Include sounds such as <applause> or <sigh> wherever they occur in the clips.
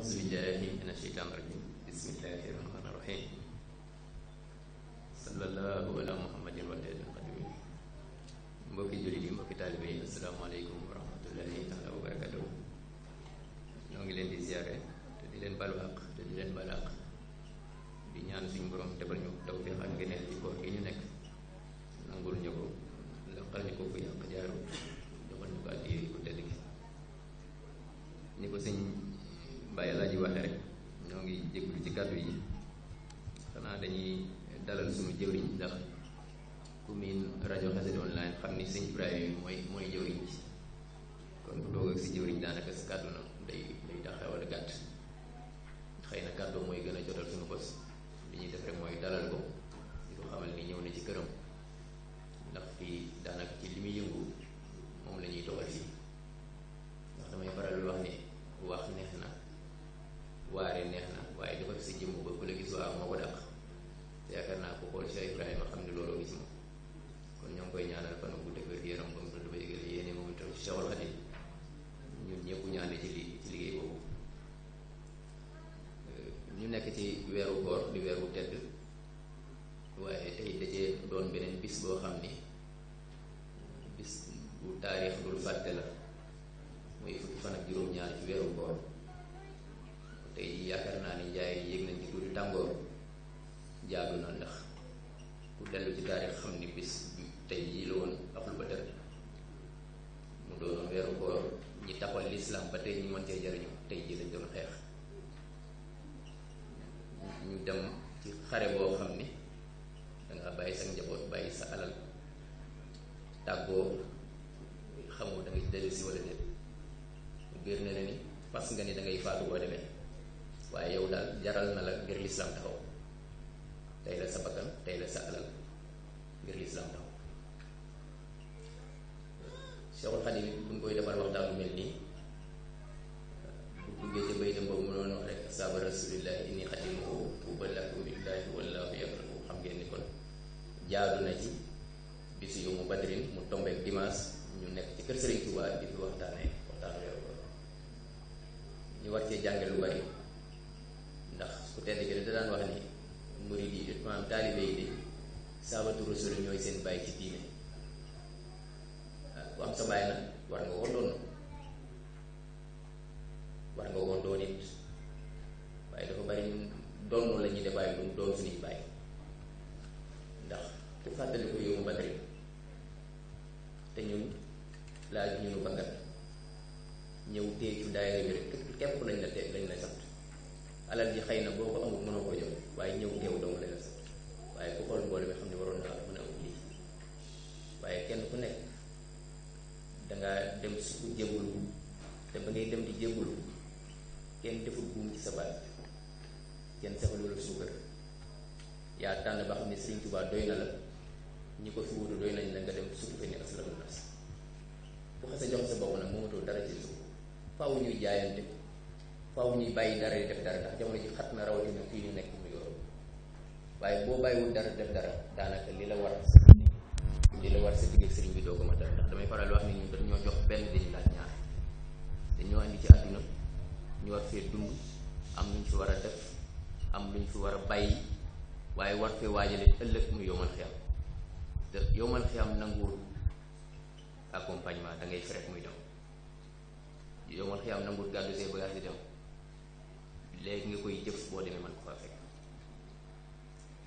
أعوذ بالله من الشيطان الرجيم بسم الله ngi leen di ziare te di leen balu àq te di leen balu àq di ñaan suñu borom defal ñu tawfeex ak ngeneel ci koor gi ñu nekk nangul ñu ko laqal ñu yàq jaarut joxal ñu ko addi ku tedd gi ni ko sëñ bàyyi laa ji waxee rek ñoo ngi jégalu ci kàddu yi xanaa dañuy dalal suñu jëwriñ ndax ku miin rajo xasida online xam ni sëñ Ibrahima mooy mooy jëwriñ kon bu toog si jëwriñ daanaka si kàddu na day day taxaw wala gàtt xëy na gën a jotal suñu def rek mooy dalal na ci këram ndax fii daanaka ci li muy yëngu moom la doxal fii ndax damay faral wax ne wax neex na waare neex na waaye dafa def si jëmm ba ku la gis waaw moo ko dàq yaakaar naa ko xool Cheikh Ibrahima xam ne looloo gis moom kon ñoo koy ñaanal fan bu dëgër yaram ba mu dund ci Cheikhul Khadim li ci liggéey euh, nekk ci weeru koor tedd waaye tey dajee doon beneen bis boo xam ni bis bu taarix dul fàtte la muy fukki fan ak juróom-ñaar weeru koor te yaakaar naa ni jaay yéeg nañ ci guddi tàngoor jaadu na ndax ku dellu ci taarix xam ni bis tey jii la woon ak lu ba dër mu doon weeru koor ñi taxawal lislaam ba tey ñu mën cee tey jii lañ doon xeex ñu dem ci xare boo xam ni danga bàyyi sa njaboot bàyyi sa alal tàggoo xamoo da nga dellu si wala déet biir ne na ni parce nga ni da faatu boo demee waaye yow daal jaral na la ngir lislaam taxaw tey la sa bakkan tey la sa alal ngir lislaam taxaw Seexul Xadiim bu ñu koy defal waxtaan mel nii bu duggee ca baytam boobu mu doon wax rek saaba xam ngeen ni kon jaadu na ci bisu yawmu badrin mu tombeek dimanche ñu nekk ci kër Sëriñ Tuubaa di fi waxtaanee waxtaanu yow ñu war cee jànge lu bari ndax ku tedd ki da daan wax ni murid yi maanaam taalibe yi de saabatu rasul ñooy seen bàyyi ci diine ku am sa bàyyi nag war nga woo doon war nga woo doon it waaye dafa bari doon la ñuy def waaye du doon suñuy bàyyi ndax ku fàttali ko yow ba tey te ñun laaj ñu nu bakkat ñëw téye ci daayira bi rek képp lañ la sax alal ji xëy na boo ko amul mënoo koo jëm waaye ñëw ngeew dong la des waaye ku xool mbooloo mi xam ne waroon naa mën a am lii waaye kenn ku nekk danga dem su ngay dem di jébbalu kenn deful buum ci sa baat kenn ne Sëñ ko fi wutu doy nañ la jox sa bopp nag moomatoo dara ci suuf faaw ñuy jaayante faw ñuy bàyyi dara di def dara ndax jamono ji xat na rawatina fii ñu nekk mu yooru waaye boo bàyyiwul dara def dara daanaka li la war a la war sa digg ak sëriñ bi doo ko ma dara ndax damay faral wax ni ñun dañoo jox benn dañu laaj ñaar dañoo andi ci àdduna ñu war fee dund am luñ fi war a def am luñ fi war a bàyyi waaye war fee waajale ëllëg mu yomal xiyam te yomal xiyam nanguwul accompagnement dangay ngay fret muy dem yomal xiyam nanguwul gàddu see bagage di léegi nga koy jëf boo demee man ko fa fekk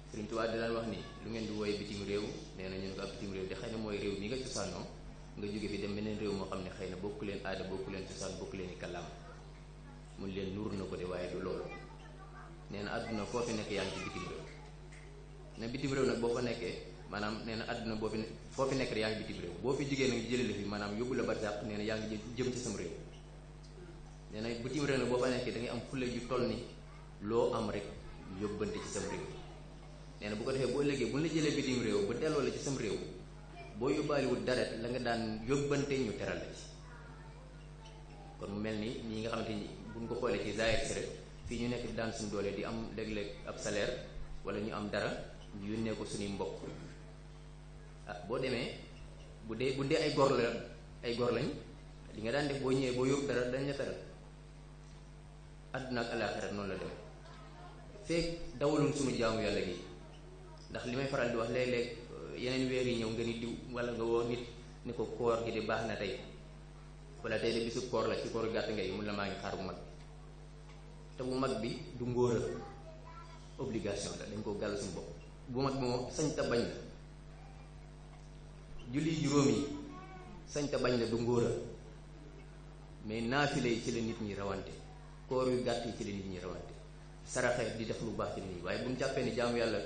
Sëriñ daan wax ni lu ngeen di woy bitim réew nee na ñu ne ko ab bitim réew di xëy mooy réew mi nga cosaanoo nga jóge fi dem meneen réew moo xam ne xëy na bokk leen aada bokk leen cosaan bokk leen i kàllaama mun leen nuur na ko de waaye du loolu nee na àdduna foo fi nekk yaa ngi ci bitim réew ne bitim réew nag boo fa nekkee maanaam nee na àdduna boo fi foo fi nekk rek yaa ngi bitim réew boo fi jógee nag jëlee fi maanaam yóbbu la barsàq nee na yaa ngi nee na bitim réew mi boo fa nekkee da am fulla ju toll ni loo am rek yóbbante ci sam réew nee na bu ko defee boo ëllëgee bu ñu la jëlee bitim réew ba delloo la ci sam réew boo yóbbaaliwul dara la nga daan yóbbante ñu teral la kon mel ni ñi nga xamante ni buñ ko xoolee ci zaahir si rek fii ñu nekk daan suñu doole di am léeg-léeg ab wala ñu am dara ñu yónnee ko suñuy mbokk ah boo demee bu dee bu dee ay gor la ay gor lañ li nga daan def boo ñëwee boo yóbbu dara dañ la teral àdduna ak alaaxira noonu la dem feek dawalum sunu jaamu yàlla gi ndax li may faral di wax léeg-léeg euh, yeneen weer yi ñëw nga ni diw wala nga woo nit ni ko koor gi di baax na tey wala tey de bisu koor la ci koor gàtt ngay mun la maa ngi xaar bu mag te bu mag bi du ngóora obligation la dañ koo gàll suñu bopp bu mag bi moom sañ ta la julli juróom yi sañ ta la du ngóora mais naafile yi ci la nit ñi rawante koor yu gàtt yi ci la nit rawante saraxe di def lu baax ci nit waaye bu jàppee ni jaamu yàlla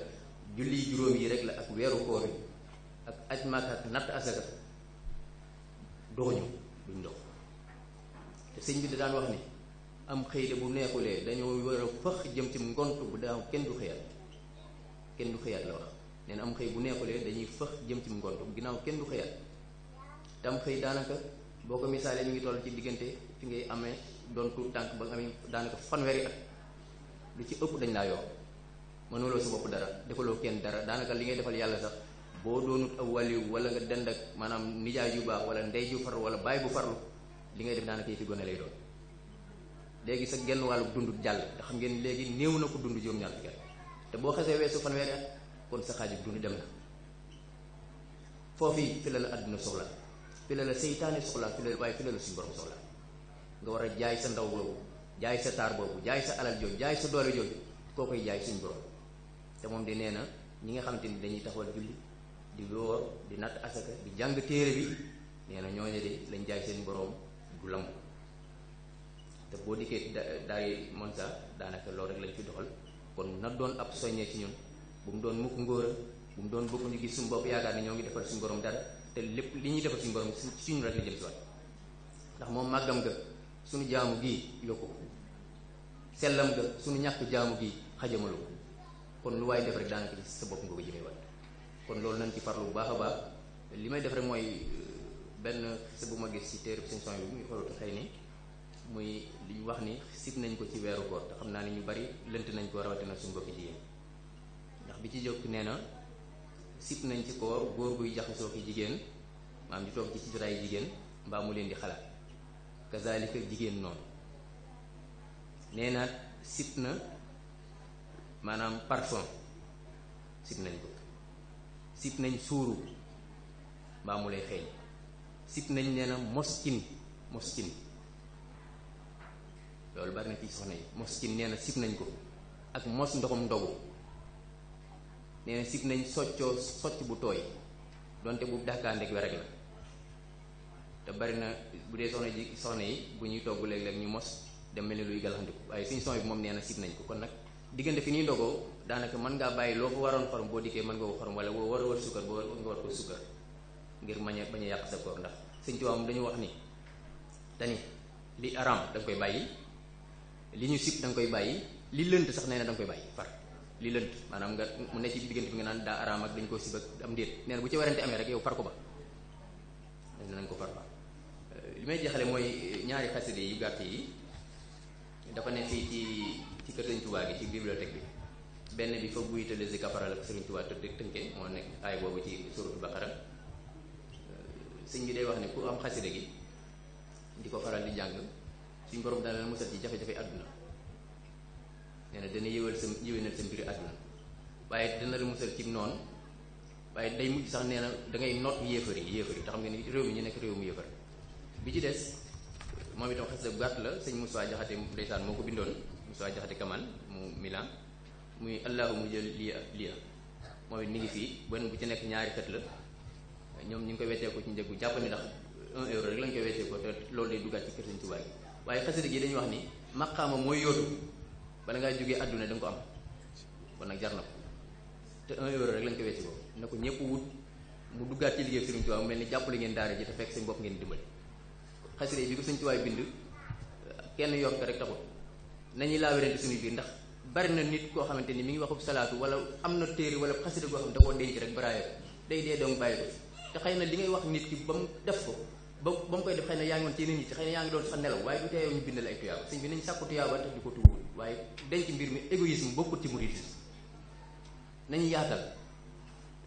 julli juróom yi rek la ak weeru koor yi ak aj Màkka ak natt asaka doxuñu duñ dox te sëñ bi da daan wax ni am xëy bu neexulee dañoo war a fëx jëm ci ngont bu daaw kenn du xëyal kenn du xëyal la wax nee am xëy bu neexulee dañuy fëx jëm ci ngont ginnaaw kenn du xëyal te xëy daanaka boo ko misaalee mi ngi toll ci diggante fi ngay amee doon tuut tànk ba nga amee daanaka fanweeri at lu ci ëpp dañ laa yor mënuloo sa bopp dara defaloo kenn dara daanaka li ngay defal yàlla sax boo doonut aw wàlliw wala nga dend ak maanaam nijaay ju baax walla ndey ju farlu wala baay bu farlu li ngay def daanaka yëfi gone lay doon léegi sa genn wàll dund jàll te xam ngeen léegi néew na ko dund juróom-ñaar te boo xasee weesu fanweeri kon sa xaaju dund dem na foofii fi la la la la seytaane soxla fi la waaye fi la la suñu borom nga war a jaay sa ndaw boobu jaay sa taar boobu jaay sa alal jooju jaay sa doole jooju koo koy jaay suñu borom te moom di nee na ñi nga xamante ni dañuy taxawal julli di wóor di natt asaka di jàng téere bi nee na ñooñu de lañ jaay seen boroom du lamb te boo dikkee daay Monza daanaka loolu rek lañ fi doxal kon na doon ab soññee ci ñun bu mu doon mukk ngóor bu mu doon bokk ñu gis suñu bopp yaakaar ne ñoo ngi defal suñu borom dara te lépp li ñuy defal suñu borom la jëm si waat suñu jaamu gii la ko sellam ga suñu ñàkk jaamu gi xajamalu kon lu waaye def rek daanaka ci sa bopp nga ko jëmee wat kon loolu nañ ci farlu bu baax a baax li may def rek mooy euh, benn xisa bu ma gis ci téere seen son bi muy xolatu xëy ni muy li ñu wax ni sib nañ ko ci weeru koor te xam naa ni ñu bari lënt nañ ko rawatina suñu mbokki jigéen ndax bi ci jokk nee na sib nañ ci koor góor guy jaxasoo ki jigéen maam di toog ci ci jotaay jigéen mbaa mu leen di xalaat kazalika jigéen noonu nee na sib na maanaam parfum sib nañ ko sib nañ suuru mbaa mu lay xeeñ sib nañ nee na moskin moskin loolu bari na ci soxna yi moskin nee na sib nañ ko ak mos ndoxum ndogu nee na sib nañ soccoo socc bu tooy donte bu dàkkaandeeg we rek la te bari na bu dee soxna ji soxna yi bu ñuy togg léeg-léeg ñu mos dem mel ni luy galaxandiku waaye suñu son bi moom nee na sib nañ ko kon nag diggante fi ñuy ndogoo daanaka mën ngaa bàyyi loo ko waroon xorom boo dikkee mën nga ko xorom wala boo war a war sukkar boo nga ngir mañ a bañ yàq sa koor ndax sëñ Tuubaa dañu wax ni dani li araam da koy bàyyi li ñu sib da koy bàyyi li lënt sax nee na koy bàyyi far li lënt maanaam nga mu ne ci diggante bi nga naan daa araam ak dañ koo sib ak am déet nee bu ci warante amee rek yow far ko ba dañ nañ ko may jeexale mooy eh, ñaari xaside yu gàtt yi dafa ne fii ci ci kër Sëriñ Tuubaa gi ci bibliothèque bi benn bi fa buyitale si kafaral ak Sëriñ Tuubaa tëdd tënke moo nekk ay boobu ci ba Baqara euh, sëñ bi day wax ne ku am xaside gi di ko faral di jàng suñ borom dana la musal ci jafe-jafe àdduna nee na dana yëwal sa yëwénal sa mbiri àdduna waaye dana la musal ci noonu waaye day mujj sax nee na da ngay not yéefar yi yéefar yi te xam nga ni réew mi ñu nekk réew mu yéefar bi ci des moom itam xasida bu gàtt la sëñ Moussa Jaxate ndeysaan moo ko bindoon Moussa Jaxate Kamal mu Milan muy allahu mu jël lii lii moom it mi ngi fii benn bu ci nekk ñaari xët la ñoom ñu ngi koy wettee ko ci njëg bu jàpp ni ndax un euro rek lañ koy wettee ko te loolu day duggaat ci kër Sëñ Tuubaa gi waaye xasida gi wax ni maqaama mooy yóotu bala ngaa jógee àdduna da ko am kon na ko te un ñëpp wut mu duggaat ci liggéey Sëriñ Tuubaa mel ni jàppale ngeen daara ji te fekk seen bopp ngeen dimbali xasida yi bi ko sëñ Tuubaa bind kenn yokk rek taxul nañuy laa wérante suñu biir ndax bari na nit koo xamante ni mi ngi waxub salaatu wala am na téere wala xasida goo xam da koo denc rek baraaye ko na li ngay wax nit ki ba mu def ko ba ba mu koy def xëy na yaa ngi woon ci yeneen yaa ngi doon sax nelaw waaye bu teeyoon ñu bindal bi nañ sàkku tuyaaba tax ko tuur waaye denc mbir mi égoïsme bokkut ci muridisme nañu yaatal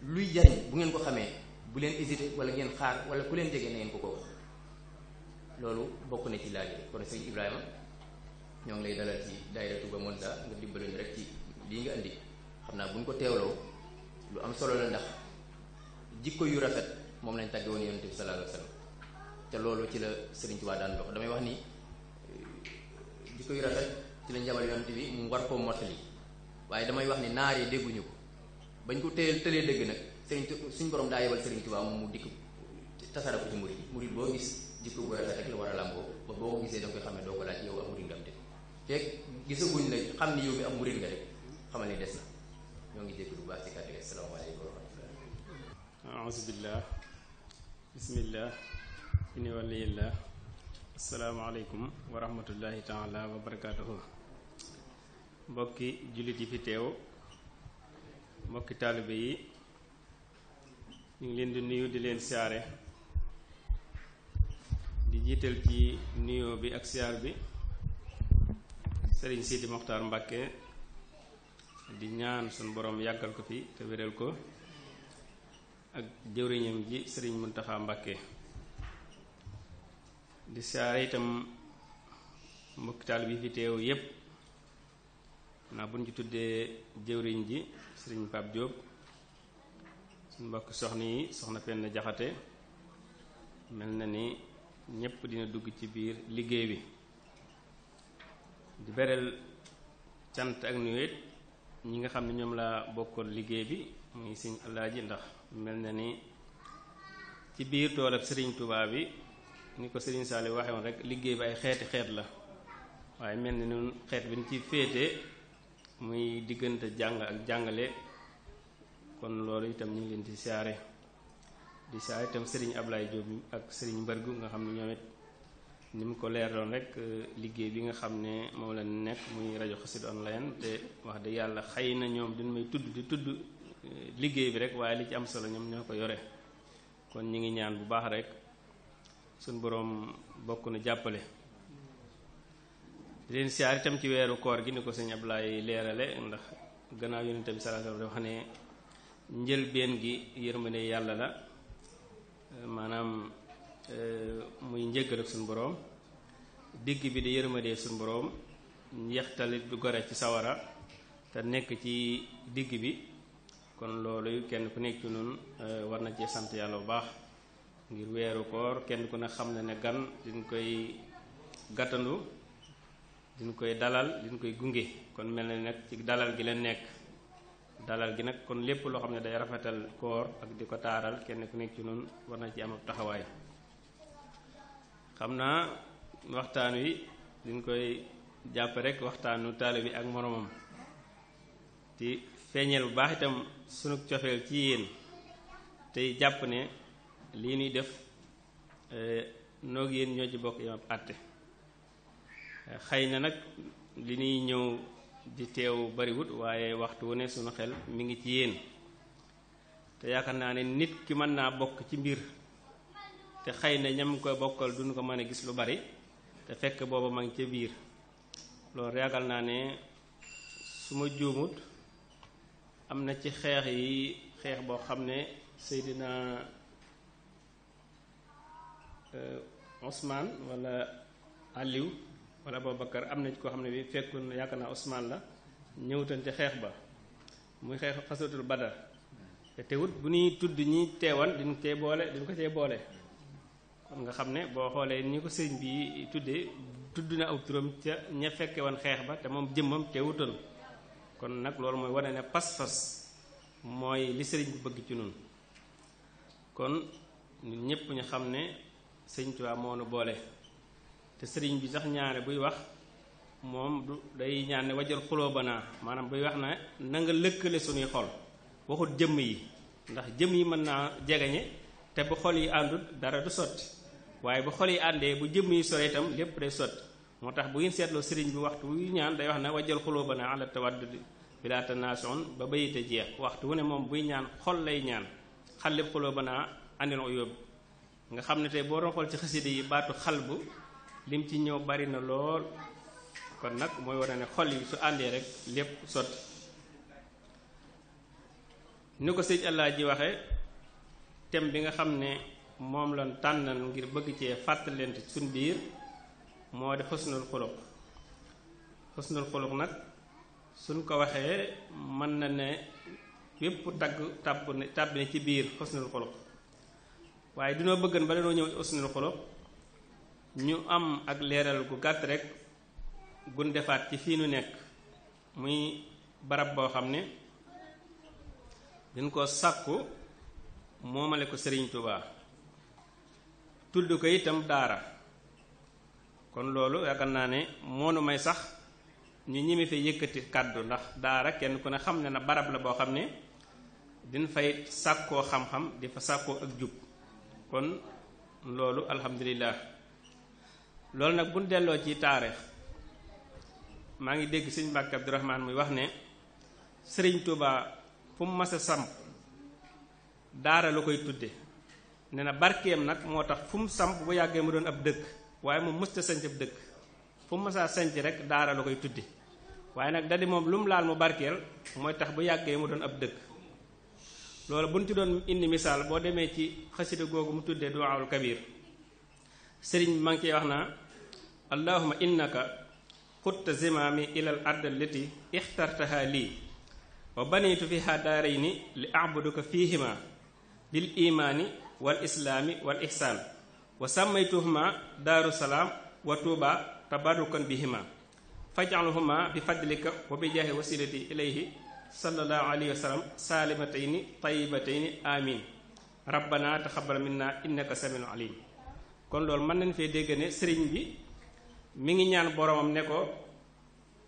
luy jariñ bu ngeen ko xamee bu leen hésité wala ngeen xaar wala ku leen jege na ngeen ko ko loolu bokk na ci laaj yi kon sëñ Ibrahima ñoo ngi lay dalal ci ba Touba Monde nga dimbali ñu rek ci lii nga indi xam naa bu ñu ko teewloo lu am solo la ndax jikko yu rafet moom lañ tàgge woon yonent bi sallallahu alayhi wasallam ci la Sëriñ Tuubaa damay wax ni eh, jikko yu rafet ci lañ jabal yonent bi mu war koo mottali waaye damay wax ni naar yi dégguñu ko bañ ko téyel tëlee dégg nag sëriñ suñ borom daa yebal Sëriñ Tuubaa mu dikk tasara ko ci murid murid boo gis jikko bu rafet rek la war a làmboo ba boo ko gisee doo ko laaj yow am murid nga am de gisaguñ la xam ne yow mi am murid nga xamal ni des na ñoo ngi jégalu bu baax ci kàddu gi asalaamaaleykum wa rahmatulah. aousubillah bismillah mbokki jullit yi fi teew mbokki taalibe yi ñu ngi leen di nuyu di leen siyaare di jiital ci nuyoo bi ak siyaar bi sëriñ Sidi Moxtaar Mbàkke di ñaan suñ boroom yàggal ko fi te wéral ko ak jëwriñam ji sëriñ Muntaxa Mbàkke di siyaare itam mbokki taal bi fi teew yépp naa buñ ci tuddee jëwriñ ji sëriñ Pape Diop suñ mbokki soxna yi soxna Penda Jaxate mel na ni ñépp dina dugg ci biir liggéey bi di beral cant ak nuyet ñi nga xam ne ñoom laa bokkoon liggéey bi muy sëñ ji ndax mel na ni ci biir toolab sëriñ tubaab bi ni ko sëriñ Saali waxe woon rek liggéey bi ay xeeti xeet la waaye mel na ni xeet bi ñu ci féete muy diggante jàng ak jàngale kon loolu itam ñu ngi leen di siyaare di saa itam sëriñ Ablaye Diop ak sëriñ Mbargu nga xam ne ñoom it ni mu ko leeraloon rek euh, liggéey bi nga xam ne moom la nekk muy rajo xasid online te wax dëgg yàlla xay na ñoom duñ may tudd di tudd euh, liggéey bi rek waaye li ci am solo ñoom ñoo ko yore kon ñu ngi ñaan bu baax rek suñ boroom bokk na jàppale leen siyaar itam ci weeru koor gi ni ko sëñ Ablaye leerale ndax gannaaw yonent bi sallallahu alayhi wa sallam wax ne njëlbeen gi yërmande yàlla la maanaam e, muy njëggal ak suñu boroom digg bi di yërmadee suñu boroom njeextalit du gore ci sawara te nekk ci digg bi kon loolu kenn ku nekk ci noonu e, war na cee sant yàlla bu baax ngir weeru koor kenn ku ne xam na ne gan diñ koy gàttandu diñ koy dalal diñ koy gunge kon mel na nag ci dalal gi leen nekk talal gi nag kon lépp loo xam ne day rafetal koor ak di ko taaral kenn ku nekk ci noonu war na ci am ab taxawaay xam naa waxtaan wi duñ koy jàpp rek waxtaanu taalibe bi ak moroomam di feeñeel bu baax itam sunu cofeel ci yéen tey jàpp ne lii nuy def eh, noog yéen ñoo ci bokk yam ab àtte eh, xëy na nag li ñuy ñëw di teew bariwut waaye waxtu wu ne sunu xel mu ngi ci yéen te yaakaar naa ne nit ki mën naa bokk ci mbir te xëy na ñam ko bokkal duñu ko mën a gis lu bari te fekk booba ma ngi ca biir loolu yaakaar naa ne su ma juumut am na ci xeex yi xeex boo xam ne Seydina euh, osmaan wala Aliou wala Abubakar am na ci koo xam ne bi fekkoon na yaakaar la ñëwutoon ci xeex ba muy xeex xasatul Badar te teewut bu ñuy tudd ñuy teewal duñ cee boole duñ ko cee boole kon nga xam ne boo xoolee ni ko sëñ bi tuddee tudd na aw turam ca ña fekke woon xeex ba te moom jëmmam teewutoon kon nag loolu mooy wane ne pas-pas mooy li sëriñ bi bëgg ci nun kon ñun ñëpp ñu xam ne sëñ Tuubaa moo nu boole te sëriñ bi sax ñaare buy wax moom du day ñaan ne wajar xuloo banaa maanaam buy wax ne na nga lëkkale suñuy xol waxut jëmm yi ndax jëmm yi mën naa jegeñe te bu xol yi àndul dara du sotti waaye bu xol yi àndee bu jëmm yi sore itam lépp day sotti moo tax bu ngeen seetloo sëriñ bi waxtu wu ñaan day wax ne wajar xuloo banaa ala tawaddudi bila tanaason ba bayite jeex waxtu wu ne moom buy ñaan xol lay ñaan xallib xuloo banaa andil uyóob nga xam ne boo xal bu lim ci ñëw bari na lool kon nag mooy wane ne xol yi su àndee rek lépp sot ni ko sëñ allah ji waxe tem bi nga xam ne moom lañ tànnal ngir bëgg cee fàttalente suñ biir moo di xusnul xuluq xusnul xuluq nag suñ ko waxee mën na ne bépp tagg tàbb tàbb ne ci biir xusnul xuluq waaye bëgg bëggan ba danoo ñëw ci xusnul ñu am ak leeral gu gàtt rekk gun defaat ci fii nu nekk muy barab boo xam ne dañ ko sàkku moomale ko Sëriñ Tuubaa tudd ko itam daara kon loolu yaakaar naa ne moonu may sax ñu ñimi fi yëkkati kàddu ndax daara kenn ku ne xam ne na barab la boo xam ne din fay sàkkoo xam-xam di fa sàkkoo ak jub kon loolu alhamdulilah loolu nag bu ñu delloo ci taarix maa ngi dégg sëñ Mbàkke Abdurahmaan muy wax ne sëriñ Tuuba fu mu mas a samp daara la koy tudde ne na barkeem nag moo tax fu mu samp bu yàggee mu doon ab dëkk waaye moom mësta sanc dëkk fu mu masaa sanc rek daara la koy tudde waaye nag dadi moom lu mu laal mu barkeel mooy tax bu yàggee mu doon ab dëkk loolu bu ñu ci doon indi misaal boo demee ci xasida googu mu tuddee duwaawul kabiir sëriñ maa ngi koy wax naa allahuma innaka xutta zimaami ilal ardi allati ixtartaha lii wa banitu fiha daarayni li abuduka fihima bil imaani wal islaami wal ixsaan wa sammaytuhuma daaru wa tuuba tabarukan bihima fajaluhuma bi fadlika wa bi jaahi ilayhi sallallahu alayhi wa sallam saalimatayni tayibatayni amin rabbana taxabal minna innaka samiul alim kon loolu mën nañ fee dégg ne bi mi ngi ñaan boromam ne ko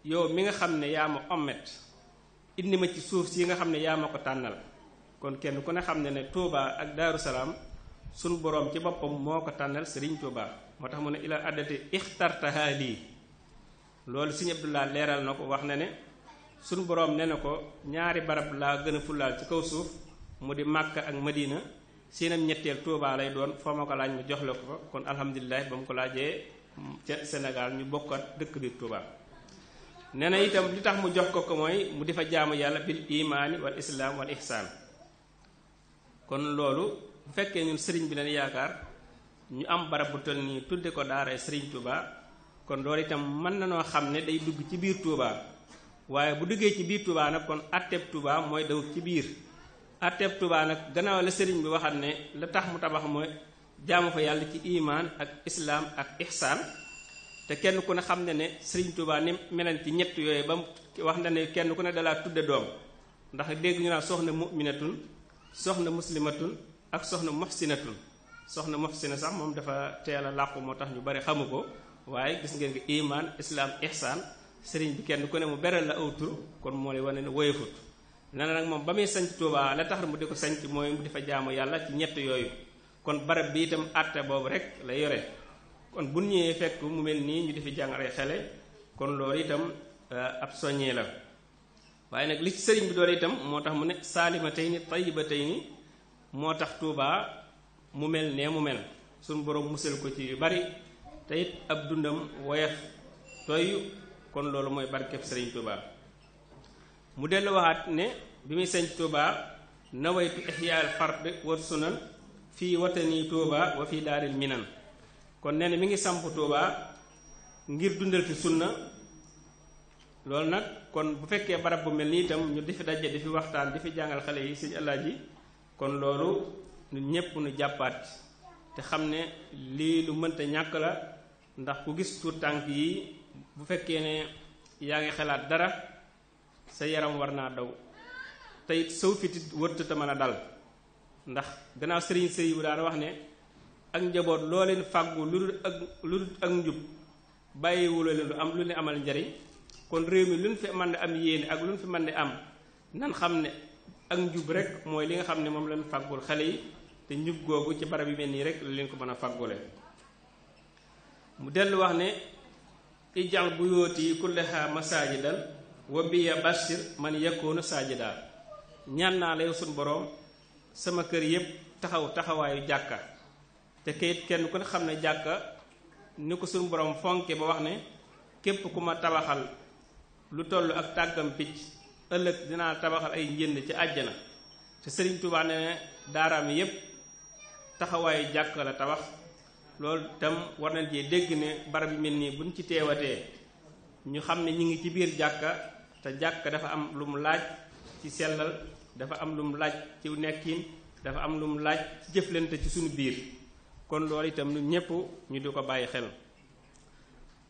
yow mi nga xam ne yaa ma ommet indi ma ci suuf si nga xam ne yaa ma ko tànnal kon kenn ku ne xam ne ne Touba ak Daaru Salaam sunu borom ci boppam moo ko tànnal Serigne Touba moo tax mu ne ilal addati ixtartaha lii loolu Serigne laa leeral na ko wax na ne sunu borom ne ne ko ñaari barab laa gën a fullaal ci kaw suuf mu di Màkka ak Madina seenam ñetteel Touba lay doon foo ko laaj mu jox la ko kon alhamdulilah ba mu ko ca Sénégal ñu bokkat dëkk bi Touba nee na itam li tax mu jox ko ko mooy mu di fa jaamu yàlla bil imaani wal islaam wal ihsaan kon loolu bu fekkee ñun sëriñ bi lañ yaakaar ñu am barab bu toll nii tudde ko daaray sëriñ Touba kon loolu itam mën na noo xam ne day dugg ci biir Touba waaye bu duggee ci biir Touba nag kon atteb Touba mooy daw ci biir atteb Touba nag gannaaw la sëriñ bi waxat ne la tax mu tabax mooy jaamu ko yàlla ci imaan ak islaam ak ihsaan te kenn ku ne xam ne ne Sëriñ Tuubaa ni melen ci ñett yooyu ba mu wax na ne kenn ku ne dalaa tudde doom ndax dégg ñu naa soxna mu'minatun soxna muslimatun ak soxna muhsinatun soxna muhsina sax moom dafa teel a làqu moo tax ñu bari xamu ko waaye gis ngeen gi imaan islaam ihsaan sëriñ bi kenn ku ne mu beral la aw kon moo lay wane ne woyofut nee na nag moom ba muy sanc Tuubaa la tax mu di ko sanc mooy mu jaamu yàlla ci ñett yooyu kon barab bi itam àtte boobu rek lay yore kon bu ñëwee fekk mu mel nii ñu defi jàng ay xale kon loolu itam eh, ab soññee la waaye nag li ci sëriñ bi doole itam moo tax mu ne ba tey nii moo tax tuubaa mu mel nee mu mel suñ borom musal ko ci yu bari te ab dundam woyof toyyu kon loolu mooy barkeb sëriñ tuubaa mu dellu waxaat ne bi muy sëñ tuubaa nawaytu ihyaal fard war fii watani Touba wa fii daaril minan kon nee na mi ngi samp Touba ngir dundal fi sunna loolu nag kon bu fekkee barab bu mel ni itam ñu di fi daje di fi waxtaan di fi jàngal xale yi sëñ Alaaji kon loolu ñun ñépp nu jàppaat te xam ne lii lu mënta ñàkk la ndax ku gis tuur tànk yi bu fekkee ne yaa ngi xalaat dara sa yaram war naa daw te it sow fitit wërtata mën a dal ndax gannaaw sëriñ sëy bu daana wax ne ak njaboot loo leen fàggu lu dul ak lu dul ak njub bàyyiwuloo leen lu am lu leen amal njariñ kon réew mi luñ fi man ne am yéene ak luñ fi man ne am nan xam ne ak njub rek mooy li nga xam ne moom lañ fàggul xale yi te njub googu ci barab yi mel nii rek la leen ko mën a fàggule mu dellu wax ne ijal bu yóoti kullaha masajidan wa biya bashir man yakunu sajida ñaan naa la yow suñ boroom sama kër yépp taxaw taxawaayu jàkka te kayit kenn ku ne xam ne jàkka ni ko suñu borom fonke ba wax ne képp ku ma tabaxal lu toll ak tàggam picc ëllëg dinaa tabaxal ay njënd ci àjjana te Sëriñ Tuubaa ne daaraam yépp taxawaayu jàkka la tabax loolu tam war nañ cee dégg ne barab yu mel nii buñ ci teewatee ñu xam ne ñu ngi ci biir jàkka te jàkka dafa am lu mu laaj ci sellal dafa am lu mu laaj ci nekkin dafa am lu mu laaj ci jëflante ci suñu biir kon lool itam ñépp ñëpp ñu di ko bàyyi xel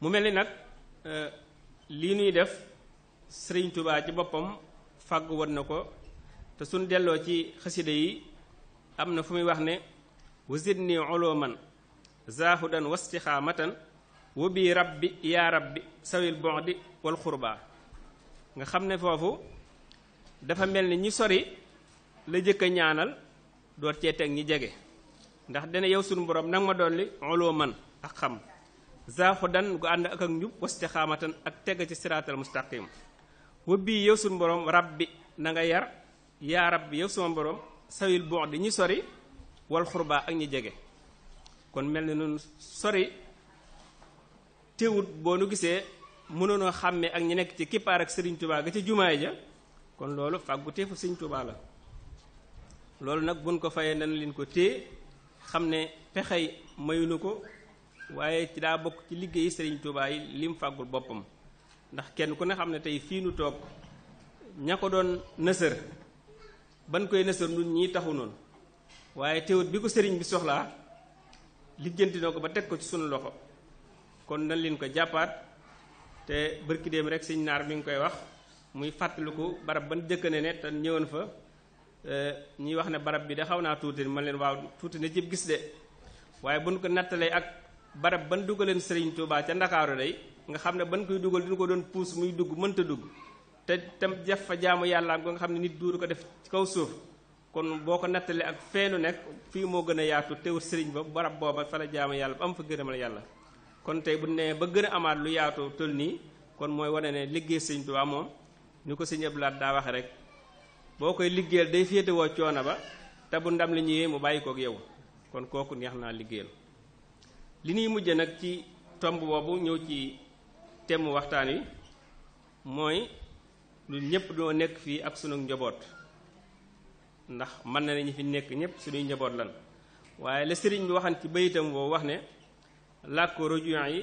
mu mel ni nag euh, lii nuy def sëriñ Touba ci boppam fàgg woon na ko te suñ delloo ci xasida yi am na fu muy wax ne wazidni uluman zahudan wastixaamatan wa bi rabbi yaa rabbi sawil bondi wal xurba nga xam ne foofu dafa mel na ñi sori la jëkk a ñaanal door cee teg ñi jege ndax dana yow sunu mboroom nag ma dolli oloo man ak xam zaaxu dan gu ànd ak ak njub wastixaamatan ak teg ci siraatal mustaqim wëbbi yow sunu borom rabbi na nga yar yaa rabbi yow suma borom sawil buux di ñi sori wal xurbaa ak ñi jege kon mel na nun sori teewut boo nu gisee mënoonoo xàmmee ak ñi nekk ci kippaar ak Sëriñ Tubaa ga ci jumaay ja kon loolu fàgguteefu sëñ Tuubaa la loolu nag buñ ko fayee nan leen ko téye xam ne pexey mayunu ko waaye daa bokk ci liggéey sëriñ Tuubaa yi lim fàggul boppam ndax kenn ku ne xam ne tey fii nu toog ña ko doon nësër ban koy nësër nun ñii taxu noonu waaye teewut bi ko sëriñ bi soxlaa lijjanti ko ba teg ko ci sunu loxo kon nan leen ko jàppaat te bërki dem rek sëñ naar mi ngi koy wax muy fàttaliku barab ban jëkk ne ne te ñëwoon fa eh, ñuy wax ne barab bi de xaw naa tuuti man leen waaw tuuti na jib gis de waaye buñ ko nattalee ak barab ban leen Serigne Touba ca Ndakaaru day nga xam ne ban koy dugal diñu ko doon puus muy dugg mënta dugg te tam jaf fa jaamu yàllaam ko nga xam ne nit duuru ko def kaw suuf kon boo ko nattalee ak feenu nekk fii moo gën a yaatu teewul sëriñ ba barab booba fa la jaamu yàlla am fa gërëmal yàlla kon tey bu nee ba gën a amaat lu yaatu toll nii kon mooy wane ne liggéey sëriñ waa moom ñu ko si Abdoulaat daa waxe rek boo koy liggéeyal day féetewoo coono ba tabu bu ndam li mu bàyyi kook yow kon kooku neex naa liggéeyal li ñuy mujj nag ci tomb boobu ñëw ci temm waxtaan wi mooy lu ñëpp doo nekk fii ak sunu njaboot ndax mën na ne ñi fi nekk ñëpp suñuy njaboot lan waaye la sëriñ bi waxan ci bayitam boobu wax ne làkko rujuan yi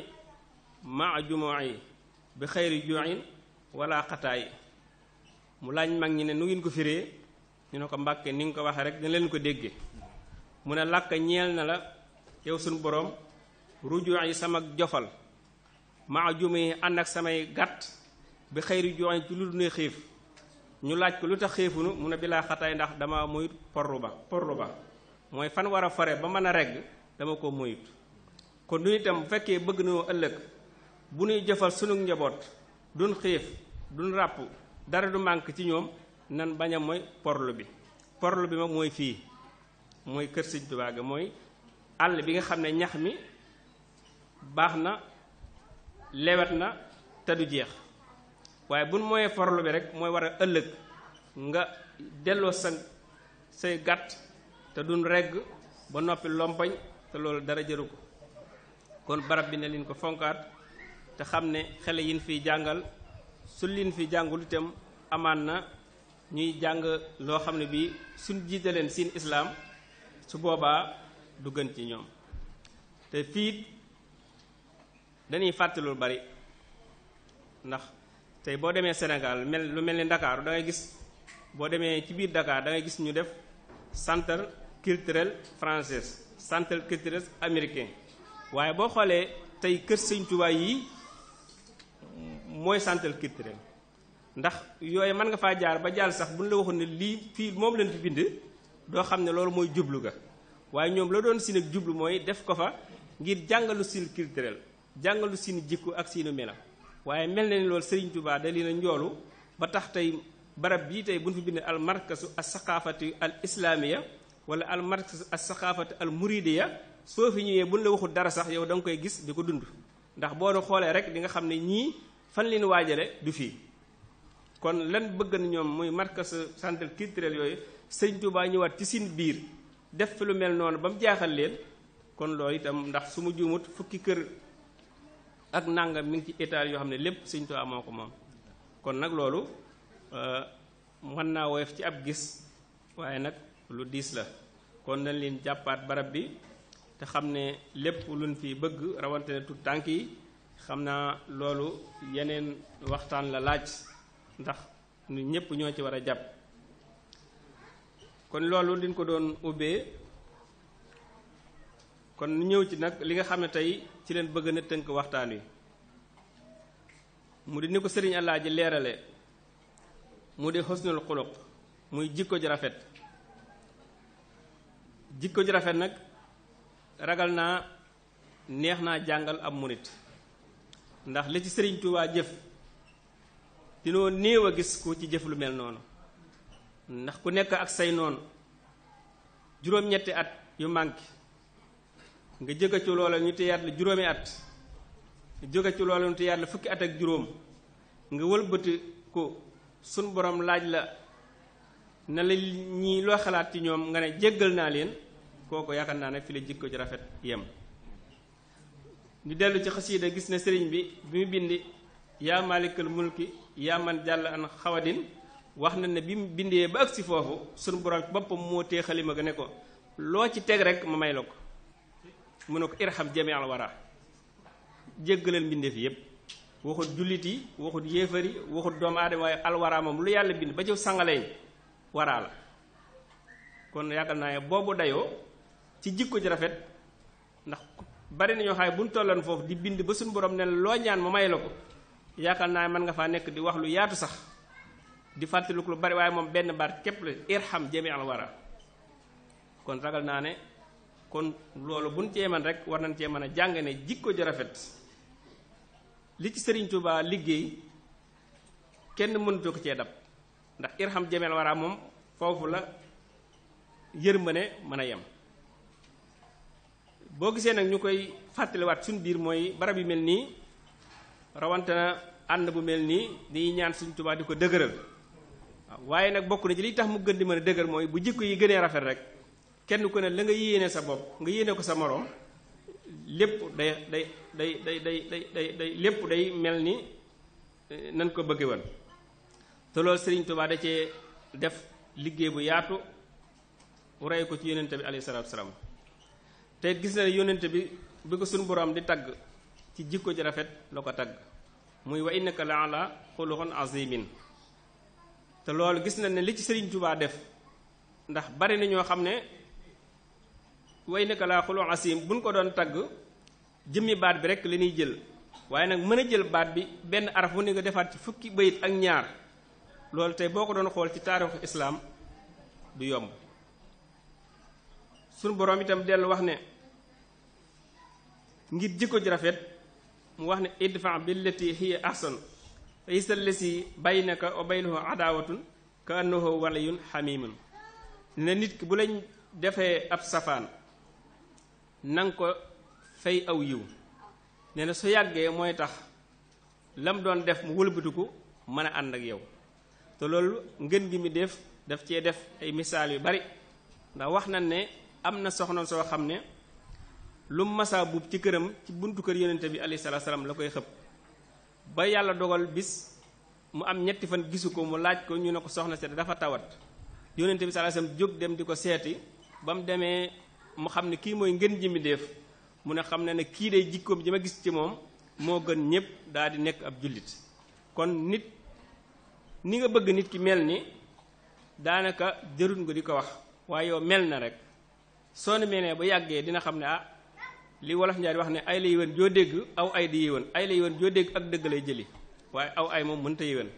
ma jumaa yi bi xayri juin wala xataa mu laaj mag ñi ne nu ngeen ko firee ñu ne ko mbàkke ni nga ko waxee rek dina leen ko dégge mu ne làkk ñeel na la yow suñu boroom rujuwaay yi sama jofal maa jumi ànd ak samay gàtt bi xëyri jooñ ci lu dul ne xiif ñu laaj ko lu tax xiifunu mu ne bilaa xataay ndax dama muyut porlu ba porlu ba mooy fan war a fare ba mën a regg dama ko muyut kon du itam bu fekkee bëgg na nañoo ëllëg bu nuy jëfal sunu njaboot duñ xiif duñ ràpp dara du manque ci ñoom nan bañ a mooy porlo bi porlu bi moom mooy fii mooy kër sëñ Tuubaa ga mooy àll bi nga xam ne ñax mi baax na lewet na te du jeex waaye bu mooyee porlu bi rek mooy war a ëllëg nga delloo sa say gàtt te du regg ba noppi lompoñ te loolu dara jëru ko kon barab bi ne liñ ko fonkaat te xam ne xale yin fiy jàngal su sullin fi jàngul itam amaan na ñuy jàng loo xam ne bi suñ jiitaleen siin islaam su boobaa du gën ci ñoom te fiit dañuy fàtte bari ndax tey boo demee Sénégal mel lu mel ni Ndakaaru da gis boo demee ci biir Dakar da gis ñu def centre culturel français centre culturel américain waaye boo xoolee tey kër Sëñ Tuubaa yi mooy centre culturel ndax yooyu mën nga faa jaar ba jàll sax bu ñu la waxoon ne lii fii moom lañ fi bind doo xam ne loolu mooy jublu ga waaye ñoom la doon si nag jublu mooy def ko fa ngir jàngalu sin culturel jàngalu sin jikko ak sinu mela waaye mel na ni loolu Serigne Touba da leen a njoolu ba tax tey barab bii tey bu ñu fi bind al markasu as saqaafati al islaamiya wala al markasu as saqaafati al muridiya soo fi ñëwee bu ñu la waxul dara sax yow da nga koy gis di ko dund ndax boo xoolee rek di nga xam ne ñii fan leen waajale du fii kon lan bëgg na ñoom muy markas centre culturel yooyu sëñ Touba ñëwaat ci siin biir def fi lu mel noonu ba mu jaaxal leen kon loolu itam ndax su ma juumut fukki kër ak nangam mi ci état yoo xam ne lépp sëñ Touba moo ko moom kon nag loolu euh, mën naa woyof ci ab gis waaye nag lu diis la kon dañ leen jàppaat barab bi te xam ne lépp luñ fi bëgg rawante ne tut tànk yi xam naa loolu yeneen waxtaan la laaj ndax nu ñépp ñoo ci war a jàpp kon loolu liñ ko doon ubbee kon nu ñëw ci nag li nga xam ne tey ci leen bëgg na tënk waxtaan wi mu di ni ko sëriñ ji leerale mu di xusnul xuluq muy jikko ji rafet jikko ji rafet nag ragal naa neex naa jàngal am murit ndax li ci sëriñ Tuubaa jëf dinoo néew a gis ku ci jëf lu mel noonu ndax ku nekk ak say noonu juróom-ñetti at yu manqué nga jóge ci loola ñu téyaat la juróomi at nga ci loola ñu téyaat la fukki at ak juróom nga wëlbati ko sun borom laaj la na la ñi loo xalaat ci ñoom nga ne jéggal naa leen kooku yaakaar naa ne fi la jikko ci rafet yem ñu dellu ci xasiida gis ne sëriñ bi bi mu bind yaa maalikal mulki yaa man jàll an xawadin wax na ne bi mu bindee ba agsi foofu sunu borom boppam moo tee xalima ne ko loo ci teg rek ma may la ko mu ne ko irham jami al wara jéggalal mbindeef yépp waxut jullit waxut yéefar waxut doomu aadama waaye alwara moom lu yàlla bind ba ci sangalee waraa la kon yaakaar naa ne boobu dayoo ci jikko ji rafet ndax bari na ñoo xam bu ñu tolloon foofu di bind ba suñu borom ne loo ñaan ma may la ko yaakaar naa mën nga faa nekk di wax lu yaatu sax di fàttaliku lu bari waaye moom benn baat képp la irham jami al wara kon ragal naa ne kon loolu buñ cee rek war nañ cee mën a jàng ne jikko rafet li ci Sëriñ liggéey kenn mënatu ko cee dab ndax irham jami al wara moom foofu la yërmande mën a yem boo gisee nag ñu koy fàttaliwaat suñ biir mooy barab yu mel nii rawante na ànd bu mel nii di ñaan suñ Tuubaa di ko dëgëral waaye nag bokk na ci li tax mu gën di mën a dëgër mooy bu jikko yi gënee rafet rek kenn ku ne la nga yéene sa bopp nga yéene ko sa moroom lépp day day day day day day lépp day mel ni eh, nan ko bëggee woon te loolu Sëriñ Tuubaa da cee def liggéey bu yaatu rey ko ci yénante bi alayhi salaatu wa salaam te gis na ne yónnente bi bi ko suñu boroom di tagg ci jikko ji rafet la ko tagg muy wa innaka la ala xuluxon te loolu gis na ne li ci sëriñ Tuubaa def ndax bari na ñoo xam ne wa innaka la xuluxon azim buñ ko doon tagg jëmmi baat bi rek la ñuy jël waaye nag mën a jël baat bi benn araf bu ne nga defaat ci fukki bayit ak ñaar loolu tey boo ko doon xool ci taarixu islaam du yomb suñu boroom itam dellu wax ne ngir jikko ji rafet mu wax ne idfa billati hiya ahsan fa isa lesi baynaka wa baynahu adaawatun ka annahu waliyun xamimun ne nit ki bu lañ defee ab safaan nanga ko fay aw yiw nee na su yàggee mooy tax lam doon def mu wëlbatiku mën a ànd ak yow te loolu ngën gi mi def daf cee def ay misaal yu bari ndax wax na ne am na soxna soo xam ne lu masaa buub ci këram ci buntu kër yonente bi alayhi salaatu salaam la koy xëpp ba yàlla dogal bis mu am ñetti fan gisu ko mu laaj ko ñu ne ko soxna si dafa tawat yonente bi salaatu salaam jóg dem di ko seeti ba mu demee mu xam ne kii mooy ngën ji mbindéef mu ne xam ne ne kii day jikkoom ji ma gis ci moom moo gën ñépp daal di nekk ab jullit kon nit ni nga bëgg nit ki mel ni daanaka jërut nga di ko wax waaye yow mel na rek soo ne melee ba yàggee dina xam ne ah, li wolof njaay wax ne ay la joo dégg aw ay di yéwén ay la joo dégg ak dëgg lay jëli waaye aw ay moom mënta yéwén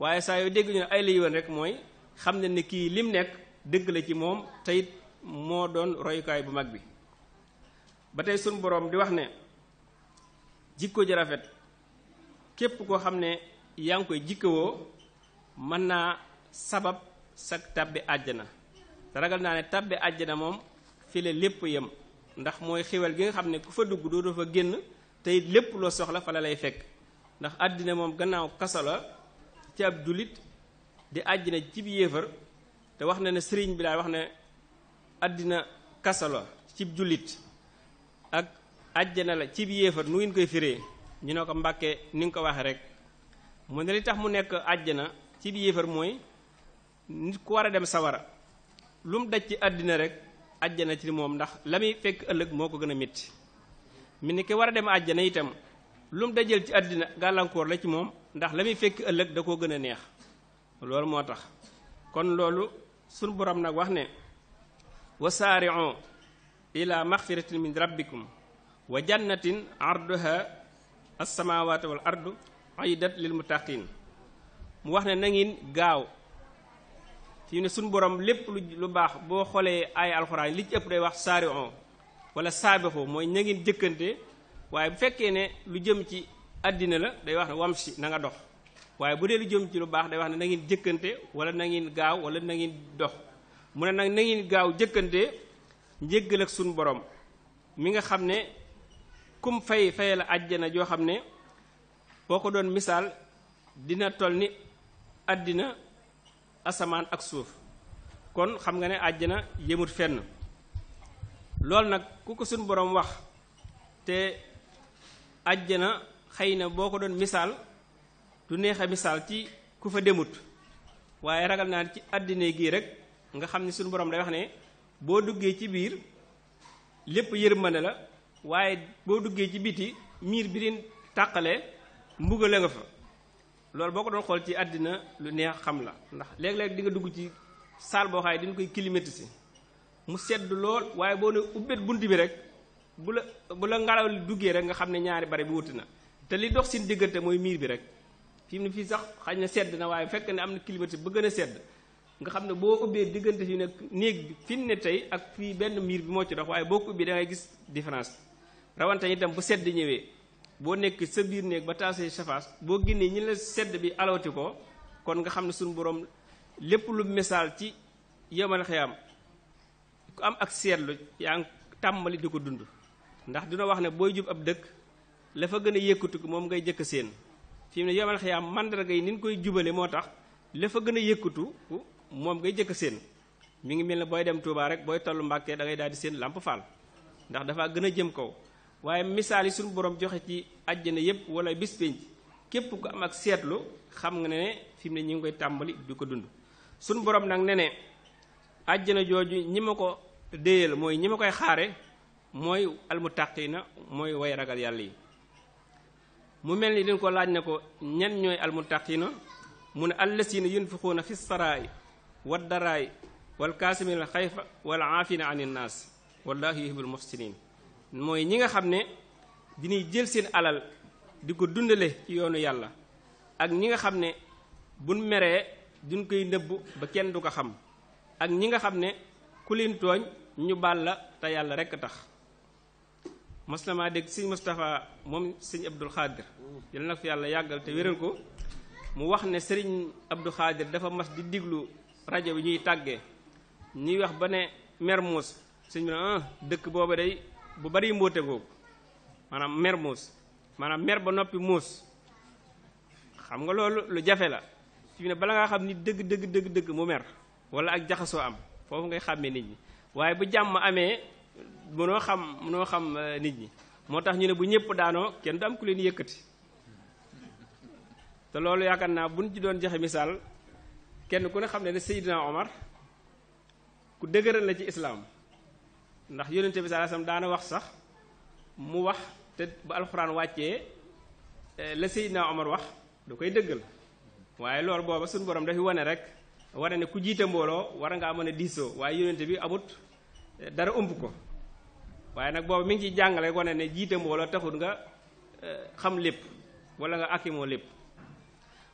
waaye saa yoo dégg ñu ne ay la rek mooy xam ne ni kii lim nekk dëgg la ci moom teyit moo doon royukaay bu mag bi ba tey suñ boroom di wax ne jikko ji rafet képp koo xam ne yaa ngi koy jikkowoo mën naa sabab sa tàbbi àjjana te ragal naa ne tàbbi na moom fi la lépp yem ndax mooy xéwal gi nga xam ne ku fa dugg doo fa génn tey lépp loo soxla fa la lay fekk ndax àddina moom gannaaw kaso la ci ab dulit di àjjina ci yéefar te wax na ne sëriñ bi daal wax na àddina kaso cib ci jullit ak àjjana la ci bi yéefar nu ngeen koy firee ñu ne ko mbàkkee ni nga ko waxee rek mu ne li tax mu nekk àjjana ci bi yéefar mooy nit ku war a dem sawara lu mu daj ci àddina rek àjjana ci moom ndax la muy fekk ëllëg moo ko gën a métti mi ni ki war a dem àjjana itam lu mu dajal ci àddina gàllankoor la ci moom ndax la muy fekk ëllëg da koo gën a neex loolu moo tax kon loolu sunu borom nag wax ne wasaari'u ila maxfiratin min rabbikum wa jannatin arduha as-samawatu wal ardu aydat lil muttaqin mu wax ne na gaaw fi ne suñu boroom lépp lu lu baax boo xoolee ay alxuraan li ci ëpp day wax saarion wala saabixu mooy ña jëkkante waaye bu fekkee ne lu jëm ci àddina la day wax ne wamsi nanga dox waaye bu dee lu jëm ci lu baax day wax ne na ngeen jëkkante wala na ngeen gaaw wala na ngeen dox mu ne nag na gaaw jëkkante njëggal ak suñu borom mi nga xam ne comme fay fay la àjjana joo xam ne boo ko doon misaal dina toll ni àddina asamaan ak suuf kon xam nga ne àjjana yemut fenn loolu nag ku ko suñ boroom wax te àjjana xëy na boo ko doon misaal du neex a misaal ci ku fa demut waaye ragal naa ci àddina gii rek nga xam ni suñu boroom day wax ne boo duggee ci biir lépp yërmande la waaye boo duggee ci biti miir bi leen tàqale mbugale nga fa loolu boo ko doon xool ci àddina lu neex xam la ndax léeg-léeg di nga dugg ci saal boo xaay dañ koy si mu sedd lool waaye boo ne ubbet bunt bi rek bu la bu la ngelaw li duggee rek nga xam ne ñaari bari bi wuti na te li dox seen diggante mooy miir bi rek fii mu ne fii sax xañ na sedd na waaye fekk ne am na climatisé ba gën a sedd nga xam ne boo ubbee diggante fi ne néeg bi fi mu ne tey ak fii benn miir bi moo ci dox waaye boo ko ubbee da gis différence boo nekk sa biir néeg ba taasee safaas boo génnee ñi la sedd bi alawti ko kon nga xam ne suñu borom lépp lu misaal ci yomal xiyam ku am ak seetlu yaa ngi tàmbali di ko dund ndax dina wax ne booy jub ab dëkk la fa gën a yëkkatu ko moom ngay jëkk seen fi mu ne yomal xiyam mandarga yi ni ñu koy jubale moo tax la fa gën a yëkkatu moom ngay jëkk seen ngi mel ne booy dem Touba rek booy tollu Mbàkke da ngay daal di seen làmp faal ndax dafa gën a jëm kaw waaye misaal yi suñu borom joxe ci àjjana yépp wala bis képp ku am ak seetlu xam nga ne fi mu ne ñu ngi koy tàmbali di ko dund suñu borom nag ne àjjana jooju ñi ma ko déyal mooy ñi ma koy xaare mooy na mooy way ragal yàlla yi mu mel ni dañ ko laaj na ko ñan ñooy na mu ne allasiina yunfiquuna fi saraa'i wad daraa'i wal kaasimiina al xayfa wal aafina anin naas wallaahu yuhibbul muhsiniin mooy ñi nga xam ne dinañ jël seen alal di ko dundale ci yoonu yàlla ak ñi nga xam ne buñ meree duñ koy nëbb ba kenn du ko xam ak ñi nga xam ne ku leen tooñ ñu bal la te yàlla rekk tax mos na maa dégg sëñ Moustapha moom sëñ Abdul Xaadir yal na fi yàlla yàggal te wéral ko mu wax ne sëriñ Abdul Xaadir dafa mas di diglu rajo bi ñuy tàggee ñuy wax ba ne Mermoz sëñ bi ne ah dëkk booba day bu bari mbóote googu maanaam mer muus maanaam mer ba noppi muus xam nga loolu lu jafe la fi ne bala ngaa xam ni dëgg dëgg dëgg dëgg mu mer wala ak jaxasoo am foofu ngay xàmmee nit ñi waaye bu jàmm amee mënoo xam mënoo xam euh, nit ñi moo tax ñu ne bu ñëpp daanoo kenn du am ku leen yëkkati te loolu yaakaar naa buñ ci doon joxe misaal kenn ku ne xam ne ne Seydina Omar ku dëgëral la ci islaam ndax yonente bi sallallahu alayhi wasallam daana wax sax mu wax te bu alxuraan wàccee eh, la Seydina Omar wax da koy dëggal waaye loolu booba suñu borom dafay wane rek wane ne ku jiite mbooloo war ngaa mën a diisoo waaye yonente bi amut eh, dara ëmb ko waaye nag booba mi ngi ciy jàngale wane ne jiite mbooloo taxul nga eh, xam lépp wala nga akimoo lépp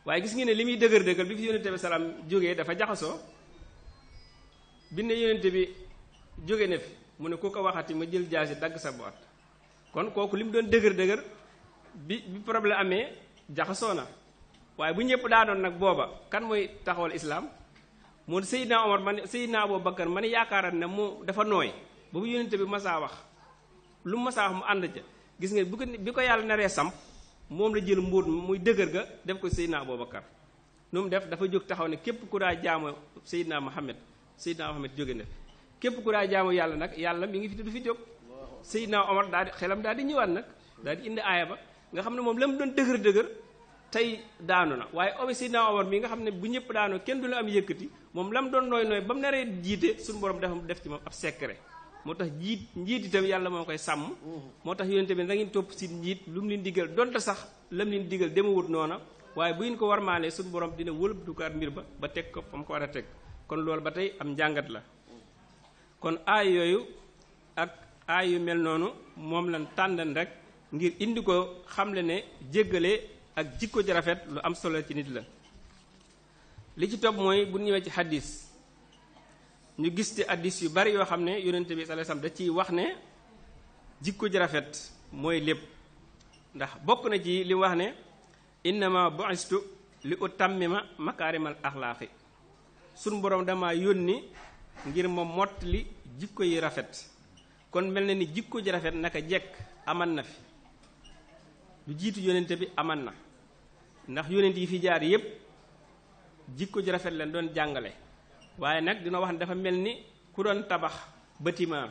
waaye gis nga ne li muy dëgër dëggal bi fi yonente bi salaam jógee dafa jaxasoo bi ne yonente bi jóge na fi mu ne ku ko waxati ma jël jaasi dagg sa boot kon kooku li mu doon dëgër dëgër bi bi problème amee jaxasoo na waaye bu ñëpp daanoon nag booba kan mooy taxawal islaam moo Seydina Omar man Seydina Abu Bakar man yaakaaran ne mu dafa nooy ba bu yónnente masaa wax lu masaa mu ànd gis nga bu ko ko yàlla naree samp moom la jël mbóot muy dëgër ga def ko Seydina Abu Bakar nu mu def dafa jóg taxaw ne képp ku daa jaamu Seydina Muhammad Seydina Muhammad jóge na képp ku daa jaamu yàlla nag yàlla mi ngi fi te du fi jóg Seydina Omar daal di xelam daal di ñëwaat nag daal di indi aaya ba nga xam ne moom la mu doon dëgër dëgër tey daanu na waaye obi Seydina Omar mi nga xam ne bu ñëpp daanoo kenn du la am yëkkati moom la mu doon nooy nooy ba mu naree jiite suñu borom dafa def ci moom ab secret moo tax jiit njiit itam yàlla moo koy sàmm moo tax yonente bi da ngeen topp si njiit lu mu leen digal donte sax lam leen digal demawut noona waaye bu ngeen ko warmaalee suñu borom dina wëlbatukaat mbir ba ba teg ko fa ko war a teg kon loolu ba tey am njàngat la kon aay yooyu ak aay yu mel noonu moom lan tàndan rek ngir indi ko xamle ne jéggale ak jikko ji rafet lu am solo ci nit la li ci topp mooy bu ñëwee ci xaddis ñu gis ci xaddis yu bari yoo xam ne yonent bi sallallahu alayhi wasallam da ciy wax ne jikko ji rafet mooy lépp ndax bokk na ci li wax ne innama bu'istu li utammima makaarimal axlaaqi sun boroom dama yónni ngir ma mottali jikko yi rafet kon mel na ni jikko ji rafet naka jekk aman na fi lu jiitu yonent bi aman na ndax yonent yi fi jaar yépp jikko ji rafet leen doon jàngale waaye nag dina wax ne dafa mel ni ku doon tabax bâtiment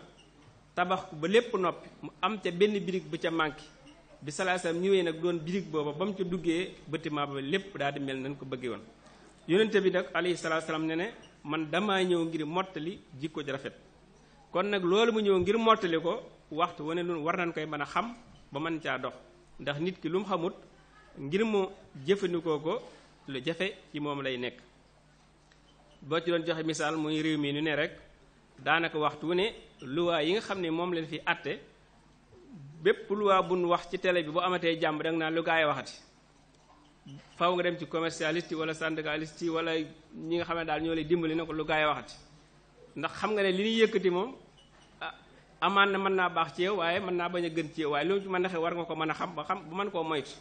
tabax ko ba lépp noppi mu am ca benn birig bu ca manqué bi salaasam ñëwee nag doon birig booba ba mu ca duggee bâtiment ba lépp daal di mel nañ ko bëggee woon yonent bi nag alayhi ne ne man damaa ñëw ngir mottali jikko ji rafet kon nag loolu mu ñëw ngir mottali ko waxtu wu ne nun war nañ koy mën a xam ba man caa dox ndax nit ki lu mu xamut ngir mu jëfandikoo ko lu jafe ci moom lay nekk boo ci doon joxe misaal muy réew mi nu ne rek daanaka waxtu wu ne luwaa yi nga xam ne moom leen fi atte bépp luwaa buñ wax ci télé bi bu amatee jàmb danga naa lu gaa yi waxati faw nga dem ci commercialiste wala syndicaliste yi wala ñi nga xam ne daal ñoo lay dimbali ne ko lu gaa yi waxati ndax xam nga ne li ñuy yëkkati moom ah, amaan na mën naa baax ci waaye mën naa bañ a gën ci yow waaye lu mu ci na xew war nga ko mën a xam ba xam ba mën koo moytu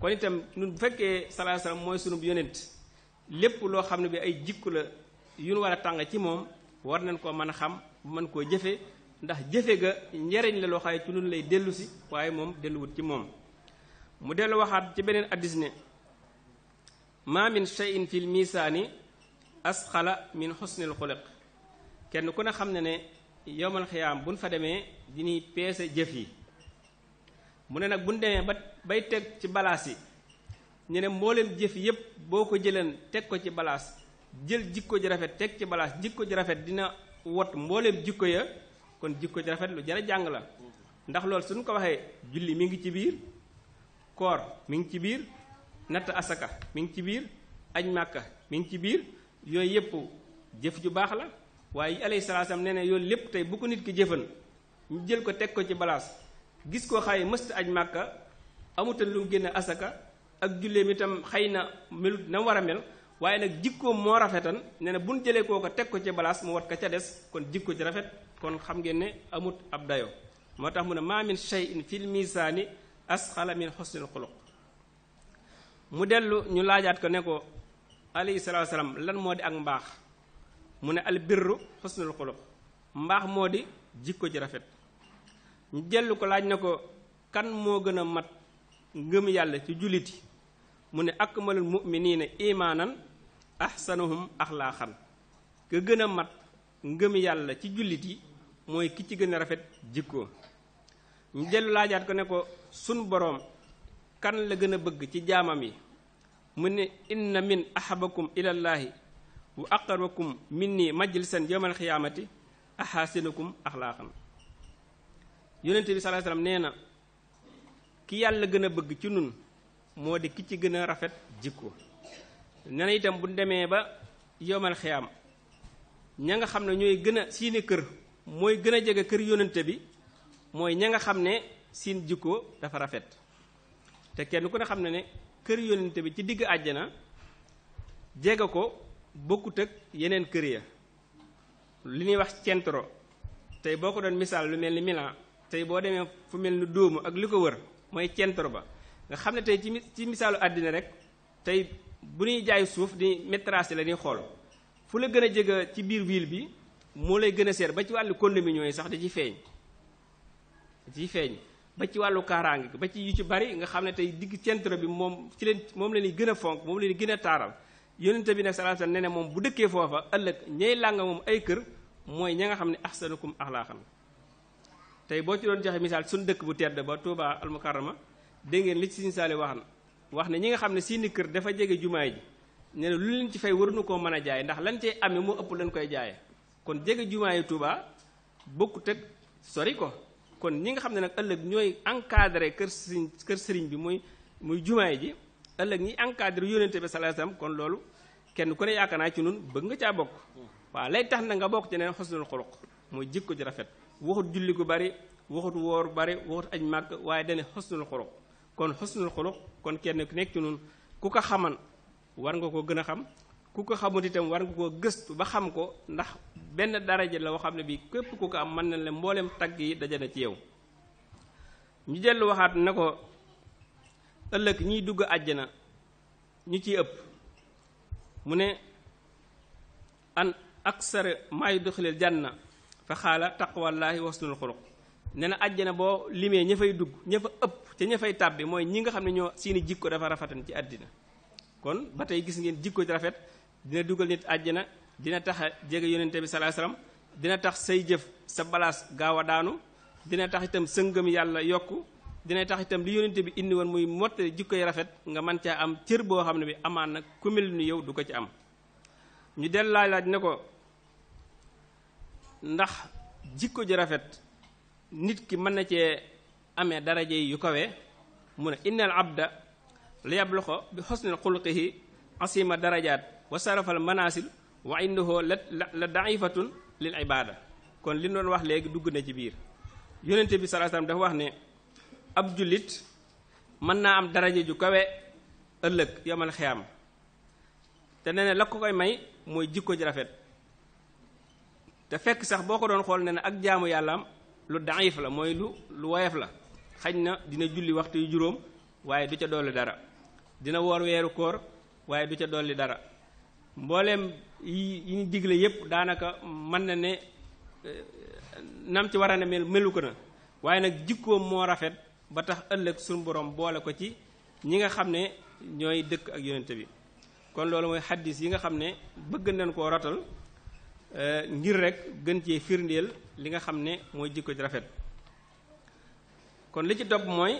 kon itam ñun fekkee sallallahu alayhi mooy sunu yonent lépp loo xam ne bi ay jikku yu nu war a tàng ci moom war nañ koo mën a xam mën koo jëfe ndax jëfe ga njariñ la loo xam lay dellu si waaye moom ci moom mu dellu waxaat ci beneen addis ne ma min cheyin fi l misaani asxala min xusnil xuliq kenn ku ne xam ne ne yowmal xiyaam buñ fa demee nuy peese jëf yi mu ne nag buñ demee ba bay teg ci balaas yi ñu ne mboolem jëf yépp boo ko jëleen teg ko ci balaas jël jikko ji rafet teg ci balaas jikko ji rafet dina wot mbooleem jikko ya kon jikko ji rafet lu jar a jàng la ndax loolu suñ ko waxee julli mi ngi ci biir koor mi ngi ci biir natt asaka mi ngi ci biir aj màkka mi ngi ci biir yooyu yëpp jëf ju baax la waaye alayhi salaam nee na yooyu lépp tey bu ko nit ki jëfan ñu ko teg ko ci balaas gis koo xaye mësta aj màkka amutal lu mu génne asaka ak julleem itam xëy na melut na war a mel waaye nag jikkoom moo rafetan nee na buñ jëlee koo ko teg ko ci balaas mu wat ko ca des kon jikko ci rafet kon xam ngeen ne amut ab dayo moo tax mu ne maa min shay'in fil misaani asxala min xusnil xuluq mu dellu ñu laajaat ko ne ko alayhi salaatu salaam lan moo di ak mbaax mu ne al birru xusnul xuluq mbaax moo di jikko ci rafet ñu dellu ko laaj ne ko kan moo gën a mat ngëm yàlla ci yi mu ne akmalul mu'minina imaanan ahsanuhum axlaaqan ka gën a mat ngëm yàlla ci jullit yi mooy ki ci gën a rafet jikko ñu dellu laajaat ko ne ko sun boroom kan la gën a bëgg ci jaamam yi mu ne inna min ahabakum ilallaahi wa aqrabakum minni majlisan yawmal xiyaamati ahasinukum axlaaqan yonent bi sallallahu alayhi wasallam nee na ki yàlla gën a bëgg ci nun moo di ki ci gën a rafet jikko nee na itam bu demee ba yowmal xiyaam ña nga xam ne ñooy gën a siini kër mooy gën a jege kër yónnante bi mooy ña nga xam ne siin jikko dafa rafet te kenn ku ne xam na ne kër yonent bi ci digg àjjana jege ko bokkut ak yeneen kër ya li ñuy wax centro tey boo ko doon misaal lu mel ni Milan tey boo demee fu mel ni dóomu ak li ko wër mooy centro ba nga xam ne tey ci ci misaalu àddina rek tey bu ñuy jaay suuf di métrage la ñuy xool fu la gën a jege ci biir ville bi moo lay gën a seer ba ci wàll wàllu condominium yi sax da ciy feeñ da ciy feeñ ba ci wàllu kaaraange ba ci yu ci bari nga xam ne tey digg centre bi moom ci leen moom leen gën a fonk moom leen gën a taaral yonente bi nag sallallahu alayhi wasallam ne ne moom bu dëkkee foofa ëllëg ñëy lànga moom ay kër mooy ña nga xam ne ahsanukum axlaaqan tey boo ci doon joxe misaal suñ dëkk bu tedd ba Touba almukarrama dégg ngeen li ci Sëriñ Saali wax na wax ne ñi nga xam ne kër dafa jege jumaay ji ne ne lu leen ci fay waruñu koo mën a jaay ndax lan cee amee moo ëpp lañ koy jaaye kon jege jumaa yi Touba bokku teg sori ko kon ñi nga xam ne nag ëllëg ñooy encadré kër sëriñ kër sëriñ bi muy muy jumaay ji ëllëg ñi encadré yónnente bi sallallahu alayhi kon loolu kenn ku ne yaakaar naa ci nun bëgg nga caa bokk waaw lay tax na nga bokk ci neen xusnul xuluq mooy jikko ji rafet waxut julli gu bari waxut woor bari waxut aj màgg waaye dane xusnul xuluq kon xusnul xuluq kon kenn ku nekk ci nun ku ko xaman war nga ko gën a xam ku ko xamut itam war nga koo gëstu ba xam ko ndax benn daraja la woo xam ne bii képp ku ko am mën na le mbooleem tagg yi daje na ci yow ñu dellu waxaat ne ko ëllëg ñuy dugg àjjana ñu ciy ëpp mu ne an ak aksar maa yudxilil janna fa xaala taqwallaahi wasnul xuluq ne na àjjana boo limee ña fay dugg ña ëpp ca ña fay tàbbi mooy ñi nga xam ne ñoo seeni jikko dafa rafetan ci àddina kon ba tey gis ngeen jikko rafet dina dugal nit àjjana dina tax a jege yonente bi sallallahu alayhi wasallam dina tax say jëf sa balaas gaaw a daanu dina tax itam sëngëm yàlla yokk dina tax itam li yonente bi indi woon muy motte jikkoy rafet nga mën caa am cër boo xam ne bi amaan nag ku mel ni yow du ko ci am ñu del laaj laaj ne ko ndax jikko ji rafet nit ki mën na cee amee daraje yu kawe mu ne innal abda li yabluxo bi xosnil xulqihi asima darajaat wa sarafal manaasil wa innahu la la daifatun lil ibada kon li doon wax léegi dugg na ci biir yonente bi sallallahu alayhi dafa wax ne ab jullit mën naa am daraje ju kawe ëllëg yomal xiyaam te nee na la ko koy may mooy jikko ji rafet te fekk sax boo ko doon xool ne na ak jaamu yàllaam lu daif la mooy lu lu woyof la xañ na dina julli waxtu yu juróom waaye du ca dolli dara dina woor weeru koor waaye du ca dolli dara mbooleem yi yi ñu digle yépp daanaka mën na ne eh, nam ci war a mel melu ko na waaye nag jikkoom moo rafet ba tax ëllëg suñ borom boole ko ci ñi nga xam ne ñooy dëkk ak yonente bi kon loolu mooy xaddis yi nga xam ne bëgg nañ koo rotal eh, ngir rek gën cee firndeel li nga xam ne mooy jikko ci rafet kon li ci topp mooy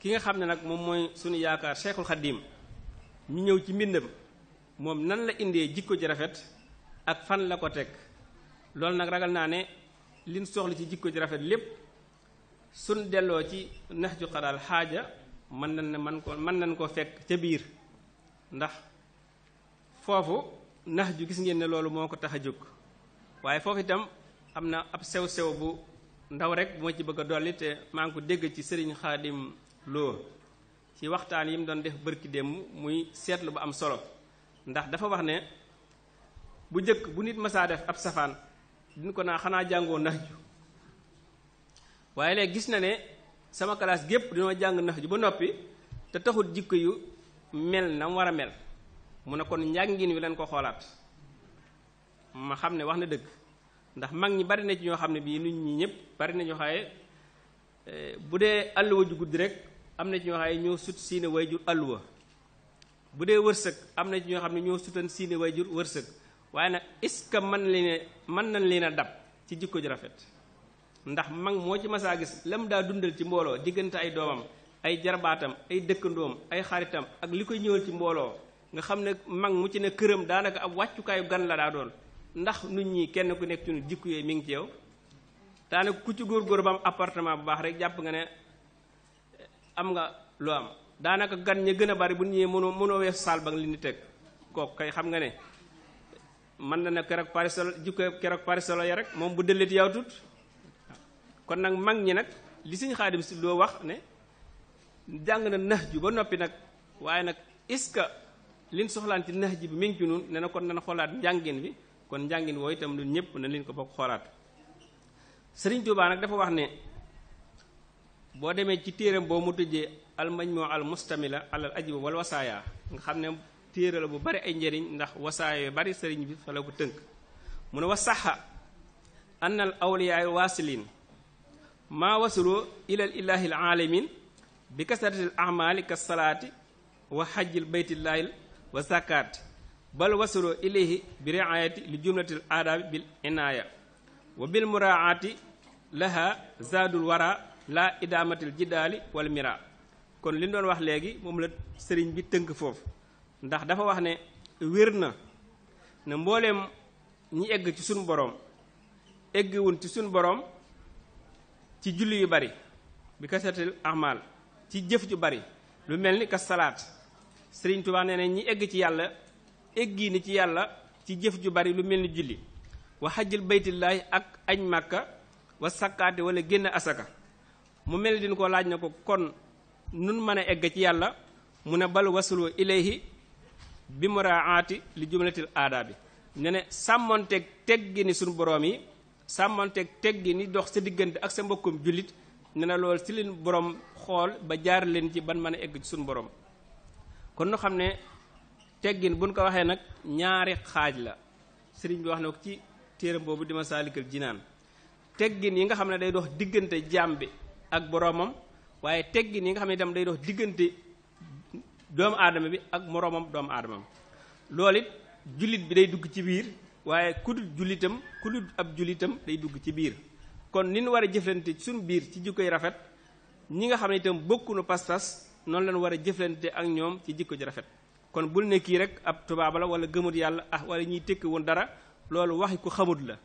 ki nga xam ne nag moom mooy suñu yaakaar Cheikhul Khadim ñu ñëw ci mbindam moom nan la indee jikko ji rafet ak fan la ko teg loolu nag ragal naa ne liñ soxlu ci jikko ji rafet lépp suñ delloo ci nax ju xadaal xaaja mën nañ ne man ko mën nañ ko fekk ca biir ndax foofu nax ju gis ngeen ne loolu moo ko tax a jóg waaye foofu itam am na ab sew-sew bu ndaw rek bu ma ci bëgg a dolli te maa ngi ko dégg ci sëriñ xaadim loo ci waxtaan yi mu doon def bërki démb muy seetlu bu am solo ndax dafa wax ne bu jëkk bu nit masaa def ab safaan duñ ko naa xanaa jàngoo nax ju waaye léegi gis na ne sama kalaas gépp dañoo jàng nax ju ba noppi te taxut jikko yu mel na mu war a mel mu ne kon njàngin wi leen ko xoolaat ma xam ne wax na dëkk ndax mag ñi bari na ci ñoo xam ne bii nit ñi ñëpp bari na ñoo xaye eh, bu dee àll wa ju guddi rek am na ci ñoo xaye ñoo sut siine way ju àlluwa bu dee wërsëg am na ci ñoo xam ne ñoo sutan siine jur wërsëg waaye nag est-ce que mën leen mën nañ leen a dab ci jikko ju rafet ndax mag moo ci masaa gis lam daa dundal ci mbooloo diggante ay doomam ay jarbaatam ay dëkkandoom ay xaritam ak li koy ñëwal ci mbooloo nga xam ne mag mu ci ne këram daanaka ab wàccukaayu gan la daa doon ndax nit ñi kenn ku nekk ci nu jikko yooyu mi ngi ci yow ku ci góor góor ba am appartement bu baax rek jàpp nga ne am nga loo am daanaka gan ña gën a bari bu ñëwee mënoo mënoo wees saal ba nga leen di teg kooku kay xam nga ne mën na ne keroog parisolo jukko keroog parisolo ya rek moom bu dëlleet yaw tut kon nag mag ñi nag li suñ xaadim si loo wax ne jàng na nax ju ba noppi nag waaye nag est-ce que liñ soxlaan ci nax ji bi mi ci nun ne na kon nan xoolaat njàngin bi kon njàngin woo itam lu ñëpp na leen ko bokk xoolaat sëriñ Tuubaa nag dafa wax ne boo demee ci téeram boo mu tëjee al majmu al mustamila alal ajiba wal wasaaya nga xam ne téere bu bari ay njëriñ ndax wasaaya yu bari sëriñ bi fa la ko tënk mu ne wa saxa al awliyaay waasiliin maa wasuloo ilal ilaahi al bi kasrati al ka salaati wa xajjil baytillaahil wa zakaati bal wasuloo ilayhi bi riayati li jumlati al aadaabi inaaya wa bil muraaati laha zaadul wara laa idaamatil jidaali wal miraa kon li ñu doon wax léegi moom la sëriñ bi tënk foofu ndax dafa wax ne wér na ne mbooleem ñi egg ci suñu boroom eggiwun ci suñu boroom ci julli yu bari bi kasatil ahmal ci jëf ju bari lu mel ni ka salaat sëriñ Tuubaa nee na ñi egg ci yàlla eggi ni ci yàlla ci jëf ju bari lu mel ni julli wa xajjal baytillaahi ak añ màkka wa sakkaate wala génn asaka mu mel ni din ko laaj na ko kon nun mën a egg ci yàlla mu ne bal wasulu ilayhi bi muraati li jumlatil aada bi ne ne sàmmonteeg teggi ni boroom yi sàmmonteeg teggi dox sa diggante ak sa mbokkum jullit ne na lool si leen borom xool ba jaar leen ci ban mën a egg ci suñu borom kon nu xam ne teggin buñ ko waxee nag ñaari xaaj la sëriñ bi wax na ko ci téeram boobu di ma Masaalikul Jinaan teggin yi nga xam ne day dox diggante jaam bi ak boroomam waaye teggin ni nga xam ne itam day dox diggante doomu aadama bi ak moroomam doomu aadamam loolu it jullit bi day dugg ci biir waaye ku dul jullitam ku dul ab jullitam day dugg ci biir kon ni ñu war a jëflante suñu biir ci jikkoy rafet ñi nga xam ne itam bokkunu pas-pas noonu lañ war a jëflante ak ñoom ci jikko ji rafet kon bul ne kii rek ab tubaab walla wala gëmut yàlla ah wala ñuy tekki woon dara loolu waxi ku xamut la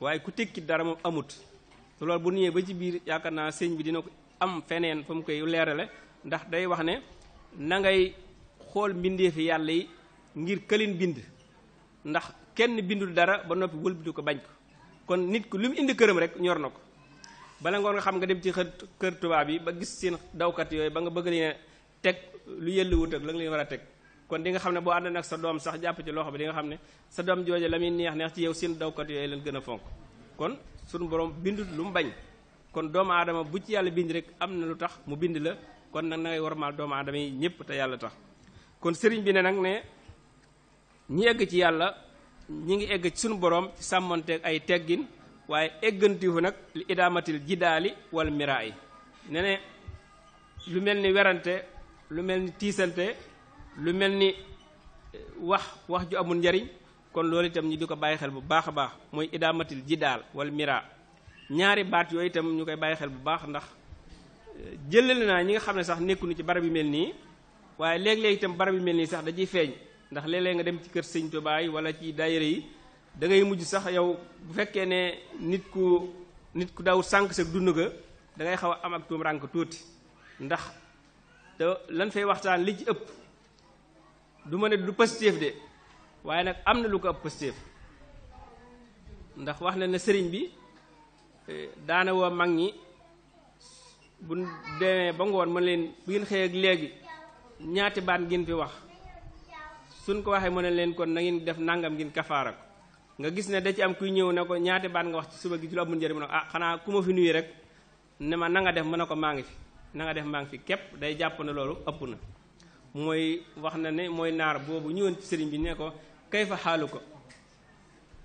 waaye ku tekkit dara moom amut te loolu bu ñëwee ba ci biir yaakaar naa seeñ bi dina ko am feneen fu mu koy leerale ndax day wax ne na ngay xool fi yàlla yi ngir këlin bind ndax kenn bindul dara ba noppi wëlbitu ko bañ ko kon nit ku lu mu indi këram rek ñor na ko bala ngoon nga xam nga dem ci kër tubaab yi ba gis seen dawkat yooyu ba nga bëgg leen teg lu yelluwut ak la nga leen war a teg kon di nga xam ne boo ànd nag sa doom sax jàpp ci loxo bi di nga xam ne sa doom jooje la muy neex neex ci yow seen dawkat yooyu leen gën a fonk kon sunu borom bindut lu mu bañ kon doomu aadama bu ci yàlla bind rek am na lu tax mu bind la kon nag na ngay warmaal doomu aadama yi ñëpp te yàlla tax kon sëriñ bi ne nag ne ñi egg ci yàlla ñi ngi egg ci suñu borom ci sàmmonteeg ay teggin waaye eggantiwu nag li idaamatil jidaali wal miraa yi ne ne lu mel ni werante lu mel ni tiisante lu mel ni eh, wax wax ju amul njariñ kon loolu itam ñi di ko bàyyi xel bu baax a baax mooy idaamatil jidaal wal miraa ñaari baat yooyu itam ñu koy bàyyi xel bu baax ndax eh, jëlale naa ñi nga xam ne sax nekkuñu ci barab yu mel nii waaye léeg-léeg itam barab yu mel nii sax da ciy feeñ ndax léeg-léeg nga dem ci kër sëñ Tuubaa yi wala ci daayira yi mujj sax yow bu fekkee ne nit ku nit ku daw sànq sa dund ga xaw a am ak tuum tuuti ndax te fay waxtaan li ci ëpp du ma ne du positif de waaye nag am na lu ko ëpp positif ndax wax na ne sëriñ bi daana woo mag ñi bu demee ba ngoon mën leen bu ngeen xëy ak léegi ñaati baat ngeen fi wax suñ ko waxee mën ne leen kon na ngeen def nangam ngeen kafaara ko nga gis ne da ci am kuy ñëw ne ko ñaati baat nga wax ci suba gi ci lu amul njëriñ mu ne ah, xanaa ku ma fi nuyu rek ne ma na nga def mën ko maa ngi fi na def maa ngi fi képp day jàpp ne loolu ëpp na mooy wax na ne mooy naar boobu ñëwoon ci sëriñ bi ne ko kay fa xaalu ko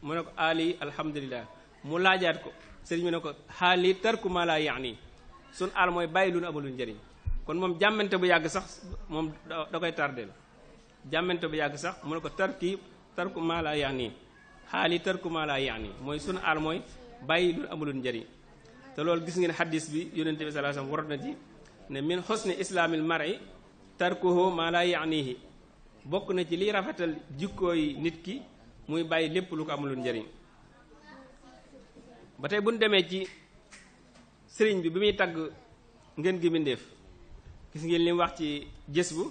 mu ne ko ali alhamdulilah mu laajaat ko sëriñ bi ne ko xaali tarku ma la yaani sun al mooy bàyyi lu nu amalul njëriñ kon moom jàmmante bu yàgg sax moom da koy tardeel jàmmante bu yàgg sax mu ne ko tarki tarku ma la yaani xaali tarku ma la yaani mooy sun al mooy bàyyi lu nu amalul njëriñ te loolu gis ngeen xaddis bi yonente bi sallallahu alayhi wasallam warat na ci ne min xusni islaamil mar'i tarkuhu ma la yaanihi bokk na ci liy rafetal jikkooy nit ki muy bàyyi lépp lu ko amalul njariñ ba tey bu ñu demee ci sëriñ bi bi muy tagg ngeen gi mbindéef gis ngeen li mu wax ci jës bu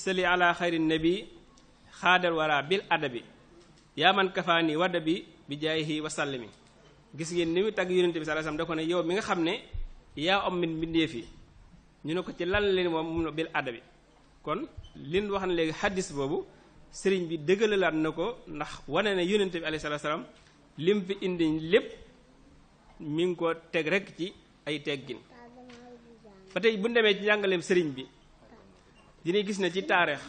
sëli ala xayri nabi xaadal wara bil adabi yaa man kafaani wadda bi bi jaayihi wa mi gis ngeen ni muy tagg yonente bi sallallahu alayhi wasallam da ne yow mi nga xam ne yaa om min mbindéef yi ñu ne ko ci lan leen moom mun bil adabi kon lin wax na léegi xaddis boobu sëriñ bi dëggalalaat na ko ndax wane ne yonente bi alayhi salaam lim fi indi lépp mi ngi ko teg rek ci ay teggin ba tey bu ñu demee ci njàngaleem sëriñ bi dinañ gis na ci taarix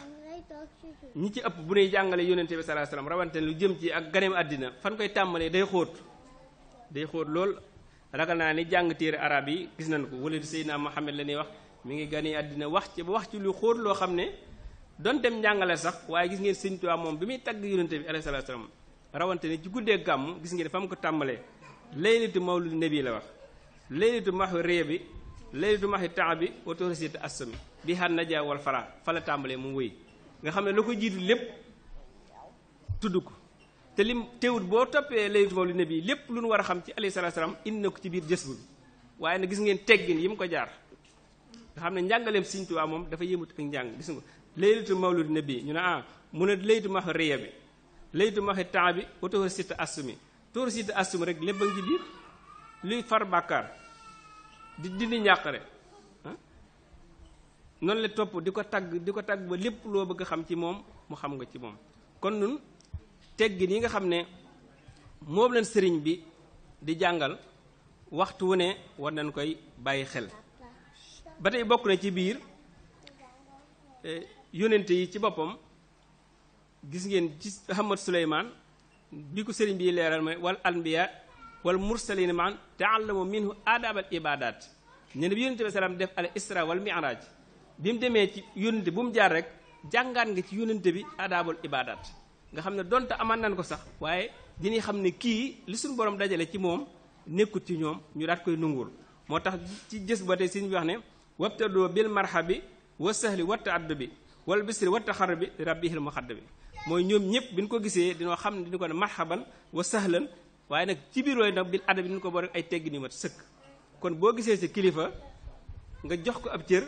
ñi ci ëpp bu nuy jàngalee yónnente bi sallallahu alayhi wasallam rawante lu jëm ci ak ganeem àddina fan koy tàmbalee day xóot day xóot lool ragal naa ni jàng arab yi gis nañ ko wala Seydina Muhammad la ñuy wax mi ngi ganee àddina wax ci ba wax ci lu xóot loo xam ne doon dem njàngale sax waaye gis ngeen Sëriñ Tuubaa moom bi muy tagg yónnente bi alayhi salaam rawante ne ci guddee gàmm gis ngeen fa mu ko tàmbalee laylatu mawludi nabi la wax laylatu maxi rée bi laylatu maxi temps bi watorisité assami bi xaar naja wal fara fa la tàmbalee mu wéy nga xam ne la ko jiitu lépp tudd ko te lim teewut boo toppee laylatu mawludi nabi lépp lu nu war a xam ci alayhi salaatu salaam indi na ko ci biir jës bu waaye nag gis ngeen teggin yi mu ko jaar nga xam ne njàngaleem Sëriñ Tuubaa moom dafa yëmut ak njàng gis nga laylatu mawludi nabi ñu ne ah mu ne laylatu maxi rée bi laylatu maxi temps bi watorisité assami tuur si te astum rek lépp a ngi luy far bàkkaar di dindi ñàqare ah. noonu la topp di ko tagg di ko tagg ba lépp loo bëgg xam ci moom mu xam nga ci moom kon nun teggin yi nga xam ne moom leen sëriñ bi di jàngal waxtu wu ne war nañ koy bàyyi xel ba tey bokk na ci biir eh, yónnente yi ci boppam gis ngeen ci Ahmad Suleymaan bi ko sëriñ bii leeral mooy wal anbiya wal mursalina maan taallamu minhu adabal ibadat ne ne bi yonente bi salaam def al isra wal miraj bi mu demee ci yonente bu mu jaar rek jàngaat nga ci yonente bi adaabal ibadat nga xam ne donte aman nan ko sax waaye dinañ xam ne kii li suñu borom dajalee ci moom nekkut ci ñoom ñu daat koy nungul moo tax ci gës ba tey sëriñ ne wax ne wabtadoo bil marhabi wa sahli wat taaddu bi wal bisri wa taxarru bi rabbihil muxadd bi mooy ñoom ñëpp bi ñu ko gisee dinoo xam ne diñu ko ne marhaban wa sahlan waaye nag ci biir yooyu nag bil adab diñu ko boo ay teggin yu mat sëkk kon boo gisee sa kilifa nga jox ko ab cër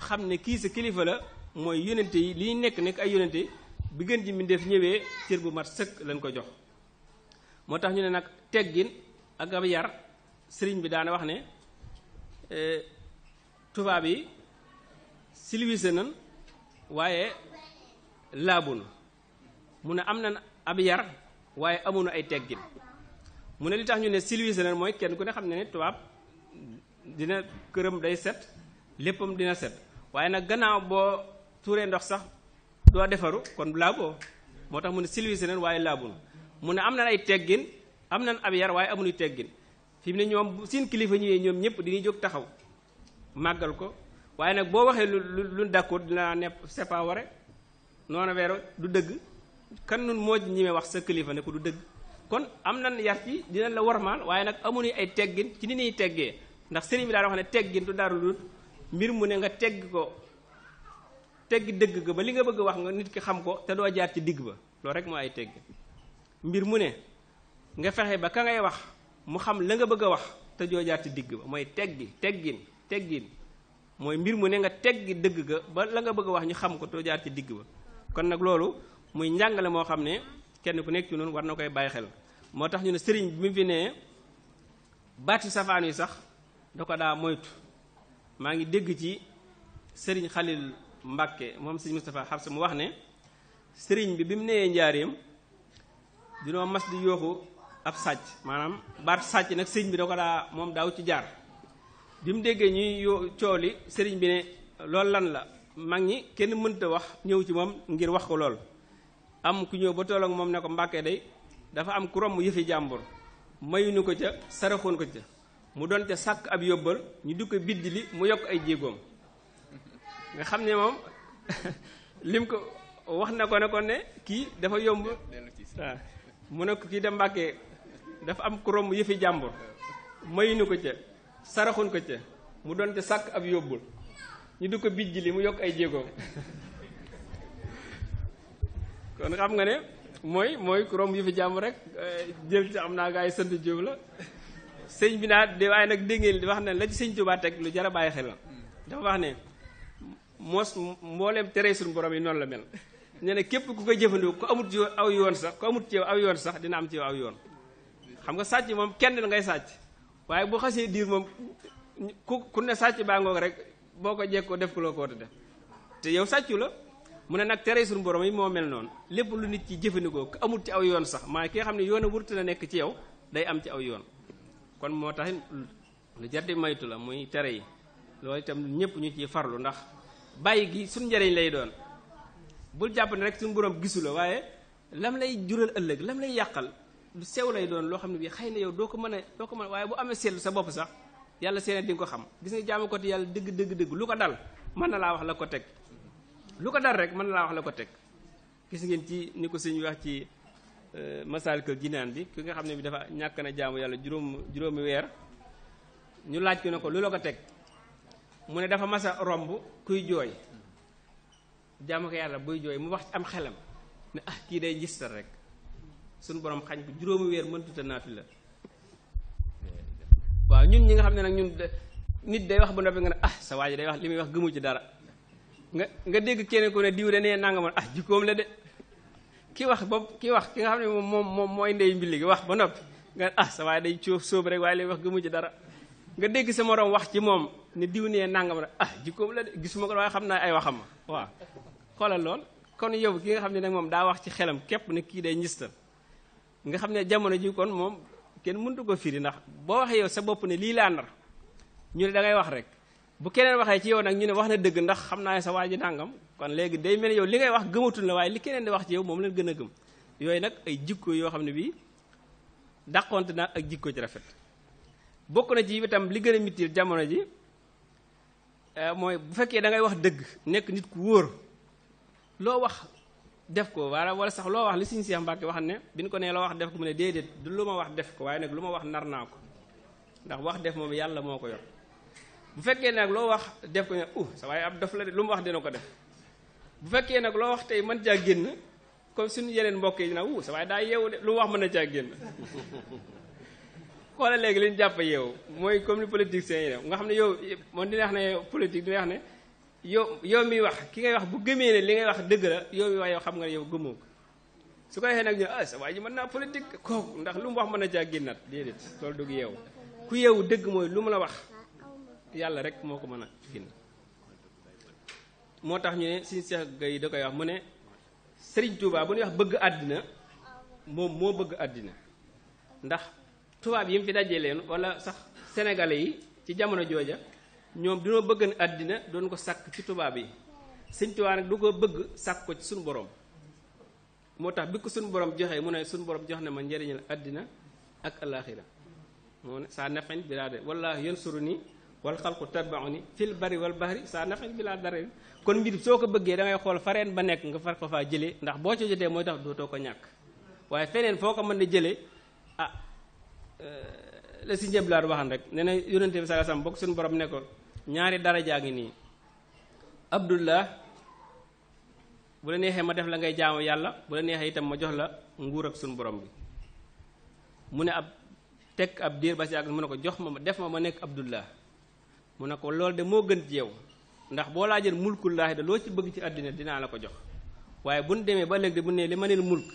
xam ne kii sa kilifa la mooy yonente yi li nekk nekk ay yonente bi gën ji mbindeef ñëwee cër bu mat sëkk lañ ko jox moo tax ñu ne nag teggin ak ab yar sëriñ bi daana wax ne e, tubaab yi silwise nan waaye laabun mu ne am na na ab yar waaye amuñu ay teggin mu ne li tax ñu ne civilisé leen mooy kenn ku ne xam ne ne tubaab dina këram day set léppam dina set waaye nag gannaaw boo tuuree ndox sax doo defaru kon laaboo moo tax mu ne civilisé leen waaye laabunu mu ne am nañ ay teggin am nañ ab yar waaye amuñu teggin fii mu ne ñoom seen kilifa ñëwee ñoom ñëpp dañuy jóg taxaw màggal ko waaye nag boo waxee lu lu lu d'accord dina ne c'est pas vrai noonu weeru du dëgg kan nun moo ñemee wax sa kilifa ne ko du dëgg kon am nan yar ci dinañ la warmaal waaye nag amuñu ay teggin ci ni ñuy teggee ndax sëriñ bi daal wax ne teggin du dara lu mbir mu ne nga tegg ko tegg dëgg ga ba li nga bëgg wax nga nit ki xam ko te doo jaar ci digg rek moo ay mbir mu ne nga fexe ba ka ngay wax mu xam la nga bëgg a wax te doo jaar ci digg ba mooy teggi teggin teggin mooy mbir mu ne nga teggi dëgg ga ba la nga bëgg wax ñu xam ko te doo jaar ci digg ba kon nag loolu muy njàngale moo xam ne kenn ku nekk ci noonu war na koy bàyyi xel moo tax ñu ne sëriñ bi mu fi nee baati safaan yi sax da ko daa moytu maa ngi dégg ci sëriñ Xalil Mbàkke moom sëriñ Moustapha Xabsa mu wax ne sëriñ bi bi mu nee njaareem dinoo mas di yooxu ab sàcc maanaam baat sàcc nag sëriñ bi da ko daa moom daaw ci jaar bi mu déggee ñuy cooli sëriñ bi ne loolu lan la mag ñi kenn mënta wax ñëw ci moom ngir wax ko lool am ku ñëw ba toll ak moom ne ko mbàkkee day dafa am ku romb yëfi jàmbur mayunu ko ca saraxoon ko ca mu doon ca sàkk ab yóbbal ñu du ko biddi li mu yokk ay jéegoom nga xam ne moom lim ko wax na ko ne kii dafa yomb waaw mu ne ko kii de dafa am ku yëfi jàmbur mayuñu ko ca saraxoon ko ca mu doon ca sàkk ab yóbbul ñu du ko bijji li mu yokk ay jéegoom <laughs> kon xam nga ne mooy mooy romb yu jàmm rek eh, jël ci am naa gaa yi sant Jóob la sëñ bi naa de waaye nag dégg ngeen di wax ne la ci sëñ Tuubaa teg lu jar a bàyyi xel la dafa wax ne moos mbooleem tere suñu borom yi noonu la mel ne ne képp ku koy jëfandikoo ku amut aw yoon sax ku amut ci aw yoon sax dina am ci yow aw yoon xam nga sàcc moom kenn la ngay sàcc waaye bu xasee diir moom ku ku ne sàcc baa ngoog rek boo ko jekkoo def ko loo ko war a def te yow sàccu la mu ne nag tere suñu borom yi moo mel noonu lépp lu nit ci jëfandikoo ku amul ci aw yoon sax maa ki xam ne yoon a wurtu na nekk ci yow day am ci aw yoon kon moo tax lu jar di maytu la muy tere yi loolu itam ñëpp ñu ci farlu ndax bàyyi gi suñ njariñ lay doon bul jàpp ne rek suñu borom gisu waaye lam lay jural ëllëg lam lay yàqal lu sew lay doon loo xam ne bii xëy na yow doo ko mën a doo ko mën waaye bu amee seetlu sa bopp sax yàlla seen di ko xam gis nga jaamu ko te yàlla dëgg dëgg dëgg lu ko dal mën na laa wax la ko teg lu ko dal rek mën naa wax la ko teg gis ngeen ci ni ko sëñ bi wax ci euh, Masaalikul Jinaan bi ki nga xam ne bi dafa ñàkk na jaamu yàlla juróom juróomi weer ñu laaj ko ne ko lu la ko teg mu ne dafa masa romb kuy jooy jaamu ko yàlla buy jooy mu wax am xelam ne ah kii day gistal rek suñu borom xañ ko juróomi weer mëntuta naatu la waaw ñun ñi nga xam ne nag ñun nit day wax ba noppi nga ne ah sa waa ji day wax li muy wax gëmu ci dara nga nga dégg kenn ko ne diw de nee nangamoon ah jikkoom la de ki wax ba ki wax ki nga xam ne moom moom moom mooy ndey mbili gi wax ba noppi nga ah sa waaye day rek waaye lay wax gëmu ci dara nga dégg sa moroom wax ci moom ne diw nee nangam rek ah jikkoom la de gisuma ko waaye xam naa ay waxam waaw xoolal lool kon yow ki nga xam ne nag moom daa wax ci xelam képp ne kii day sa nga xam ne jamono ji kon moom kenn mëntu ko firi ndax boo waxee sa bopp ne lii laa nar ñu ne da ngay wax rek bu keneen waxee ci yow nag ñu ne wax na dëgg ndax xam naa ne sa waa ji nàngam kon léegi day mel yow li ngay wax gëmatul la waaye li keneen di wax ci yow moom leen gën a gëm yooyu nag ay jikko yoo xam ne bii dàqonte na ak jikko ci rafet bokk na ci itam li gën a mittir jamono ji eh, mooy bu fekkee da ngay wax dëgg nekk nit ku wóor loo wax def ko wala wala sax loo wax li Sëriñ Seex Mbàkke wax ne bi ñu ko nee loo wax def ko mu ne déedéet du lu ma wax def ko waaye nag lu ma wax nar naa ko ndax wax def moom yàlla moo ko yor bu fekkee nag loo wax def ko ne uh sa la lu mu wax dina ko def bu fekkee nag loo wax tey mën caa génn comme suñu yeneen mbokk yi na uh sa daa yeewu de lu mu wax mën na caa génn xoola léegi li ñu jàpp yow mooy comme ni politiciens yi def nga xam ne yow moom dina wax ne politique dina wax ne yow yow miy wax ki ngay wax bu gëmee ne li ngay wax dëgg la yow mi wax yow xam nga su ko nag ñu ah sa waa ji mën naa politique ndax lu mu mën na caa génnaat déedéet loolu dugg yow ku yow dëgg mooy lu mu la wax yàlla rek moo ko mën a génn moo tax ñu ne suñu seex gay da koy wax mu ne sëriñ Touba bu ñuy wax bëgg àddina moom moo bëgg àddina ndax tubaab yi mu fi dajee leen wala sax sénégalais yi ci jamono jooja ñoom dinoo bëggan àddina doon ko sàkk ci tubaab yi sëriñ Touba nag du ko bëgg sàkk ko ci suñu borom moo tax bi ko suñu borom joxee mu ne suñu borom jox na ma njëriñal àddina ak alaaxira saa nafin bi daa de wallaahi nii wal xalqu tabauni fil bari wal bahri saa nafet bi laa dara kon mbir soo ko bëggee da xool fareen ba nekk nga far ko faa jëlee ndax boo ci jotee mooy tax dootoo ko ñàkk waaye feneen foo ko mën na jëlee ah euh, la si njëb laa rek nee na yonente bi sallallahu alayhi wasallam bokk suñu borom ne ko ñaari darajaa ngi nii abdullah bu la neexee ma def la ngay jaamu yàlla bu la neexee itam ma jox la nguur ak suñu borom bi mu ne ab teg ab diir ba si àgg mu ne ko jox ma ma def ma ma nekk abdullah mu ne ko loolu de moo gën ci ndax boo laa jël mulkullaahi da loo ci bëgg ci àddina dinaa la ko jox waaye bu ñu demee ba léegi de bu ne li ma neen mulk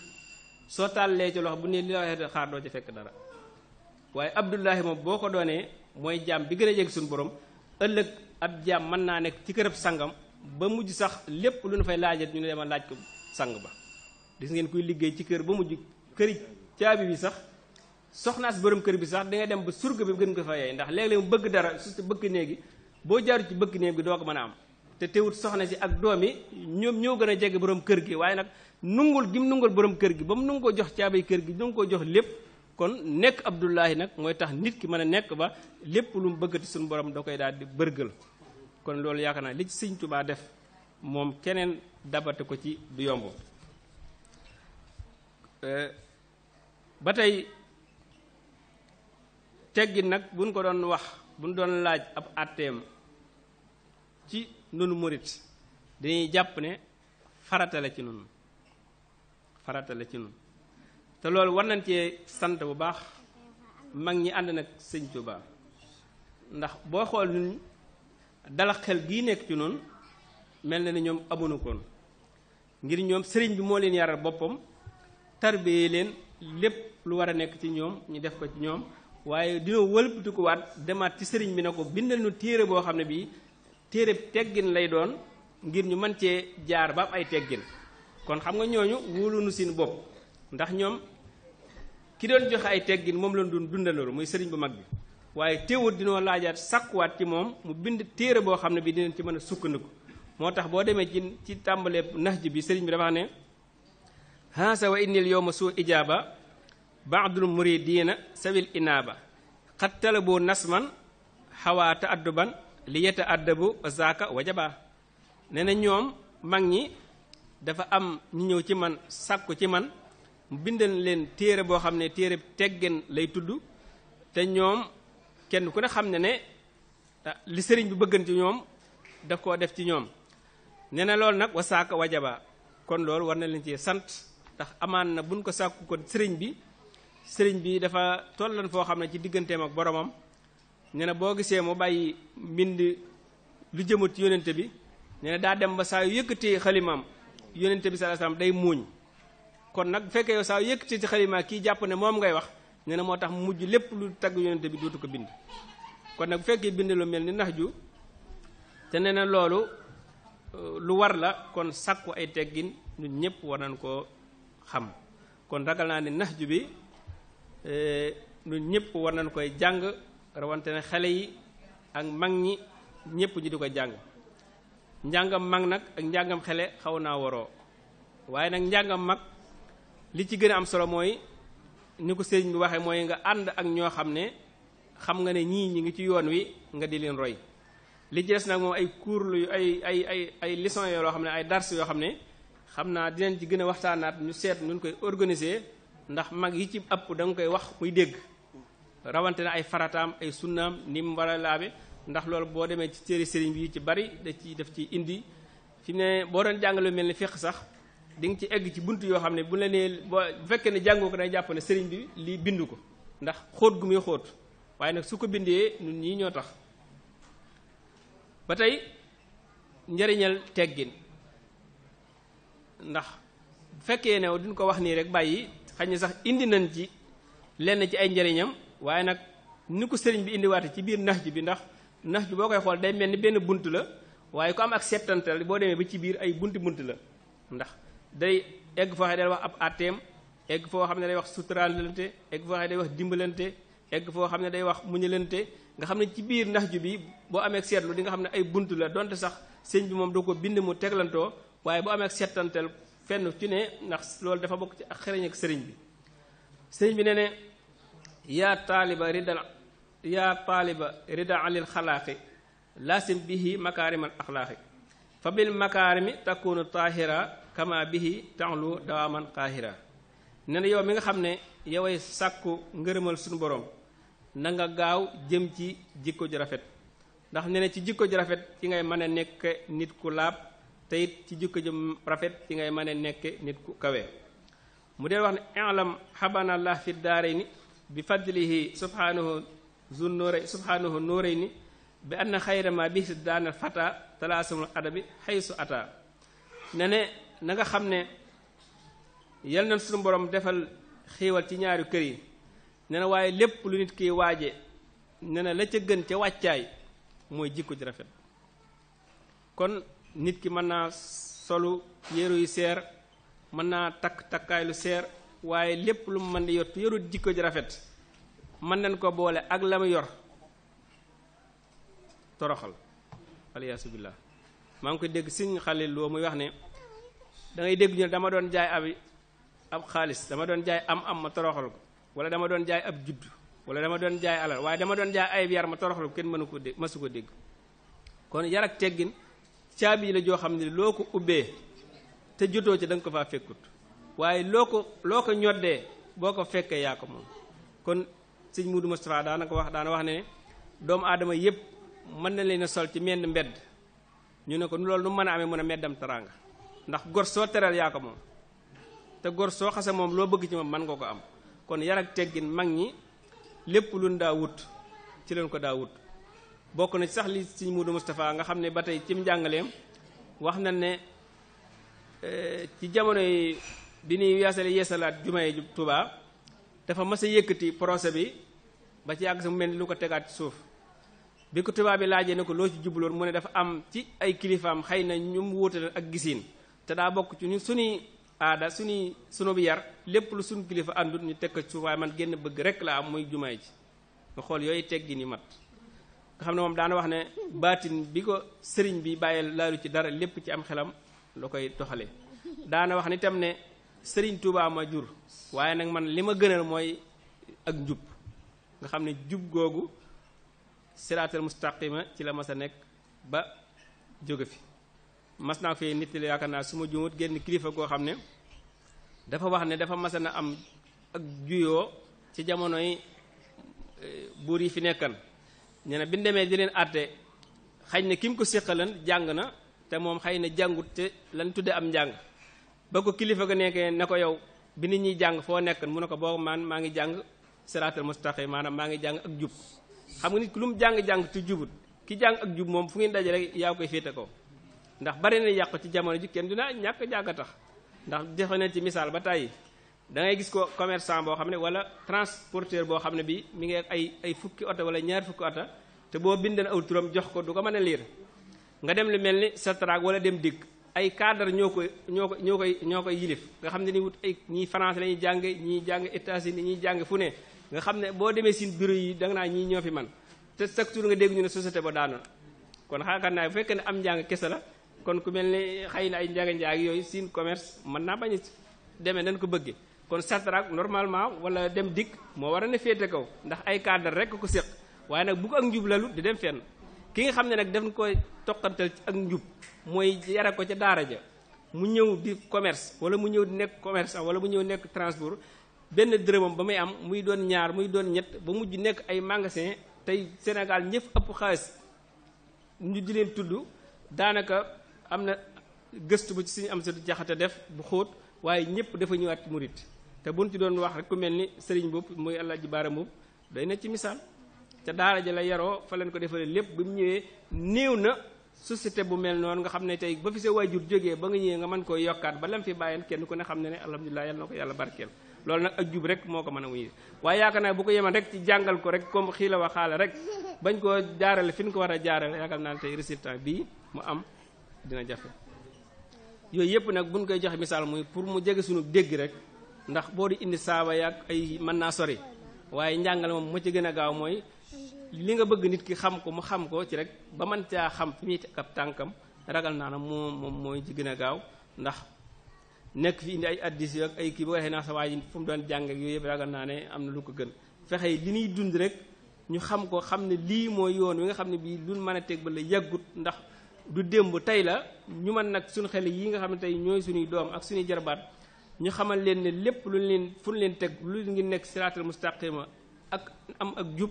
soo tàllee ci loxo bu ne li la waxee xaar doo ci fekk dara waaye abdullahi moom boo ko doonee mooy jaam bi gën a yegg suñu borom ëllëg ab jaam mën naa nekk ci kërëb sàngam ba mujj sax lépp lu ñu fay laajat ñu ne dama laaj ko sàng ba gis ngeen kuy liggéey ci kër ba mujj këri caabi bi sax soxnaas boroom kër bi sax dangay dem ba surga bi gën ko fa yey ndax léeg-léeg bëgg dara su bëgg néegi boo jaaru ci bëgg néeg bi doo ko mën a am te teewut soxna si ak doom yi ñoom ñoo gën a jege boroom kër gi waaye nag nungul mu nungul boroom kër gi ba mu nungi ko jox caabay kër gi nungi ko jox lépp kon nekk abdullahi nag mooy tax nit ki mën a nekk ba lépp lu mu bëggati suñu borom da koy daal di bërgël kon loolu yaakaar naa li ci sëñ Tuubaa def moom keneen dabate ko ci du yomb euh, teggin nag buñ ko doon wax buñ doon laaj ab àtteem ci nunu murit dañuy jàpp ne farata la ci nun farata la ci nun te loolu war nañ cee sant bu baax mag ñi ànd nag sëñ Tuubaa ndax boo xool nun dala nekk ci noonu mel na ni ñoom amuñu koon ngir ñoom sëriñ bi moo leen yaral boppam tarbiyee leen lépp lu war a nekk ci ñoom ñu def ko ci ñoom waaye dina wëlbatikuwaat demaat ci sëriñ bi ne ko bindal nu téere boo xam ne bii téere teggin lay doon ngir ñu mën cee jaar ba am ay teggin kon xam nga ñooñu nu seen bopp ndax ñoom ki doon joxe ay teggin moom lañ doon dundal muy sëriñ bu mag bi waaye teewut dinoo laajaat sakkuwaat ci moom mu bind téere boo xam ne bii dinañ ci mën a sukkandiku moo tax boo demee ci ci tàmbalee nax ji bi sëriñ bi dafa ne hansa wa innil yow ma suu ijaaba baadul muridiina sawil inaaba xat nas man xawaa ta adduban li yeta addabu zaaka wajaba nee na ñoom mag ñi dafa am ñu ñëw ci man sàkku ci man mu bindal leen téere boo xam ne téere teggeen lay tudd te ñoom kenn ku ne xam ne ne ah, li sëriñ bi bëggan ci ñoom daf koo def ci ñoom nee na loolu nag wasaaka wajaba kon loolu war na leen ci sant ndax amaan na buñ ko sàkku kon sëriñ bi sëriñ bi dafa tollan foo xam ne ci digganteem ak boromam nee na boo gisee mu bàyyi mbind lu jëmut yonente bi nee daa dem ba saa yu yëkkatee xalimaam yonente bi sallallahu alayhi wasallam day muuñ kon nag bu fekkee saa yu yëkkatee ci xalimaa kii jàpp ne moom ngay wax nee moo tax mujj lépp lu tagg yonente bi dootu ko bind kon nag bu fekkee bind lu mel ni nax ju te nee na loolu euh, lu war la kon sàkku ay teggin ñun ñëpp war nañ koo xam kon ragal naa ne nax ju bi Euh, ñun ñëpp war nañ koy jàng rawante ne xale yi ak mag ñi ñëpp ñu di ko jàng njàngam mag nag ak njàngam xale xaw naa waroo waaye nag njàngam mag li ci gën a am solo mooy ni ko sëriñ bi waxee mooy nga ànd ak ñoo xam ne xam nga ne ñii ñi ngi ci yoon wi nga di leen roy li ci des nag moom ay cours yu ay ay ay ay leçons yoo xam ne ay dars yoo xam ne xam naa dinañ ci gën a waxtaanaat ñu seet nuñ koy organiser ndax mag yi ci ëpp da nga koy wax muy dégg rawante na ay farataam ay sunnaam ni mu war a laabe ndax loolu boo demee ci téere sëriñ bi ci bari da ci def ci indi fi mu ne boo doon jàngale mel ni fiq sax di nga egg ci bunt yoo xam ne bu la nee boo fekkee ne jàngoo ko day jàpp sëriñ bi lii bind ko ndax xóot gu muy xóot waaye nag su ko bindee ñun ñii ñoo tax ba tey njariñal teggin ndax bu fekkee ne duñ ko wax nii rek bàyyi xañ na sax indi nañ ji lenn ci ay njëriñam waaye nag ni ko sëriñ bi indiwaate ci biir nax ji bi ndax nax ji boo koy xool day mel ni benn bunt la waaye ku am ak settantal boo demee ba ci biir ay bunti bunt la ndax day egg foo xam wax ab atteem egg foo xam ne day wax suturaalante egg foo day wax dimbalante egg foo xam ne day wax muñalante nga xam ne ci biir nax ju bi boo amee seetlu di nga xam ne ay bunt la donte sax sëñ bi moom du ko bind mu teglantoo waaye boo amee settantal fenn ci ne ndax loolu dafa bokk ci ak xereñ ak sëriñ bi sëriñ bi ne ne yaa taaliba rida yaa taaliba rida anil xalaaqi laasim bihi makaarimal axlaaqi fa bil makaarimi takunu taahira kama bihi taxlu dawaaman qaahira ne na yow mi nga xam ne yoway sàkku ngërëmal suñu borom na nga gaaw jëm ci jikko ju rafet ndax ne na ci jikko ju rafet ci ngay mën nekk nit ku laab te it ci jikko jëm rafet ci ngay mën a nekke nit ku kawe mu dee wax ne i'lam habanallah fi daarayni bi fadlihi subhanahu zu nuray subhanahu nuurayni bi anna xayra ma bi si daanal fata talaasumul adabi xaysu ata ne ne na nga xam ne yal na suñu borom defal xiiwal ci ñaari kër yi ne na waaye lépp lu nit kiy waaje ne na la ca gën ca wàccaay mooy jikko ji rafet kon nit ki mën naa solu yéru yu seer mën naa takk takkaay lu seer waaye lépp lu mu mën di yor yorut jikko ji rafet mën nañ ko boole ak la mu yor toroxal aliyaasu billaah maa ngi koy dégg siñ xalil loo muy wax ne da dégg ñu ne dama doon jaay abi ab xaalis dama doon jaay am am ma toroxal ko wala dama doon jaay ab judd wala dama doon jaay alal waaye dama doon jaay ayib yar ma toroxal ko kenn mënu ko dégg masu ko dégg kon yar ak teggin caabi la joo xam ne loo ko ubbee te jotoo ci da ko faa fekkut waaye loo ko loo ko ñoddee boo ko fekkee yaa ko moom kon sëñ Mudu Mustafaa daana ko wax daana wax ne doomu aadama yëpp mën na leen a sol ci menn mbedd ñu ne ko loolu nu mën a amee mën a meddam teraanga ndax gor soo teral yaa ko moom te gor soo xase moom loo bëgg ci moom mën nga ko am kon yarak teggin mag ñi lépp luñ daa wut ci leen ko daa wut bokk na ci sax li sëñ Muudu Moustapha nga xam ne ba tey ci mu njàngaleem wax na ne eh, ci jamono yi bi nuy yeesale yeesalaat jumaye jub Tuubaa dafa mas a yëkkati bi ba ci yàgg sa mu mel ni lu ko tegaat ci suuf bi ko tubaab bi laajee ne ko loo ci jubloon mu ne dafa am ci ay kilifaam xëy na ñu mu wóotale ak gisiin te daa bokk ci ñu suñuy aada suñuy sunu bi yar lépp lu suñu kilifa àndut ñu teg ko suuf waaye man génn bëgg rek laa am muy jumaay ji nga xool yooyu teggi ni mat nga xam ne moom daana wax ne baatin bi ko sëriñ bi bàyyee laalu ci dara lépp ci am xelam la koy doxalee daana wax ne itam ne sëriñ Tuubaa ma jur waaye nag man li ma gënal mooy ak njub nga xam ne jub googu siraatal mustaqima ci la mas a nekk ba jóge fi mas naa fee nit la yaakaar naa su ma juumut génn kilifa goo xam ne dafa wax ne dafa mas na am ak juyoo ci jamono yi eh, buur yi fi nekkan nee na bi ñu demee di leen àtte xëy na ki mu ko séqalan jàng na te moom xëy na jàngut te lan tudde am njàng ba ko kilifa ga nekkee ne ko yow bi nit ñuy jàng foo nekk mu ne ko boo man maa ngi jàng siraatal mustaqim maanaam maa ngi jàng ak jub xam nga nit ku lu mu jàng-jàng te jubut ki jàng ak jub moom fu ngeen daje rek yaa koy féete ko ndax bari na yàqu ci jamono ji kenn dina ñàkk jàng tax ndax defe na ci misaal ba tàyyi da ngay gis ko commerçant boo xam ne wala transporteur boo xam ne bi mi ngi ay ay fukki oto wala ñaar fukki oto te boo bindan aw turam jox ko du ko mën a liir nga dem lu mel ni satraag wala dem dikk ay cadre ñoo koy ñoo koy ñoo koy ñoo koy yilif nga xam ne ni wut ay ñii français la ñuy jàng ñii jàng États-Unis jàng fu ne nga xam ne boo demee seen bureau yi danga naa ñii ñoo fi man te chaque jour nga dégg ñu ne société ba daanoon kon xaakaar naa bu fekkee ne am njàng kese la kon ku mel ne xëy na ay njàng-njàng yooyu siin commerce mën naa bañ a demee nañ ko bëggee kon satrak normalement wala dem dikk moo war a ne féete kaw ndax ay cadre rek ko séq waaye nag bu ko ak njub lalu di dem fenn ki nga xam ne nag daf koy toqantal ak njub mooy yara ko ca daara ja mu ñëw di commerce wala mu ñëw di nekk commerçant wala mu ñëw nekk transport benn dërëmam ba muy am muy doon ñaar muy doon ñett ba mujj nekk ay magasin tey Sénégal ñëpp ëpp xaalis ñu di leen tudd daanaka am na gëstu bu ci suñu am sa jaxate def bu xóot waaye ñëpp dafa ñëwaat murit te buñ ci doon wax rek ku mel ni sëriñ Mbubb muy Alaaji Baara Mbubb day na ci misaal te daara ja la yaroo fa leen ko defaree lépp bi mu ñëwee néew na société bu mel noonu nga xam ne tey ba fi sa waajur jógee ba nga ñëwee nga mën koo yokkaat ba lam fi bàyyeen kenn ku ne xam ne ne alhamdulilah yal na ko yàlla barkeel loolu nag ak jub rek moo ko mën a wuyu waaye yaakaar naa bu ko yeman rek ci jàngal ko rek comme xii la waxaale rek bañ koo jaarale fi ñu ko war a jaarale yaakaar naa tey résultat bii mu am dina jafe yooyu yëpp nag buñ koy joxe misaal muy pour mu jege suñu dégg rek ndax boo di indi saaba yaag ay man naa sori waaye njàngale moom mu ci gën a gaaw mooy li nga bëgg nit ki xam ko mu xam ko ci rek ba man caa xam fi muy tànkam ragal naa na moom moom mooy gën a gaaw ndax nekk fi indi ay addis yo ak ay kii boo naa sa waa ji mu doon jàng ak yooyu yëpp ragal naa ne am na lu ko gën fexe li nuy dund rek ñu xam ko xam ne lii mooy yoon wi nga xam ne bii lu mën a teg ba la yàggut ndax du démb tey la ñu mën nag suñu xel yi nga xam ne tey ñooy suñuy doom ak suñuy jarbaat ñu xamal leen ne lépp lu leen fu leen teg lu ngi nekk siraatal mustaqima ak am ak jub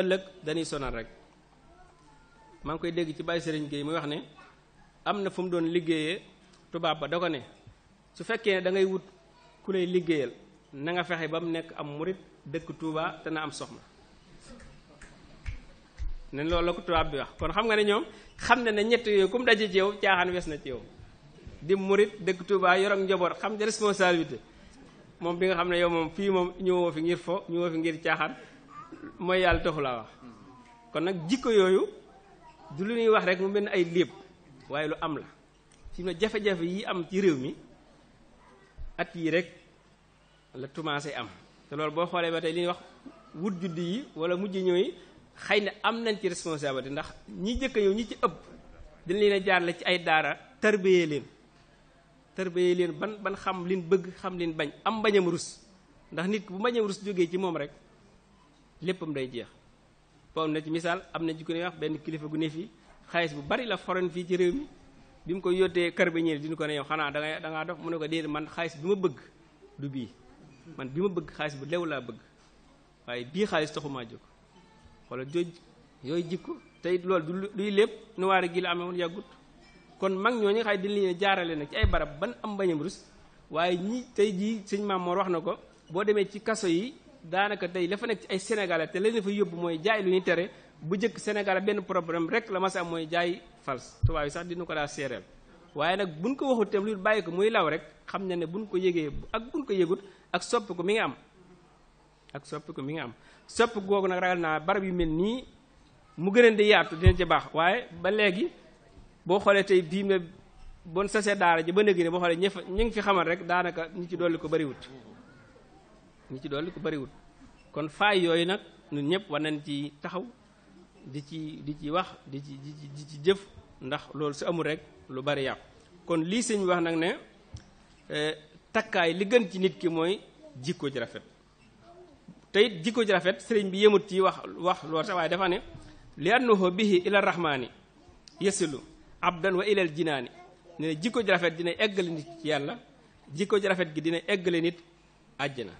ëllëg dañuy sonal rek maa ngi koy dégg ci Baye Serigne Gueye muy wax ne am na fu mu doon liggéeyee tubaab ba da ko ne su fekkee ne da ngay wut ku lay liggéeyal na nga fexe ba mu nekk am murit dëkk Touba te na am soxna ne loolu la ko tubaab bi wax kon xam nga ne ñoom xam na ne ñett yooyu ku mu daje ci yow caaxaan wes na ci yow. di murit dëkk Touba yor ak njaboot xam ne responsabilité moom bi nga xam ne yow moom fii moom ñëwoo fi ngir fo ñëwoo fi ngir caaxaan mooy yàlla taxu laa wax kon nag jikko yooyu du lu ñuy wax rek mu benn ay léeb waaye lu am la fi mu ne jafe-jafe yi am ci réew mi at yi rek la commencé am te loolu boo xoolee ba tey li ñuy wax wut judd yi wala mujj ñëw yi xëy na am nañ ci responsabilité ndax ñi jëkk ñëw ñi ci ëpp dañ leen a jaarale ci ay daara tarbiyee leen tërbéyee leen ban ban xam liñ bëgg xam liñ bañ am mbañam rus ndax nit bu mbañam rus jógee ci moom rek léppam day jeex boobu na ci misaal am na ci ku wax benn kilifa gu ne fii xaalis bu bari la foren fii ci réew mi bi mu ko yottee carabinieri di ñu ko ne yow xanaa da ngay da mu ne ko déedéet man xaalis bi ma bëgg du bii man bi ma bëgg xaalis bu lew laa bëgg waaye bii xaalis taxumaa jóg xoolal jooj yooyu jikko tey loolu du luy lépp nuwaare gi la amee yàggut kon mag ñooñu xay dañ leen jaarale nag ci ay barab ban am bañam rus waaye ñi tey jii sëñ Maamoor wax na ko boo demee ci kaso yi daanaka tey la fa nekk ci ay sénégalais te leen fa yóbbu mooy jaay lu ñuy tere bu jëkk sénégalais benn problème rek la ma am mooy jaay fals tubaab yi sax dina ko daa seereel waaye nag buñ ko waxut tam lu bàyyi ko muy law rek xam na ne buñ ko yégee ak buñ ko yëgut ak sopp ko mi ngi am ak soppi ko mi ngi am soppi googu nag ragal naa barab yu mel nii mu gën a di yaatu dina ci baax waaye ba léegi boo xoolee tey bii ne bon sa daara ji ba nëgi ne boo xoolee ñi ñu ngi fi xamal rek daanaka ñu ci dolli ko bariwut ñi ci dolli ko bariwut kon faay yooyu nag ñun ñëpp war nañ ci taxaw di ci di ci wax di ci ci jëf ndax loolu su amul rek lu bari yàqu kon lii sëñ wax nag ne e, takkaay li gën ci nit ki mooy jikko ji rafet tey it jikko ji rafet sëriñ bi yëmut ci wax wax loolu sax waaye dafa ne li annahu bihi ila rahmaani yasilu abdan wa ilal jinaani ne jikko ji rafet dina eggale nit ci yàlla jikko ji rafet gi dina eggale nit na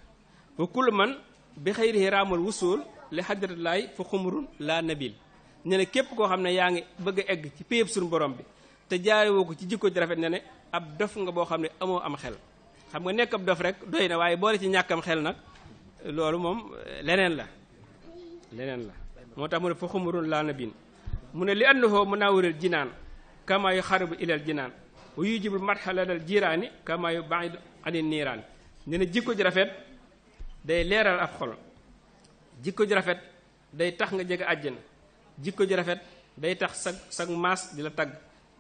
wa kullu man bi xayrihi wu sool li xadratillaay fa xumurun laa nabil ne ne képp koo xam ne yaa ngi bëgg egg ci péyëb suñu borom bi te jaarewoo ko ci jikko ji rafet ne ne ab dof nga boo xam ne amoo am xel xam nga nekk ab dof rek doy na waaye boole ci ñàkkam xel nag loolu moom eh, leneen la leneen la moo tax mu ne fa xumurun laa nabil mu kama yu xaribu ilal jinaan wa yujibul marxalatal jiraani kama yu baid anil niiraan ne na jikko ji rafet day leeral ab xol jikko ji rafet day tax nga jege àjjana jikko ji rafet day tax sa sag maas di la tagg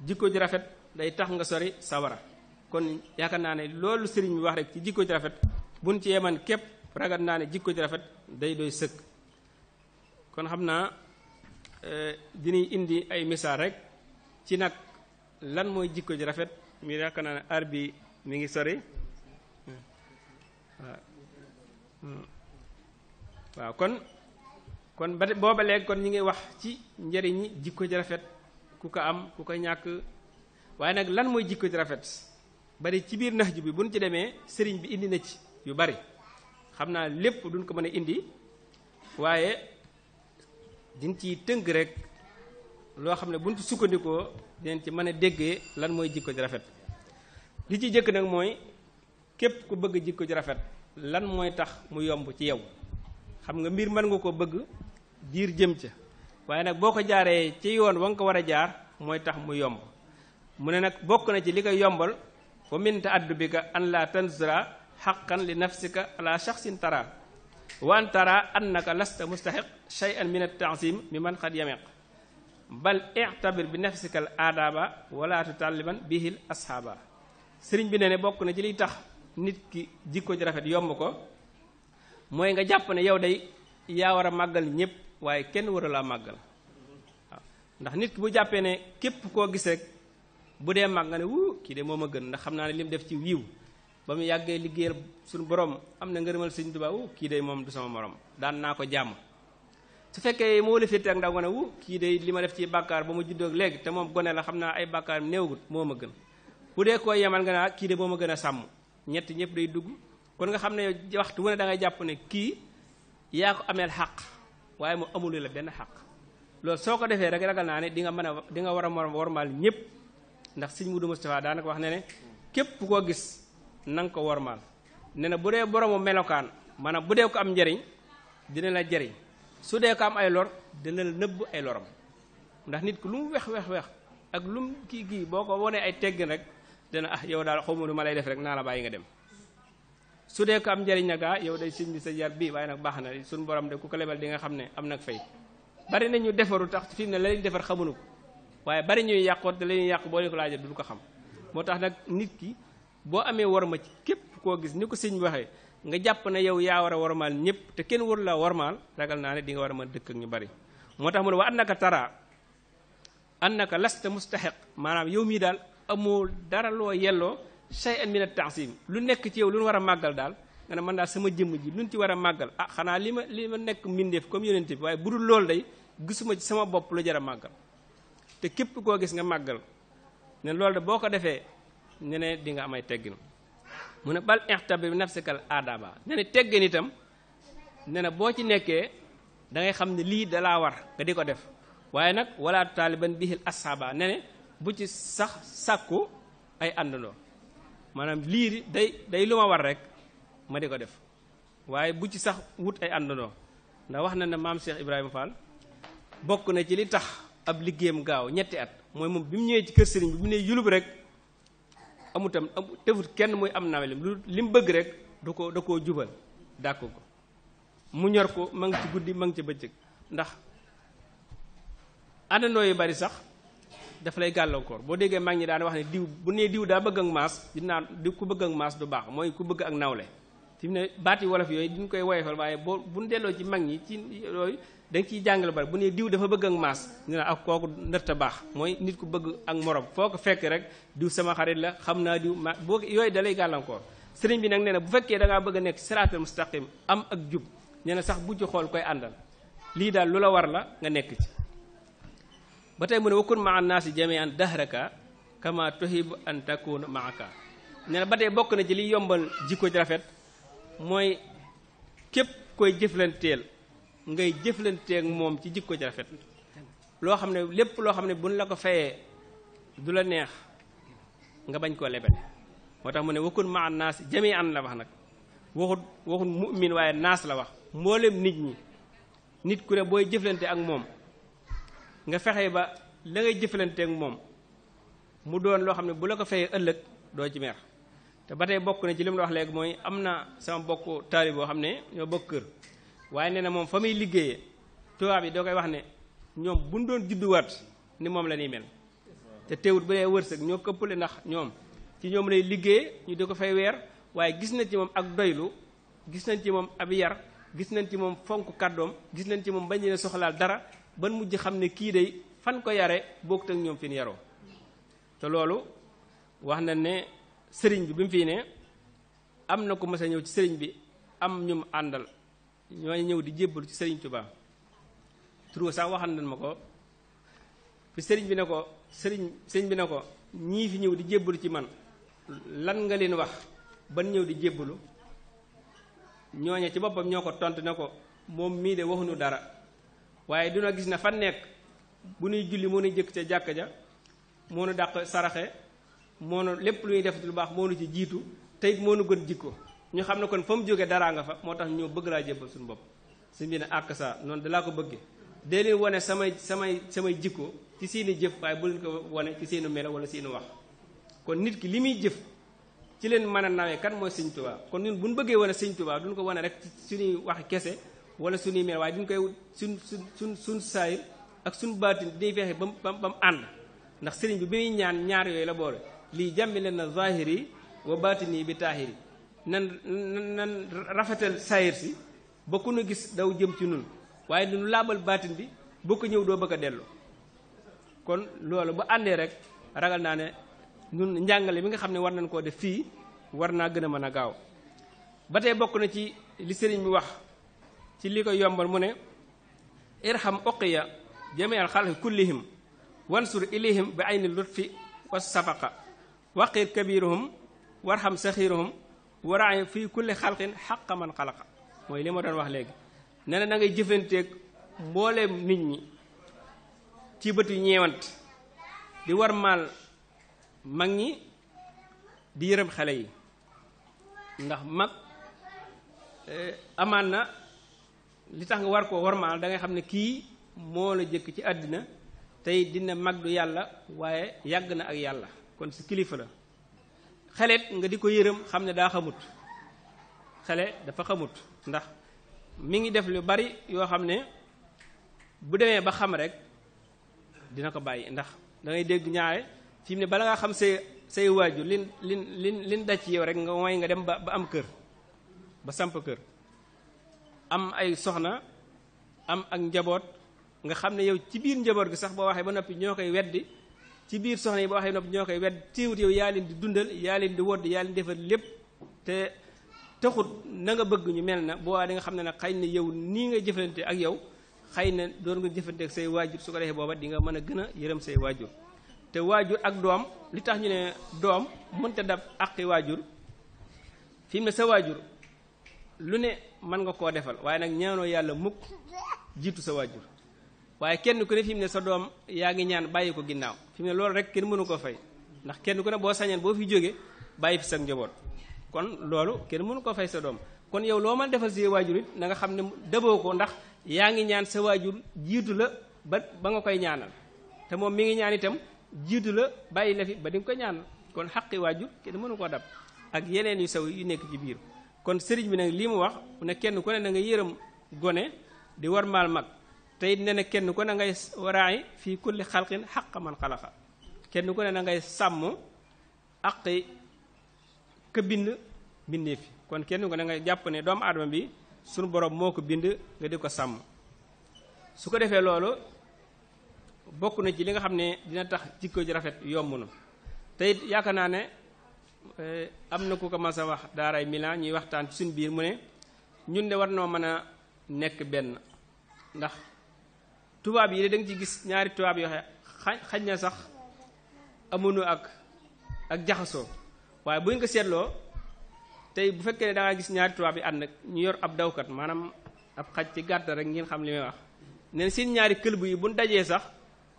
jikko ji rafet day tax nga sori sawara kon yaakaar naa ne loolu sëriñ bi wax rek ci jikko ji rafet buñ ci yeman képp ragal naa ne jikko ji rafet day doy sëkk kon xam naa eh, dinañ indi ay misaal rek ci nag lan mooy jikko ji rafet mi yaakaar naa ne ar bi mi ngi sori waaw kon kon ba booba léegi kon ñi ngi wax ci njëriñi jikko ji rafet ku ko am ku ko ñàkk waaye nag lan mooy jikko ji rafet bari ci biir nax ju bi bu ñu ci demee sëriñ bi indi na ci yu bari xam naa lépp duñ ko mën a indi waaye din ciy tënk rekk loo xam ne buñ sukkandikoo dinañ ci mën a déggee lan mooy jikko ji rafet li ci jëkk nag mooy képp ku bëgg jikko ji rafet lan mooy tax mu yomb ci yow xam nga mbir mën nga ko bëgg diir jëm ca waaye nag boo ko jaaree ci yoon wa nga ko war a jaar mooy tax mu yomb mu ne nag bokk na ci li koy yombal wa min ta'addubika an la tanzura haqqan li nafsika ala shakhsin tara wa an tara annaka lasta mustahiq shay'an min at-ta'zim mi man qad yamiq bal i'tabir bi nafsikal aadaaba wala tutalliban bihil ashaaba sëriñ bi ne ne bokk na ci liy tax nit ki jikko ji rafet yomb ko mooy nga jàpp ne yow day yaa war a màggal ñépp waaye kenn war a laa màggal ndax nit ki bu jàppee ne képp koo gisee bu dee màgg nga ne wuu kii de moom a gën ndax xam naa ne li def ci wiiw ba mu yàggee liggéeyal suñu borom am na ngërëmal sëriñ Tuubaa wuu kii de moom du sama morom daan naa ko jàmm su fekkee moo la féete ak ndaw nga wu kii de li ma def ci bàkkaar ba ma juddoo léegi te moom gone la xam naa ay bàkkaar néewgut moo ma gën bu dee koo yemal nga naa ah, kii de moo ma gën a sàmm ñett ñëpp day dugg kon nga xam ne waxtu wu ne dangay ngay jàpp ne kii yaa ko ameel xaq waaye mu amul la benn xaq loolu soo ko defee rek ragal naa ne di nga mën a di nga war a wormaal ñëpp ndax sëñ Mudu Mustafaa daanaka wax ne ne képp koo gis na nga ko wormaal ne na bu dee boroomu melokaan maanaam bu dee ko am njariñ dina la jariñ su dee ko am ay lor dina la nëbb ay loram ndax nit ku lu mu wex wex wex ak lu mu kii gii boo ko wonee ay teggin rek dana ah yow daal xawma nu ma lay def rek naa la bàyyi nga dem su dee ko am njariñ nag ah yow day sëñ bi sa yar bii waaye nag baax na suñu borom de ko lebal di xam ne am nag fay bari nañu defaru tax fii ne la defar xamuñu ko waaye bari ñuy yàqoot te la ñuy yàq boo leen ko ko xam moo tax nag nit ki boo amee war ma ci képp koo gis ni ko sëñ waxee nga jàpp ne yow yaa war a warmaal ñëpp te kenn warul laa warmaal ragal naa ne di nga war a mën dëkk ak ñu bari moo tax mu ne wa annaka tara annaka lasta mustahiq maanaam yow mii daal amoo dara loo yelloo shay'an min at-ta'zim lu nekk ci yow lu nu war a màggal daal nga ne man daal sama jëmm ji lu luñ ci war a màggal ah xanaa li ma li ma nekk mbindeef comme yonente bi waaye bu dul loolu day gisuma ci sama bopp lu jar a màggal te képp koo gis nga màggal ne loolu de boo ko defee ne di nga amay teggin mu ne bal ixtabir nafsikal adaba ne na teggin itam ne na boo ci nekkee dangay xam ne lii dalaa war nga di ko def waaye nag wala taaliban bi asaba ne ne bu ci sax sàkku ay àndandoo maanaam lii day day lu ma war rek ma di ko def waaye bu ci sax wut ay àndandoo ndax wax na ne maam Cheikh Ibrahima Fall bokk na ci li tax ab liggéeyam gaaw ñetti at mooy moom bi mu ñëwee ci kër sëriñ bi bu ne yulub rek amutam am defut kenn muy am nawleem lu li bëgg rek du ko da koo jubal dàkk ko mu ñor ko ma ngi ci guddi ma ngi ci bëccëg ndax àndandoo yu bari sax dafa lay gàllankoor boo déggee mag ñi daan wax ne diw bu nee diw daa bëgg ak maas dinaa diw ku bëgg ak maas du baax mooy ku bëgg ak nawle fi mu ne baati wolof yooyu diñ koy woyofal waaye boo buñ delloo ci mag ñi ci yooyu da nga ciy jàngale bari bu ne diw dafa bëgg ak maas ñu ne ak kooku ndërta baax mooy nit ku bëgg ak morom foo ko fekk rek diw sama xarit la xam naa diw ma boo yooyu dalay gàllankoor sëriñ bi nag nee na bu fekkee da ngaa bëgg a nekk siraatal mustaqim am ak jub nee na sax bu ci xool koy àndal lii daal lu la war la nga nekk ci ba tey mu ne wakkun ma an naasi jami'an dahraka kama tuhib an ba tey bokk na ci liy yombal jikko ji mooy képp koy jëflanteel ngay jëflanteek moom ci jikko ci rafet loo xam ne lépp loo xam ne bu buñ la ko fayee du la neex nga bañ koo lebel moo tax mu ne wakkun ma an naas jami an la wax nag waxut mu mu'min waaye naas la wax mboolem nit ñi nit ku ne booy jëflante ak moom nga fexe ba la ngay jëflante moom mu doon loo xam ne bu la ko fayee ëllëg doo ci mer te ba tey bokk na ci li mu a wax léegi mooy am na sama bokk taali boo xam ne ñoo bokk kër waaye nee na moom fa muy liggéeyee tubaab yi doo koy wax ne ñoom bu ñu doon judduwaat ni moom la ñuy mel te teewut bu dee wërsëg ñoo këppale ndax ñoom ci ñoom lay liggéeye ñu di ko fay weer waaye gis nañ ci moom ak doylu gis nañ ci moom ab yar gis nañ ci moom fonk kàddoom gis nañ ci moom bañ ne soxlaal dara ban mujj xam ne kii day fan ko yare bokkut ak ñoom fi ñu sëriñ bi bi mu fii ne am na ko mës a ñëw ci sëriñ bi am ñum àndal ñooy ñëw di jébbalu ci sëriñ Tuubaa turu sax waxan nañ ma ko fi sëriñ bi ne ko sëriñ sëriñ bi ne ko ñii fi ñëw di jébbalu ci man lan nga leen wax ban ñëw di jébbalu ñooñe ci boppam ñoo ko tont ne ko moom mii de waxuñu dara waaye dina gis na fan nekk bu nuy julli moo nuy jëkk ca jàkka ja moo nu dàq saraxe moo nu lépp lu ñuy def lu baax moo nu ci jiitu te it moo nu gën jikko ñu xam ne kon fa mu jógee daraa nga fa moo tax ñoo bëgg laa jébbal suñu bopp suñ bi ne àkk saa noonu dalaa ko bëggee dee wane samay samay samay jikko ci seeni jëf waaye bu ko wane ci seeni melo wala seeni wax kon nit ki li muy jëf ci leen mën a nawee kan mooy sëñ Tuubaa kon ñun bu ñu bëggee wane sëñ Tuubaa duñ ko wane rek suñuy waxi kese wala suñuy mel waaye duñ koy suñ suñ suñ suñ saay ak suñu baatin dinañ fexe ba mu ba mu ànd ndax sëriñ bi bi muy ñaan ñaar yooyu la boole lii jàmmile na zahiri wa baatini bi taahiri nan nan rafetal saayir si ba ku nu gis daw jëm ci nun waaye du nu laabal baatin bi boo ko ñëw doo bëgg a dellu kon loolu bu àndee rek ragal naa ne nun njàngale mi nga xam ne war nañ koo def fii war naa gën a mën a gaaw ba tey bokk na ci li sëriñ bi wax ci li ko yombal mu ne irham oqiya jami al xalqi kullihim wansur ilayhim bi ayni lutfi wa safaqa waqir kabiruhum warxam saxiiruhum waraay fii kulli xalqin xaqa man xalaqa mooy li ma doon wax léegi nee na da ngay jëfanteeg mbooleem nit ñi ci bëtu ñeewant di war maal mag ñi di yërëm xale yi ndax mag eh, amaan na li tax nga war koo war maal da xam ne kii moo la jëkk ci àddina tey dina mag du yàlla waaye yàgg na ak yàlla kon si kilifa la xelet nga di ko yërëm xam ne daa xamut xale dafa xamut ndax mi ngi def lu bari yoo xam ne bu demee ba xam rek dina ko bàyyi ndax da dégg ñaare fi mu ne bala ngaa xam say say waajur li li li lin daj ci yow rek nga mooy nga dem ba ba am kër ba samp kër am ay soxna am ak njaboot nga xam ne yow ci biir njaboot gi sax boo waxee ba noppi ñoo koy weddi ci biir soxna yi ba waxee noppi ñoo koy wedd téewut yow yaa leen di dundal yaa leen di wodd yaa leen di lépp te taxut na nga bëgg ñu mel na boobaa da nga xam ne nag xëy ne yow nii nga jëfalante ak yow xëy na doon nga jëfante say waajur su ko defee booba di nga mën a gën a yërëm say waajur te waajur ak doom li tax ñu ne doom mënta dab àqi waajur fi mu ne sa waajur lu ne mën nga koo defal waaye nag ñaanoo yàlla mukk jiitu sa waajur waaye kenn ku ne fi mu ne sa doom yaa ngi ñaan bàyyi ko ginnaaw fi mu ne loolu rek kenn mënu koo fay ndax kenn ku ne boo sañeen boo fi jógee bàyyi fi sa njaboot kon loolu kenn mënu koo fay sa doom kon yow loo mën defal sa waajur it na xam ne dëboo ko ndax yaa ngi ñaan sa waajur jiitu la ba ba nga koy ñaanal te moom mi ngi ñaan itam jiitu la bàyyi la fi ba di nga koy ñaanal kon xaqi waajur kenn mënu koo dab ak yeneen yu saw yu nekk ci biir kon sëriñ bi nag lii mu wax mu ne kenn ko ne na nga yërëm gone di war maal mag te it ne na kenn ko ne ngay waraay fii kulli xalqin xaq man xalaqa kenn ku ne na ngay sàmm aqi ka bind bindee fi kon kenn ku ne ngay jàpp ne doomu aadama bi sunu boroom moo ko bind nga di ko sàmm su ko defee loolu bokk na ci li nga xam ne dina tax jikko ji rafet yomb na te it yaakaar naa ne eh, am na ku ko mas a wax daaray Milan ñuy waxtaan ci suñ biir mu ne ñun de war noo mën a nekk benn ndax tubaab yi de da nga ci gis ñaari tubaab yoo xam xañ na sax amuñu ak ak jaxasoo waaye buñ ko seetloo tey bu fekkee ne da gis ñaari tubaab yi ànd nag ñu yor ab dawkat maanaam ab xaj ci gàtt rek ngeen xam li may wax neen seen ñaari këlbu yi buñ dajee sax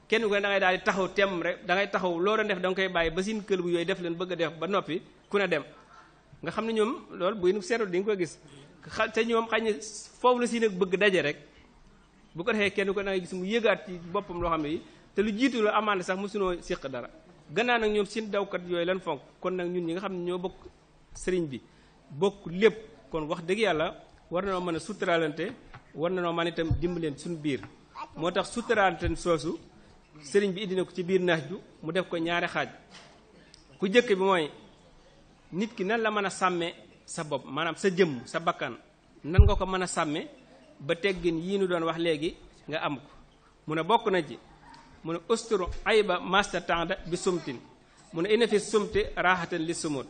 kenn ku ne da ngay daal taxaw temm rek da ngay taxaw loo doon def da nga koy bàyyi ba seen këlbu yooyu def leen bëgg a def ba noppi ku ne dem nga xam ne ñoom loolu buy nu seetlu di nga ko gis te ñoom xaj ne la si bëgg daje rek bu ko defee kenn ko da ngay gis mu yëgaat ci boppam loo xam ne yi te lu jiitu la amaana sax mosunoo séq dara gannaaw nag ñoom seen dawkat yooyu lan fonk kon nag ñun ñi nga xam ne ñoo bokk sëriñ bi bokk lépp kon wax dëgg yàlla war na noo mën a suturaalante war na noo mën itam leen suñu biir moo tax suturaalante soosu sëriñ bi indi na ko ci biir naaj ju mu def ko ñaari xaaj ku jëkk bi mooy nit ki nan la mën a sàmme sa bopp maanaam sa jëmm sa bakkan nan nga ko mën a sàmme ba teggin yii nu doon wax léegi nga am ko mu ne bokk na ji mu ne usturu ba masta tanda bi sumtin mu ne ina fi sumti raxatan li sumut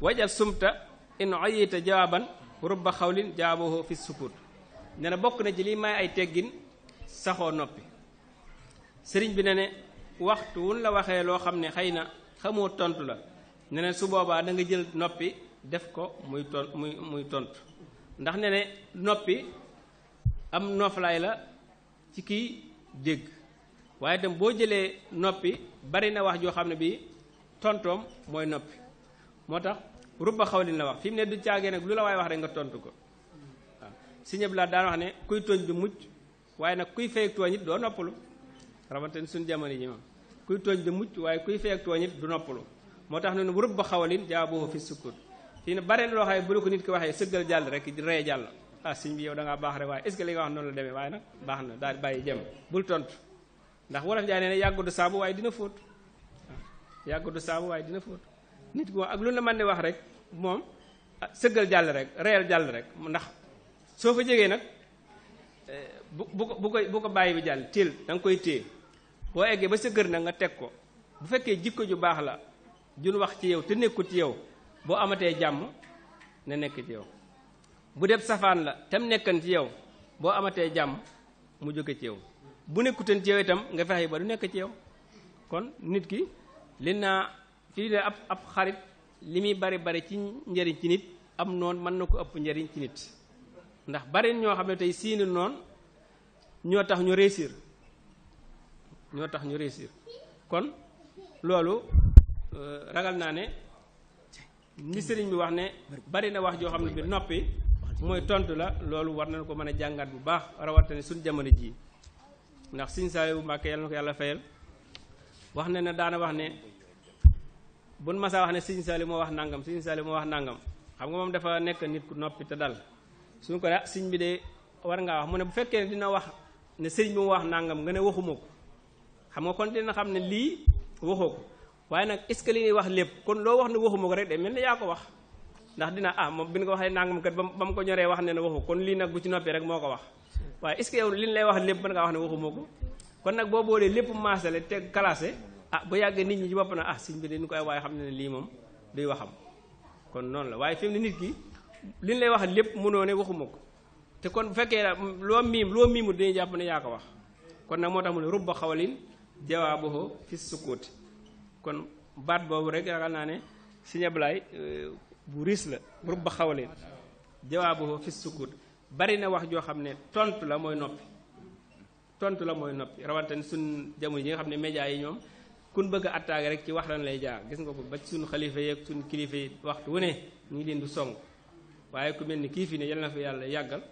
wajal sumta in ayita jawaaban rubba xawlin jawaabahu fi sukut ne na bokk na ci lii may ay teggin saxoo noppi sëriñ bi ne ne waxtu wun la waxee loo xam ne xëy na xamoo tontu la ne su boobaa da nga jël noppi def ko muy ton muy muy tontu ndax ne ne noppi am nooflaay la ci kiy dégg waaye itam boo jëlee noppi bari na wax joo xam ne bi tontoom mooy noppi moo tax rubba xawlin la wax fi mu ne du caagee nag lu la waaye wax rek nga tontu ko waaw si ñëpp laa daan wax ne kuy tooñ du mucc waaye nag kuy fay ak tooñ it doo noppalu rawatina suñu jamono ji moom kuy tooñ du mucc waaye kuy fay ak tooñ it du moo tax noonu rubba xawlin jaabuhu fi sukkut fii ne bare na loo xam ne bu la ko nit ki waxee sëggal jàll rek ree jàll ah sëñ bi yow da baax rek waaye est li nga wax noonu la demee waaye nag baax na daal bàyyi jëm bul tontu ndax wolof jaay nee na yàggudu saabu waaye dina fóot ah, yàggudu saabu waaye dina fóot nit ko ak lu la man di wax rek moom ah, sëggal jàll rek reyal jàll rek ndax soo fa jegee nag eh, bu bu ko bu ko bàyyi bi jàll téel danga koy téye boo eggee ba sa kër nag nga teg ko bu fekkee jikko ju baax la jun wax ci yow te nekkul ci yow boo amatee jàmm ne nekk ci bu def safaan la tam nekkan ci yow boo amatee jàmm mu jóge ci yow bu nekkutan ci yow itam nga fexe ba du nekk ci yaw kon nit ki li naa fii de ab ab xarit li muy bari bari ci njëriñ ci nit am noon mën na ko ëpp njariñ ci nit ndax barin ñoo xam ne tey siini noon ñoo tax ñu réussir ñoo tax ñu réussir kon loolu euh, ragal naa ne ni sëriñ bi wax ne bari na wax joo xam ne bi noppi mooy tontu la loolu war nañ ko mën a jàngat bu baax a rawatina suñ jamono jii ndax siñ saa Mbàkke yàlla na ko yàlla fayal wax na ne daana wax ne buñ masaa wax ne Sëriñ Saaliw moo wax nangam Sëriñ Saaliw moo wax nangam xam nga moom dafa nekk nit ku noppi te dal suñ ko ah siñ bi de war ngaa wax mu ne bu fekkee ne dina wax ne sëriñ bi mu wax nangam nga ne waxuma ko xam nga kon dina xam ne lii waxoo ko waaye nag est-ce que wax lépp kon loo wax ne waxuma ko rek de mel ne yaa ko wax ndax dina ah moom bi ñu ko waxee nangam kat ba mu ko ñoree wax ne ne waxu kon lii nag bu ci noppee rek moo ko wax waaye est-ce que yow li ñu lay wax lépp mën ngaa ne waxu moo ko nag boo boolee lépp maasale te classé ah bu yàggee nit ñi ci bopp na ah siñ bi dañu koy waaye xam ne ne lii moom duy waxam kon noonu la waaye fi mu nit ki li ñu lay wax lépp mënoo ne waxu moo ko te kon bu fekkee loo miim loo miimu dañuy jàpp ne yaa ko wax kon nag moo tax mu ne rubba xawalin jawaabuhu fi sukuut kon baat boobu rek yaakaar naa ne siñablaay euh, bu riis la ba rubba xawlin jawaabuhu fi sukut bari na wax joo xam ne tont la mooy noppi tontu la mooy noppi rawante ne suñ jamono yi nga xam ne médias yi ñoom kun bëgg a attaqué rek ci wax lan lay jaar gis nga ko ba suñ xalifa yeeg suñ kilifa yi wax wu ne ñu ngi leen du song waaye ku mel ni kii fii ne yal na fi yàlla yàggal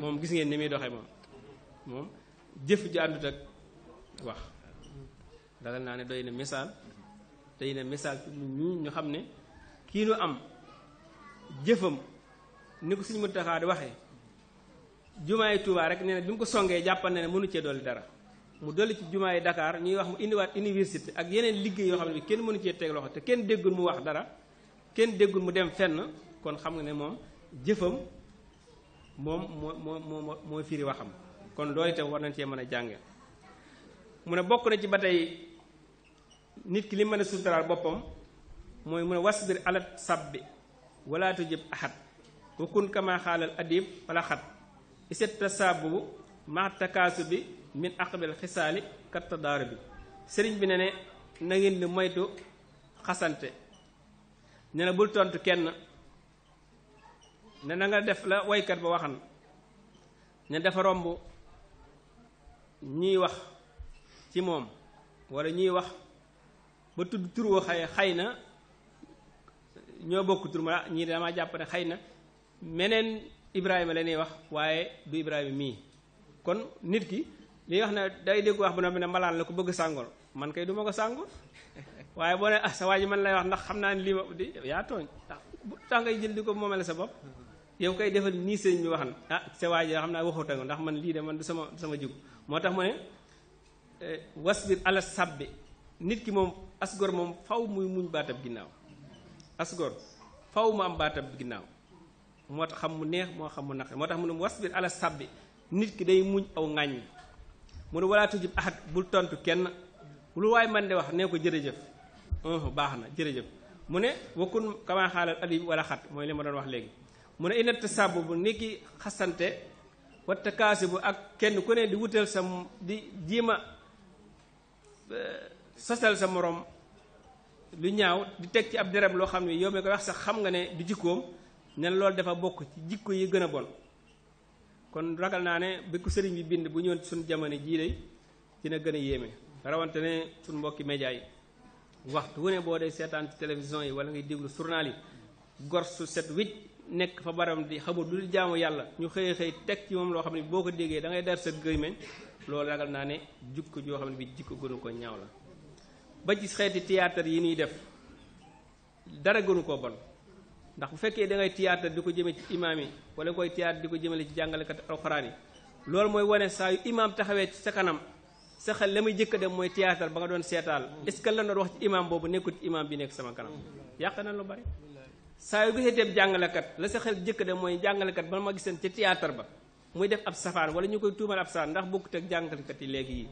moom gis ngeen ni muy doxee moom moom jëf ji àndut ak wax dalal naa ne doy na misaal doy na misaal ci ñu xam ne kii nu am jëfam ni ko suñu Muntaxaa di waxee yi Touba rek nee na bi mu ko songee jàppal na ne mënu cee dolli dara mu dolli ci jumaa jumaay Dakar ñuy wax mu indiwaat université ak yeneen liggéey yoo xam ne kenn mënu cee teg loxo te kenn déggul mu wax dara kenn déggul mu dem fenn kon xam nga ne moom jëfam moom moo moo moo moo firi waxam kon loolu itam war nañ cee mën a jànge mu ne bokk na ci ba tey nit ki li mën a suturaal boppam mooy mu ne wasbir alat sabbi wala jëpp ahad wa kun kama xaalal adib wala xat iset tasaabu ma takaasu bi min aqbil xisaali kat tadaaru bi sëriñ bi ne ne na ngeen di xasante ne bul tontu kenn ne na nga def la woykat ba waxan ne dafa romb ñiy wax ci moom walla ñuy wax ba tudd tur xay xay na ñoo bokk tur ma ñii damaa jàpp ne xëy na meneen Ibrahima la ñuy wax waaye du Ibrahima mii kon nit ki li wax na day dégg wax bu ne mbalaan la ko bëgg sàngool man kay du ma ko sàngool waaye boo ne ah man lay wax ndax xam naa ne lii ma di yaa tooñ bu tax ngay ko moomale sa bopp yow kay defal nii sëñ bi wax na ah sa waa ji naa waxuta nga ndax man lii de man du sama sama jigu moo tax mu ne eh, wasbir ala sabbi nit ki moom asgor moom faw muy muñ baatab ginnaaw asgor faw mu am baatam ginnaaw moo tax xam mu neex moo xam mu naqari moo tax mu ne wasbir ala sabbi nit ki day muñ aw ŋàññ mu ne walaa tujib ahad bul tontu kenn lu waay man de wax nee ko jërëjëf uhh, baax na jërëjëf mu ne wakkun kama xaalal adib wala xat mooy li ma doon wax léegi mu ne inat tasaabu bu ni ki xasante watta kaasi bu ak kenn ku ne di wutal sa di jiima eh, sosal sa morom lu ñaaw di teg ci ab deram loo xam ne yow mi koy wax sax xam nga ne du jikkoom ne loolu dafa bokk ci jikko yi gën a bon kon ragal naa ne bi ku sëriñ bi bind bu ñëwoon suñu jamono jii lay dina gën a yéeme rawante ne suñu mbokki média yi waxtu wu ne boo dee seetaan ci télévision yi wala ngay déglu journal yi gor su set wicc nekk fa baram di xamul lu dul jaamu yàlla ñu xëyee xëy teg ci moom loo xam ne boo ko déggee da ngay der sa gëymeñ loolu ragal naa ne jikko joo xam ne bi jikko gënu ko ñaaw ba ci xeeti théâtre yi nuy def dara gënu koo bon ndax bu fekkee da ngay théâtre di ko jëme ci imaam yi wala koy théâtre di ko jëmale ci jàngalekat alxuraan yi loolu mooy wane saa yu imaam taxawee ci sa kanam sa xel la muy jëkk a mooy théâtre ba nga doon seetaal est ce que lan doon wax ci imaam boobu nekkul ci imaam bi nekk sama kanam yàq na lu bari saa yu gisee teeb jàngalekat la sa xel jëkk dem mooy jàngalekat ba ma giseen ca théâtre ba muy def ab safaan wala ñu koy tuumal ab ndax bokkut ak yi léegi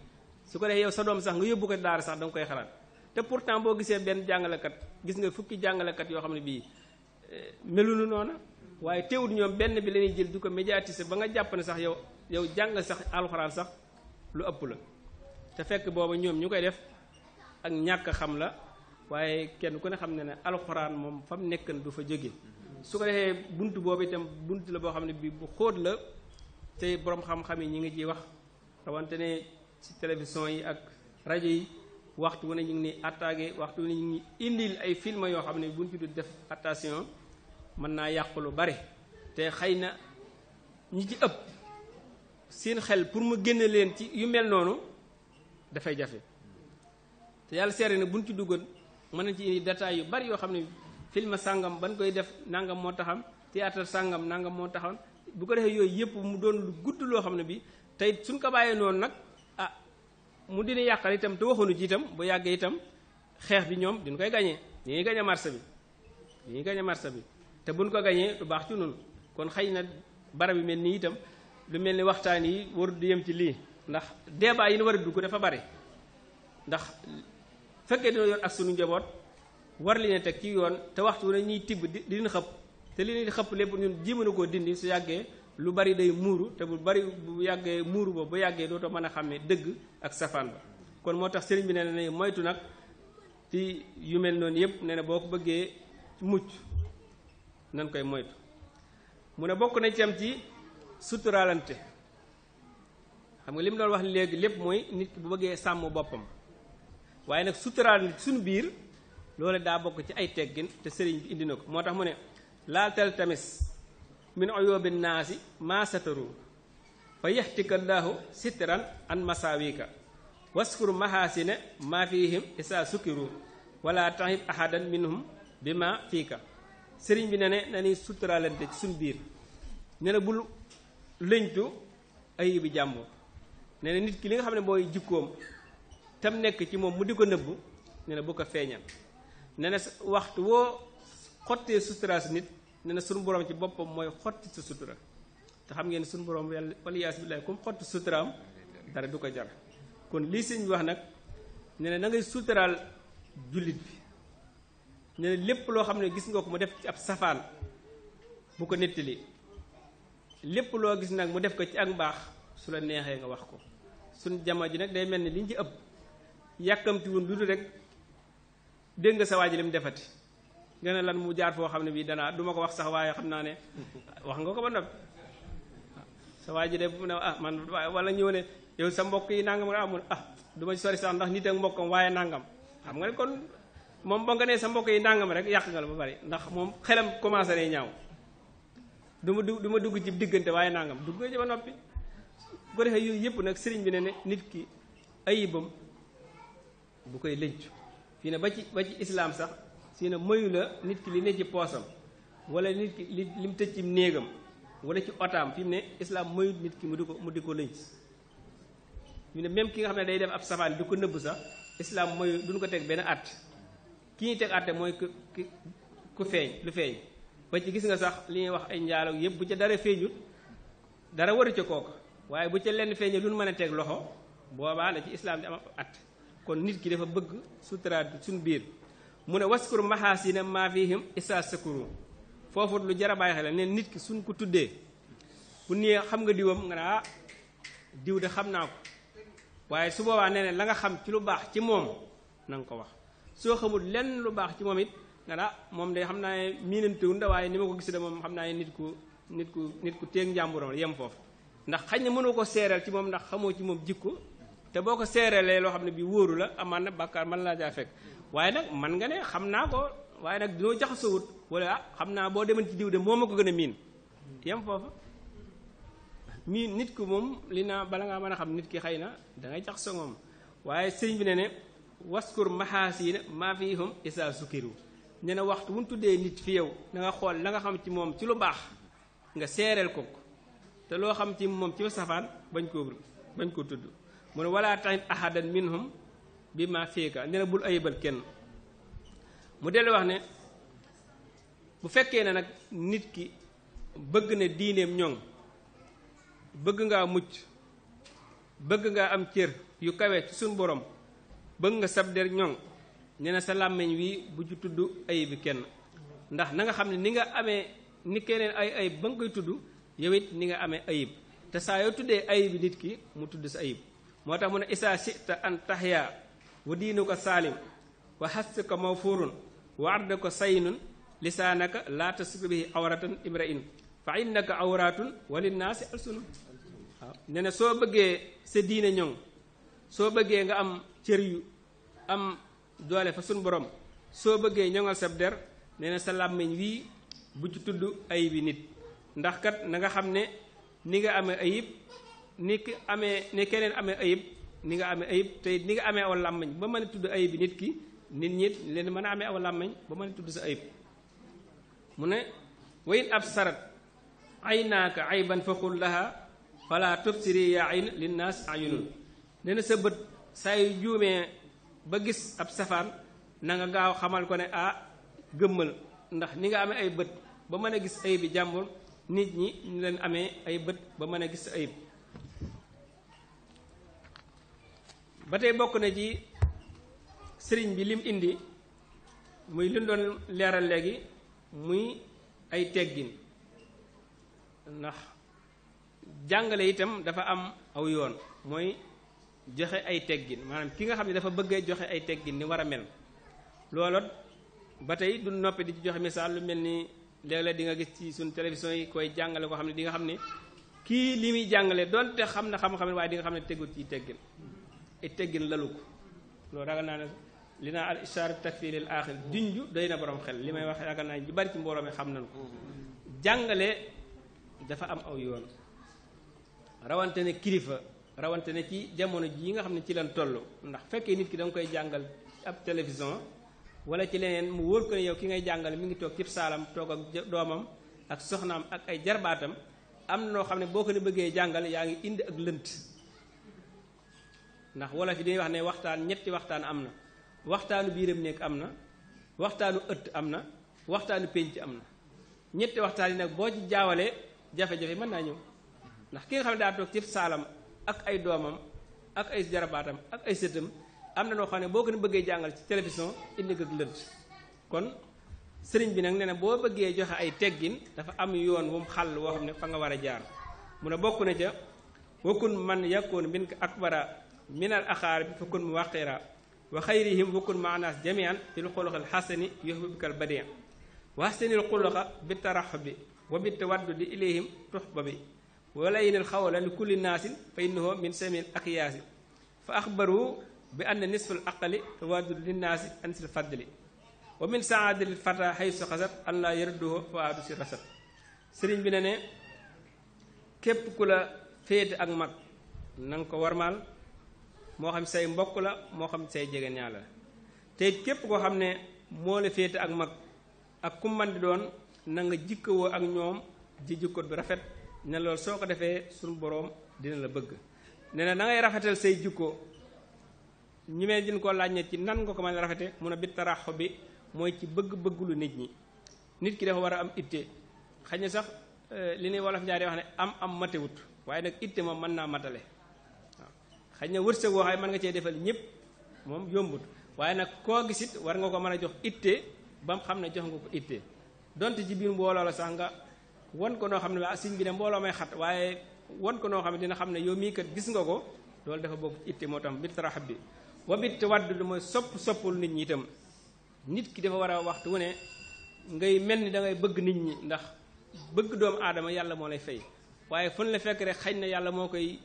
su ko defee yow sa doom sax nga yóbbu ko daara sax da koy xalaat te pourtant boo gisee benn jàngalekat gis nga fukki jàngalekat yoo xam ne bii melul eh, melunu na waaye teewul ñoom benn bi lañuy jël du ko médiatiser ba nga jàpp ne sax yow yow jàng sax alxuraan sax lu ëpp la te fekk boobu ñoom ñu koy def ak ñàkk xam la waaye kenn ku ne xam ne ne alxuraan moom fa mu nekk du fa jóge su ko dee bunt boobu itam bunt la boo xam ne bii bu xóot la te borom xam yi ñi ngi ciy wax ci télévision yi ak rajo yi waxtu wu ne ñu ngi ni attaqué waxtu wu ne ñu ngi indil ay film yoo xam ne buñ ci def attention mën naa yàq lu bare te xëy na ñi ci ëpp seen xel pour mu génne leen ci yu mel noonu dafay jafe te yàlla seere na buñ ci duggat mën na ci indi détails yu bari yoo xam ne film sàngam ban koy def nangam moo taxam théâtre sàngam nangam moo taxam bu ko defee yooyu yëpp mu doon gudd loo xam ne bi tey suñ ko bàyyee noonu nag mu dina yàqal itam te waxuñu ci itam bu yàggee itam xeex bi ñoom duñ koy gañee dañuy gañe marché bi dañuy gañe marché bi te buñ ko gañee lu baax ci noonu kon xëy na barab yu mel nii itam lu mel ni waxtaan yi war du yem ci lii ndax débat yi ñu war a dugg dafa bari ndax fekkee dina yor ak sunu njaboot war li ne teg kii yoon te waxtu na ñuy tibb di leen xëpp te li leen di xëpp lépp ñun jéem na koo dindi su yàggee lu bari day muuru te bu bari bu yàggee muuru ba bu yàggee dooto mën a xàmmee dëgg ak safaan ba kon moo tax sëriñ bi ne na moytu nag ci yu mel noonu yëpp ne na boo ko bëggee mucc nan koy moytu mu ne bokk na ci am ci suturaalante xam nga li mu doon wax léegi lépp mooy nit ki bu bëggee sàmm boppam waaye nag suturaalante suñu biir loolu daa bokk ci ay teggin te sëriñ bi indi na ko moo tax mu ne laatal tamis min uyubi naasi maa sataru fa yaxtika llaahu sitran an masaawika waskur mahaasine maa fihim isaa sukkiru wala taxib ahadan minhum bi ma fiika sëriñ bi na ni suturaalante ci suñ biir ne la bul lëñtu na nit ki li nga xam ne mooy jikkoom tam nekk ci moom mu di ko nëbbu ne na bu ko feeñal ne na waxtu woo xottee suturaas nit ne na suñu boroom ci boppam mooy xotti sa sutura te xam ngeen suñu borom yàlla bi billahi comme xotti suturaam dara du ko jar kon lii sëñ bi wax nag ne na na ngay suturaal jullit bi ne na lépp loo xam ne gis nga ko mu def ci ab safaan bu ko nettali lépp loo gis nag mu def ko ci ak mbaax su la neexee nga wax ko suñ jamono ji nag day mel ni liñ ci ëpp yàkkamti woon lu dul rek dégg nga sa waa ji defati nga ne lan mu jaar foo xam ne bii danaa duma ko wax sax waaye xam naa ne wax nga ko ba noppi sa waa ji de bu ne ah man wala ñëw ne yow sa mbokk yi nangam nga amul ah du ma ci sori sax ndax nit ak mbokkam waaye nangam xam nga ne kon moom ba nga ne sa mbokk yi nangam rek yàq nga la ba bari ndax moom xelam commencé nay ñaaw du ma ma dugg ci diggante waaye nangam dugg nga ci ba noppi bu ko defee yooyu yëpp nag sëriñ bi ne ne nit ki ayibam bu koy lëncu fii ba ci ba islaam sax si na mayu la nit ki li ne ci poosam wala nit ki li mu tëj ci néegam wala ci otaam fi mu ne islaam mayu nit ki mu di ko mu di ko lëñ ñu ne même ki nga xam ne day def ab safaan di ko nëbb sax islaam mayu duñ ko teg benn at ki ñuy mooy ku ku feeñ lu feeñ ba ci gis nga sax li ñuy wax ay njaalo yëpp bu ca dara feeñut dara waru ca kooka waaye bu ca lenn feeñee lu mën a teg loxo boobaa la ci islaam di am at kon nit ki dafa bëgg suturaat suñ biir mu ne waskur maxaasina maa fihim isa sakuru foofu lu jar a bàyyi xel ne nit ki suñ ko tuddee bu nee xam nga diwam nga ne ah diw de xam naa ko waaye su boobaa nee ne la nga xam ci lu baax ci moom na nga ko wax soo xamul lenn lu baax ci moom it nga ne ah moom de xam naa ne miinantewul da waaye ni ma ko gis de moom xam naa ne nit ku nit ku nit ku teeg njàmburam yem foofu ndax xañ na mënoo ko seereel ci moom ndax xamoo ci moom jikko te boo ko seereelee loo xam ne bi wóoru la amaan na bàkkaar mën laa jaa fekk waaye nag man nga ne xam naa ko waaye nag dinoo jaxasowut wala ah xam naa boo demoon ci diw de moom ma ko gën a miin yem foofu miin nit ku moom li naa bala ngaa mën a xam nit ki xëy na dangay jaxasoo moom waaye sëñ bi ne ne waskur maxaasina maa fihum isa sukiru ne na waxtu wuñ tuddee nit fi yow na xool la nga xam ci moom ci lu baax nga seereel ko te loo xam ci moom ci safaan bañ koo bañ koo tudd mu ne wala taxit ahadan minhum bi maa fiika nee na bul ayibal kenn mu dellu wax ne bu fekkee ne nag nit ki bëgg na diineem ñoŋ bëgg ngaa mucc bëgg ngaa am cër yu kawe ci suñ borom bëgg nga sab der ñoŋ nee na sa làmmiñ wi bu ci tudd ayibi kenn ndax na nga xam ne ni nga amee ni keneen ay ayib ba nga koy tudd yow it ni nga amee ayib te saa yow tuddee ayibi nit ki mu tudd sa ayib moo tax mu ne isaa sita an taxyaa wa diinuka saalim wa xassuka mawfuurun wa arduka saynun lisaanaka laa tasuk bihi awratan imrain fa innaka awratun wa linnaasi alsunun waaw ne na soo bëggee sa diine ñoŋ soo bëggee nga am cër yu am doole fa sun borom soo bëggee ñoŋal sab der nee na sa làmmiñ wii bu ci tudd ayib yi nit ndax kat na nga xam ne ni nga amee ayib ni amee ni keneen amee ayib ni nga amee ayib te ni nga amee aw làmmañ ba mën a tudd ayib nit ki nit ñit leen mën a amee aw làmmañ ba mën a tudd sa ayib mu ne wayin ab sarat ay naaka ayban fa xul laha fala tubsiri yaa ayn linnaas ayunun nee na sa bët saa yu juumee ba gis ab safaan na nga gaaw xamal ko ne ah gëmmal ndax ni nga amee ay bët ba mën a gis ay bi jàmbur nit ñi ñu leen amee ay bët ba mën a gis ayib ba tey bokk na ci sëriñ bi lim indi muy lu doon leeral léegi muy ay teggin ndax jàngale itam dafa am aw yoon mooy joxe ay teggin maanaam ki nga xam ne dafa bëggee joxe ay teggin ni war a mel loolot ba tey du noppi di ci joxe misaal lu mel ni léeg-léeg di nga gis ci suñ télévision yi koy jàngale koo xam ne di nga xam ne kii li muy jàngale doonte xam na xam-xam waaye di nga xam ne tegul ci teggin ay teggin lalu ko loolu ragal naa ne li naa al ishaara takfir aaxir junju doy na borom xel li may wax ragal naa ñu bari ci mbooloo xam nañu ko jàngale dafa am aw yoon rawante ne kilifa rawante ne ci jamono ji nga xam ne ci lan toll ndax fekkee nit ki danga koy jàngal ab télévision wala ci leneen mu wóor ko ne yow ki ngay jàngale mi ngi toog cib saalam toog ak doomam ak soxnaam ak ay jarbaatam am na noo xam ne boo ko ne bëggee jàngal yaa ngi indi ak lënt ndax wala fi dañuy wax ne waxtaan ñetti waxtaan am na waxtaanu biiram nekk am na waxtaanu ëtt am na waxtaanu pénc am na ñetti waxtaan yi nag boo ci jaawalee jafe-jafe mën naa ñëw ndax ki nga xam ne daa toog ci saalam ak ay doomam ak ay jarabaatam ak ay sëtam am na noo xam ne boo ko bëggee jàngal ci télévision indi ko lënt kon sëriñ bi nag nee na boo bëggee joxe ay teggin dafa am yoon wu mu xàll woo xam ne fa nga war a jaar mu ne bokk na ca wakkun minal axaar bi fukkun mu waqira wa xayrihim fukkun maanaas jamian fil xuluqil xasani yuhbibkal badien wa xasinil xuluqa bi taraxubi wa bi tawaddudi ilayhim tuxba bi wala yinil xawla li kulli naasin fa innahu min samin akyaasi fa axbaru bi anna nisfal aqali tawaddud linnaasi ansil fadli wa min saadil fata xaysu xasat an laa yarduhu faadu si rasat sëriñ bi ne ne képp ku la féete ak mag na nga ko warmaal moo xam say mbokk la moo xam say jege ñaa la te képp koo xam ne moo la féete ak mag ak ku man di doon na nga jikkawoo ak ñoom ji jikko bi rafet ne loolu soo ko defee suñu boroom dina la bëgg ne na da rafetal say jikko ñu mel din ko laaj ne ci nan nga ko mën a rafete mun a bit taraxo bi mooy ci bëgg bëggulu nit ñi nit ki dafa war a am itte xañ na sax euh, li ñuy wolof jaar yi wax ne am am matewut waaye nag itte moom mën naa matale xëy na wërsëg woo xam mën nga cee defal ñëpp moom yombut waaye nag koo gisit war nga ko mën a jox itte ba xam ne jox nga ko itte donte ci biir mbooloo la sax nga won ko noo xam ne siñ bi ne mbooloo may xat waaye won ko noo xam ne dina xam ne yow mii kat gis nga ko loolu dafa bokk itte moo tam bit taraxab bi wa bit wadd mooy sopp soppul nit ñi itam nit ki dafa war a waxtu wu ne ngay mel ni da ngay bëgg nit ñi ndax bëgg doomu aadama yàlla moo lay fay moo koy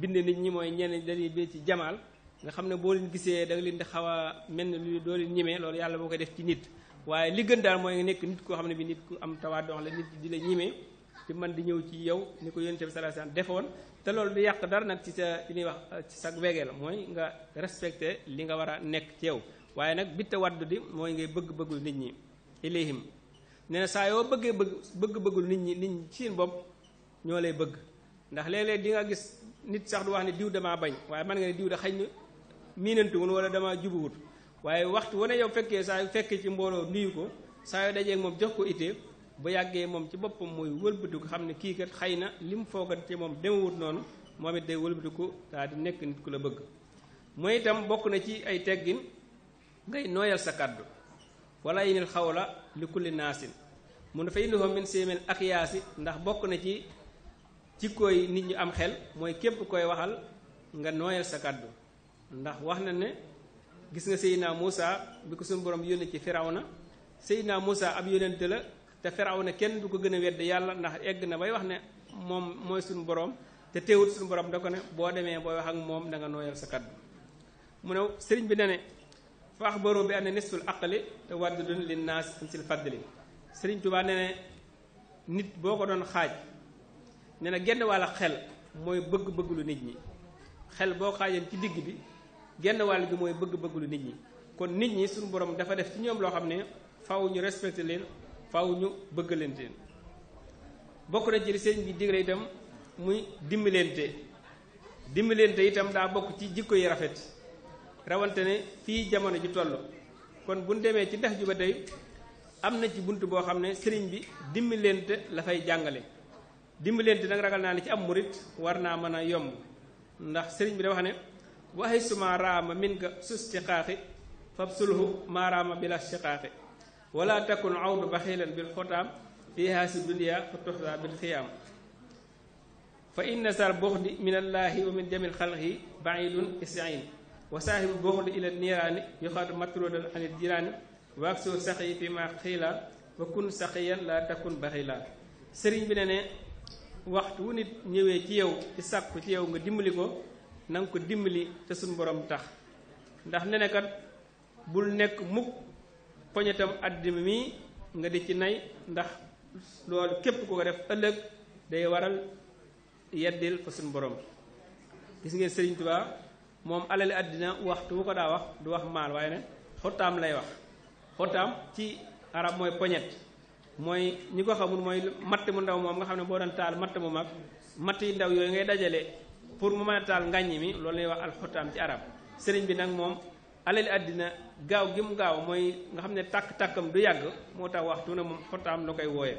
bind nit ñi mooy ñenn dañuy bee ci jamaal nga xam ne boo leen gisee da leen di xaw a mel ne lu doo leen ñimee loolu yàlla boo koy def ci nit waaye li gën daal mooy nga nekk nit koo xam ne bi nit ku am tawaadoo la nit di la ñimee te man di ñëw ci yow ni ko yonent bi sallallahu alayhi wasallam defoon te loolu du yàq dara nag ci sa li ñuy wax ci sa wegeel mooy nga respecte li nga war a nekk ci yow waaye nag bitta waddu di mooy ngay bëgg-bëggul nit ñi ilayhim nee na saa yoo bëggee bëgg bëgg-bëggul nit ñi nit ñi ci seen ñoo lay bëgg nit sax du wax ne diw damaa bañ waaye man nga ne diw da xañ na miinantuwun wala damaa jubuwut waaye waxtu wane yow fekkee saa yu fekkee ci mbooloo nuyu ko saa yu dajee moom jox ko ittee bu yàggee moom ci boppam mooy wëlbatiku xam ne kii kat xay na li mu foogan ci moom demewut noonu moom it day ko daal di nekk nit ku la bëgg mooy itam bokk na ci ay teggin ngay nooyal sa kàddu wala yinil xawla li kulli naasin mun dafa indihoo min séemel ndax bokk na ci jikkooy nit ñi am xel mooy képp koy waxal nga nooyal sa kàddu ndax wax na ne gis nga Seydina Moussa bi ko suñu borom yónnee ci Firawna Seydina muusa ab yónnente la te Firawna kenn du ko gën a wedd yàlla ndax egg na bay wax ne moom mooy suñu boroom te teewut suñu borom da ko ne boo demee booy wax ak moom danga nooyal sa kàddu mu ne sëriñ bi ne ne fa axbaru bi anna nisful aqli te waddudun lin naas an sil fadli sëriñ Tuubaa ne ne nit boo ko doon xaaj nee na genn wàll xel mooy bëgg-bëgg lu nit ñi xel boo xaajoon ci digg bi genn wàll bi mooy bëgg-bëgg lu nit ñi kon nit ñi suñu boroom dafa def ci ñoom loo xam ne faw ñu respecté leen faw ñu bëgg leen teen bokk na ci li sëñ bi digle itam muy dimbalante dimbalante itam daa bokk ci jikko yi rafet rawante ne fii jamono ji toll kon bu ñu ci ndax ju ba tey am na ci bunt boo xam ne sëriñ bi dimbalante la fay jàngale dimbalante nag ragal naa ne ci am murit war naa mën a yomb ndax sëriñ bi da wax ne waxi suma raama min ka fab sulhu maaraama bila siqaaxi wala takun awdu baxilan bil xotaam fiha si dunia fa toxsa bil xiyaam fa inna sar buxdi min wa min jamil xalqi baidun istain wa saahibu buxdi ila niiraani yoxaatu matrodal anil jiraani waak soo sax fi ma xiila kun saqiyan la takun baxilan sëriñ bi ne ne waxtu wu nit ñëwee ci yow ci sàkku ci yow nga dimbali ko nanga ko dimbali te suñ borom tax ndax ne kat bul nekk mukk poñetam àddina mi nga di ci nay ndax lool képp ku ko def ëllëg day waral yeddil fa suñ borom gis ngeen Sëriñ Tuubaa moom alali àddina waxtu wu ko daa wax du wax maal waaye ne xottaam lay wax xottaam ci arab mooy poñet mooy ñi ko xamul mooy matt mu ndaw moom nga xam ne boo doon taal matt mu mag matt yu ndaw yooyu ngay dajale pour mu mën a taal ngàññ mi loolu lay wax alxutaam ci arab sëriñ bi nag moom alali àddina gaaw gi mu gaaw mooy nga xam ne tàkk-tàkkam du yàgg moo tax waxtu ne moom xotaam la koy wooyee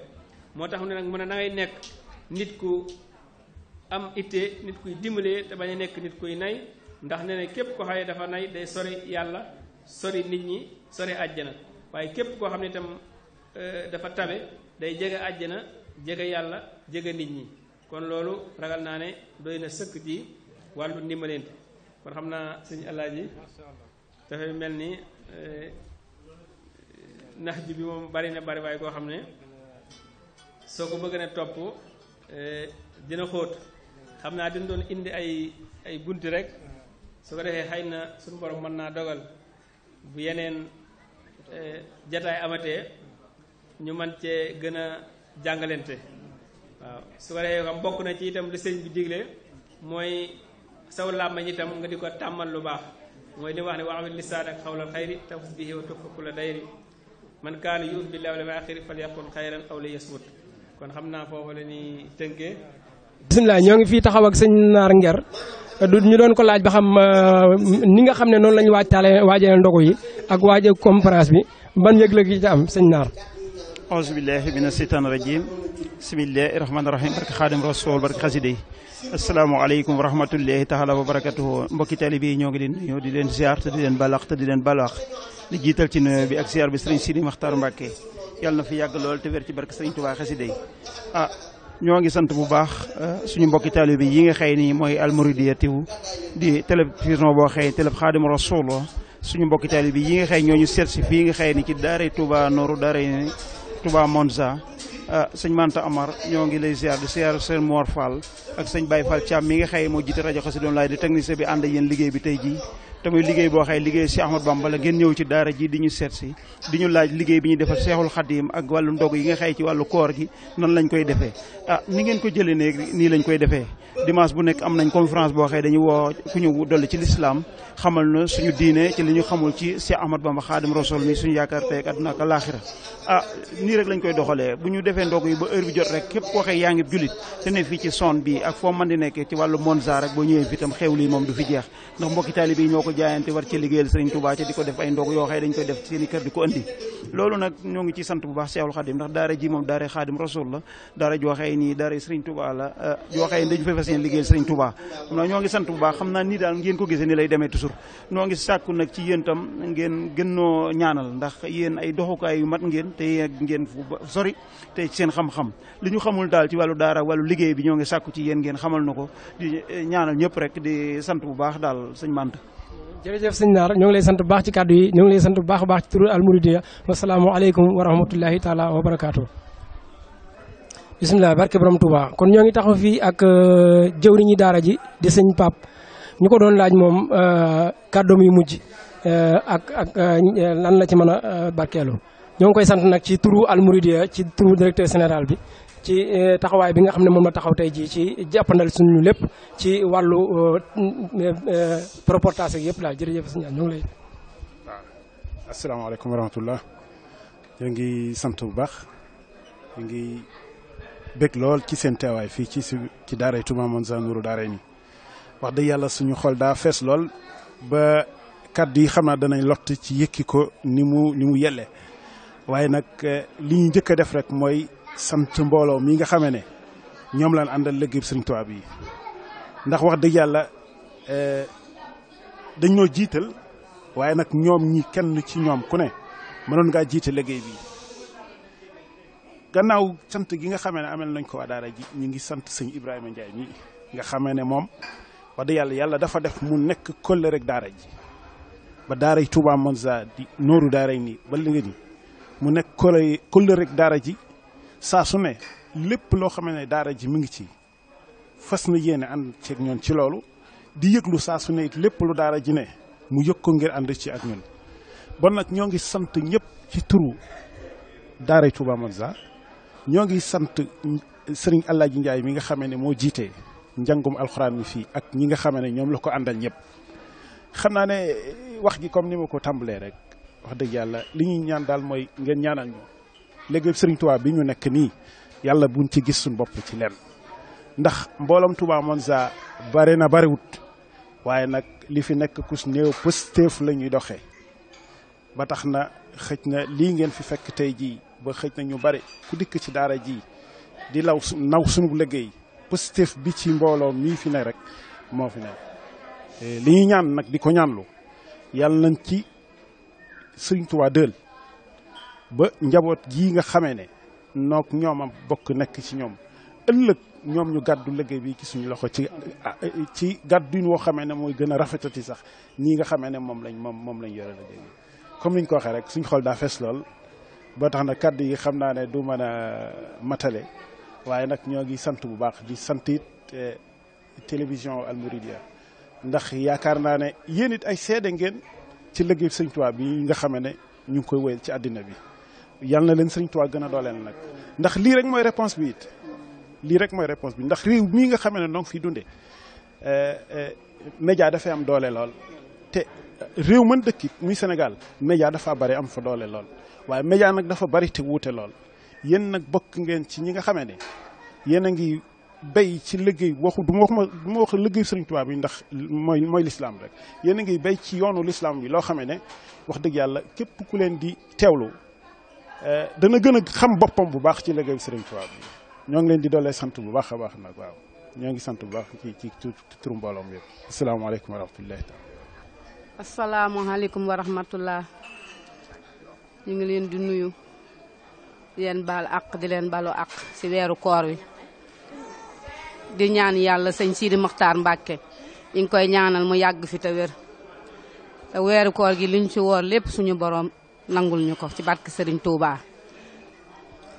moo tax ne nag mën a na nekk nit ku am itte nit kuy dimbalee te bañ a nekk nit kuy nay ndax ne ne képp ko xam ne dafa nay day sori yàlla sori nit ñi sori àjjana Euh, dafa tabe day jege àjjana jege yàlla jege nit ñi kon loolu ragal naa ne doy na sëkk ci wàllu ndimbalante kon xam naa sëñ Alaaji dafay mel ni euh, nax ji bi moom bari na bari waaye koo xam ne soo ko bëgg na topp euh, dina xóot xam naa dina doon indi ay ay bunti rek su ko defee xëy na suñu borom mën naa dogal bu yeneen jataay amatee ñu man cee gën a jàngalante waaw su ko defee xam bokk na ci itam li sëñ bi digle mooy saw làmmañ itam nga di ko tàmmal lu baax mooy li wax ne waawit lisaan ak xawlal la dayri man kaana yu'minu billaahi wal yawmil aw liyasmut kon xam naa foofu la ni tënkee bisimilah ñoo ngi fii taxaw ak sëñ Naar Nger du ñu doon ko laaj ba xam euh, ni nga xam ne noonu la ñu waajtaale waajale ndogu yi ak waaje conférence bi ban yëg-yëg yi ci am sëñ Naar auzu billahi mina seytaani rajim bismillahi rahmaani rahim barke xaadim rasool barke xaside yi asalaamaaleykum wa rahmatullahi taala wa barakatuhu mbokki taali yi ñoo ngi leen ñoo di leen ziar te di leen balax te di leen balax di jiital ci nuyoo bi ak ziar bi sëriñ Sidi Maxtaar Mbàkke yal na fi yàgg lool te wér ci barke sëriñ Tuubaa xaside yi ah ñoo ngi sant bu baax suñu mbokki bi yi nga xëy nii mooy almuridiya tiw di télévision boo xëy télé xaadim rasool suñu mbokki taalibe yi nga xëy ñooñu seet si fii nga xëy ni ci daaray Tuubaa nooru daaray Touba Monza Ah, sëñ Manta Amar ñoo ngi lay ziar di ziar sëñ Mor Fall ak sëñ Baye Fall Thiam mi nga xëye moo jiite rajo Xassida Online di technicien bi ànd ak liggéey bi tey jii te liggéey boo xëye liggéey Seexul Xadim ak wàllu ndog yi nga xëye ci wàllu koor gi nan lañ koy defee ah ni ngeen ko jëlee ne nii lañ koy defee dimanche bu nekk am nañ conférence boo xëye dañu woo ku ñu dolli ci l'islam xamal na suñu diine ci li ñu xamul ci Seex Ahmad Bamba Xaadim Rasul defee ndogu yi ba heure bi jot rek képp koo xëy moom daal ngeen ko gisee ni lay demee toujours ñoo ngi sàkku nag ci yéen tam ngeen gën ñaanal ndax yéen ay doxukaay yu mat ngeen te ngeen fu sori te seen xam-xam li ñu xamul daal ci wàllu daara wàllu liggéey bi ñoo ngi sàkku ci yéen ngeen xamal na ko eh, ñaanal ñëpp rek di sant bu baax daal sëñ Manta jërëjëf sëñ Naar ñoo ngi lay sant bu baax ci kàddu yi ñoo ngi lay sant bu baax a baax ci turu almouridiya wasalaamu aleykum wa rahmatullahi taala wa barakaatu bisimilah barke borom kon ñoo ngi taxaw fii ak eh, jëwriñi daara ji di sëñ Pape ñu ko doon laaj moom eh, kàddoom yi mujj ak ak lan la ci mën a barkeelu ñoo ngi koy sant nag ci turu Almouridiyyah ci turu directeur sénéral bi ci eh, taxawaay bi nga xam ne moom la taxaw tey jii ci jàppandal suñu lépp ci wàllu eh, eh, reportage yëpp daal jërëjëf si ñaan ñoo ngi lay. waaw asalaamaaleykum wa rahmatullah ñu ngi sant bu baax ñu ngi bëgg lool ci seen teewaay fii ci su ci daaray Touba Monza Nourou daaray nii wax dëgg yàlla suñu xool daa fees lool ba kàddu yi xam naa danañ lott ci yëkki ko ni mu ni mu yelle waaye nag eh, li ñu njëkk a def rek mooy sant mbooloo mii nga xame ne ñoom laan àndal liggéey bi Sëriñ Tuubaa bi ndax wax dëgg yàlla eh, dañ ñoo jiital waaye nag ñoom ñi kenn ci ñoom ku ne mënoon ngaa jiite liggéey bi gannaaw sant gi nga xamee ne amel nañ ko waa daara ji ñu ngi sant sëñ Ibrahima Ndiaye mi nga xame ne moom wax dëgg yàlla yàlla dafa def mu nekk kóllëre rek daara ji ba daaray Touba Monza di nooru daaray nii ba li nga nii mu nekk kole kole rek daara ji saa su ne lépp loo xam ne daara ji mu ngi ci fas na yéene ànd ceeg ñoon ci loolu di yëglu saa su ne it lépp lu daara ji ne mu yëg ko ngir ànd ci ak ñun bon nag ñoo ngi sant ñëpp ci turu daaray Touba Monza ñoo ngi sant sëriñ ji Njaay mi nga xamee ne moo jiitee njàngum alxuraan mi fii ak ñi nga xamee ne ñoom la ko àndal ñëpp xam naa ne wax ji comme ni ma ko tàmbalee rek wax dëgg yàlla li ñuy ñaan daal mooy ngeen ñaanal ñu léegi sëriñ Touba bi ñu nekk nii yàlla buñ ci gis suñ bopp ci leen ndax mbooloom mboolam Touba Monza bari na barewut waaye nag li fi nekk kus néew pësteef la ñuy doxee ba tax na xëj na lii ngeen fi fekk tey jii ba xëj na ñu bari ku dikk ci daara ji di law naw sunu liggéey pësteef bi ci mbooloo mii fi ne rek moo fi ne eh, li ñuy ñaan nag di ko ñaanlu yàlla nañ ci suñ Tuubaa dël ba njaboot jii nga xamee ne noog ñoomam bokk nekk ci ñoom ëllëg ñoom ñu gàddu liggéey bi ci suñu loxo ci ci gàdduñ woo xamee ne mooy gën a rafetati sax nii nga xamee ne moom lañ moom moom lañ yore liggéey bi comme niñ ko waxee rek suñ xool daa fees lool boo tax na kàdd yi xam naa ne du mën a matale waaye nag ñoo ngi sant bu baax di sant it eh, télévision Al Mouridiyyah ndax yaakaar naa ne yéen it ay seede ngeen ci liggéey sëñ Tuubaa bi nga xamee ne ñu ngi koy wéyal ci àddina bi yal na leen sëñ Tuubaa gën a dooleel nag ndax lii rek mooy réponse bi it lii rek mooy bi ndax réew mii nga xamee ne donc fii dundee eh, eh, média dafay am doole lool te eh, réew mën dëkk muy Sénégal média dafa bari am fa doole lool waaye média nag dafa bari te wuute lool yéen nag bokk ngeen ci ñi nga xamee ne yéen bay ci liggéey waxu du ma wax ma du ma sëriñ Tuubaa bi ndax mooy mooy lislaam rek yéen a ngi bay ci yoonu lislaam bi loo xamee ne wax dëgg yàlla képp ku leen di teewlu eh, dana gën a xam boppam bu baax ci liggéey sëriñ Tuubaa bi ñoo ngi leen di doolee sant bu baax a baax nag waaw ñoo ngi sant bu baax ci ci turu mbooloo mi yëpp asalaamaaleykum wa rahmatullahi taala asalaamaaleykum wa ñu ngi leen di nuyu di leen baal àq di leen balu àq ci weeru koor wi di ñaan yàlla sëñ Sidi Mokhtar Mbacke ñu ngi koy ñaanal mu yàgg fi te te weeru koor gi liñ ci woor lépp suñu borom nangul ñu ko ci barke Serigne tuuba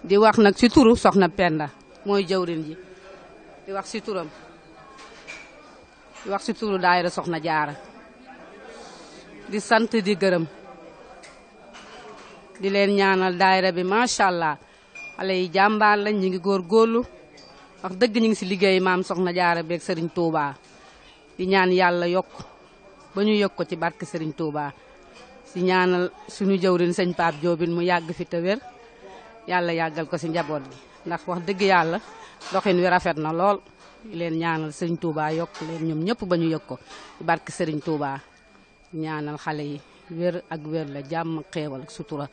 di wax nag ci turu Soxna Penda mooy jëwrin ji di wax si turam di wax ci turu daayira Soxna Jaara di sant di gërëm di leen ñaanal daayira bi macha allah xale yi jàmbaar lañ ñu ngi góorgóorlu. wax dëgg ñu ngi si liggéey maam soxna jaara beek sëriñ Touba di ñaan yàlla yokk ba ñu yokk ko ci barke sëriñ Touba si ñaanal suñu jëwrin sëñ Pape Diobine mu yàgg fi te wér yàlla yàggal ko si njaboot gi ndax wax dëgg yàlla doxin wi rafet na lool leen ñaanal sëriñ Touba yokk leen ñoom ñëpp ba ñu yokk ko ci sëriñ Touba ñaanal xale yi wér ak wér la jàmm xéewal ak sutura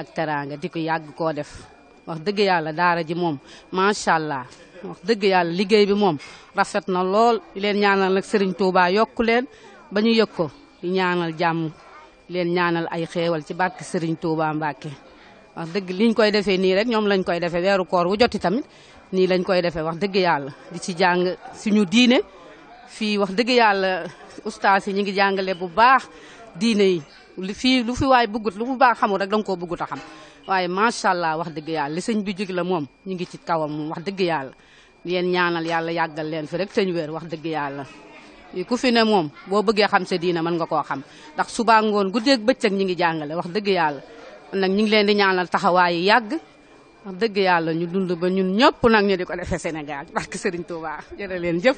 ak teraanga di ko yàgg koo def wax dëgg yàlla daara ji moom macha allah wax dëgg yàlla liggéey bi moom rafet na lool di leen ñaanal nag sëriñ Touba yokk leen ba ñu yëg ko di ñaanal jàmm leen ñaanal ay xeewal ci barke sëriñ Touba Mbacke. wax dëgg liñ koy defee nii rek ñoom lañ koy defe weeru koor wu joti tamit nii lañ koy defee wax dëgg yàlla di ci jàng suñu diine fii wax dëgg yàlla ustaas yi ñu ngi jàngale bu baax diine yi fii lu fi waay bëggut lu bu baax xamul rek danga koo bëggut a xam. waaye macha allah wax dëgg yàlla li sëñ bi jig la moom ñu ngi ci kawam moom wax dëgg yàlla yéen ñaanal yàlla yàggal leen fi rek sëñ weer wax dëgg yàlla ku fi ne moom boo bëggee xam sa diina mën nga koo xam ndax suba ngoon guddeeg bëccëg ñi ngi jàngale wax dëgg yàlla nag ñu ngi leen di ñaanal taxawaayu yàgg wax dëgg yàlla ñu dund ba ñun ñëpp nag ñu di ko defee Sénégal barke Sëriñ Tuubaa jërë leen jëf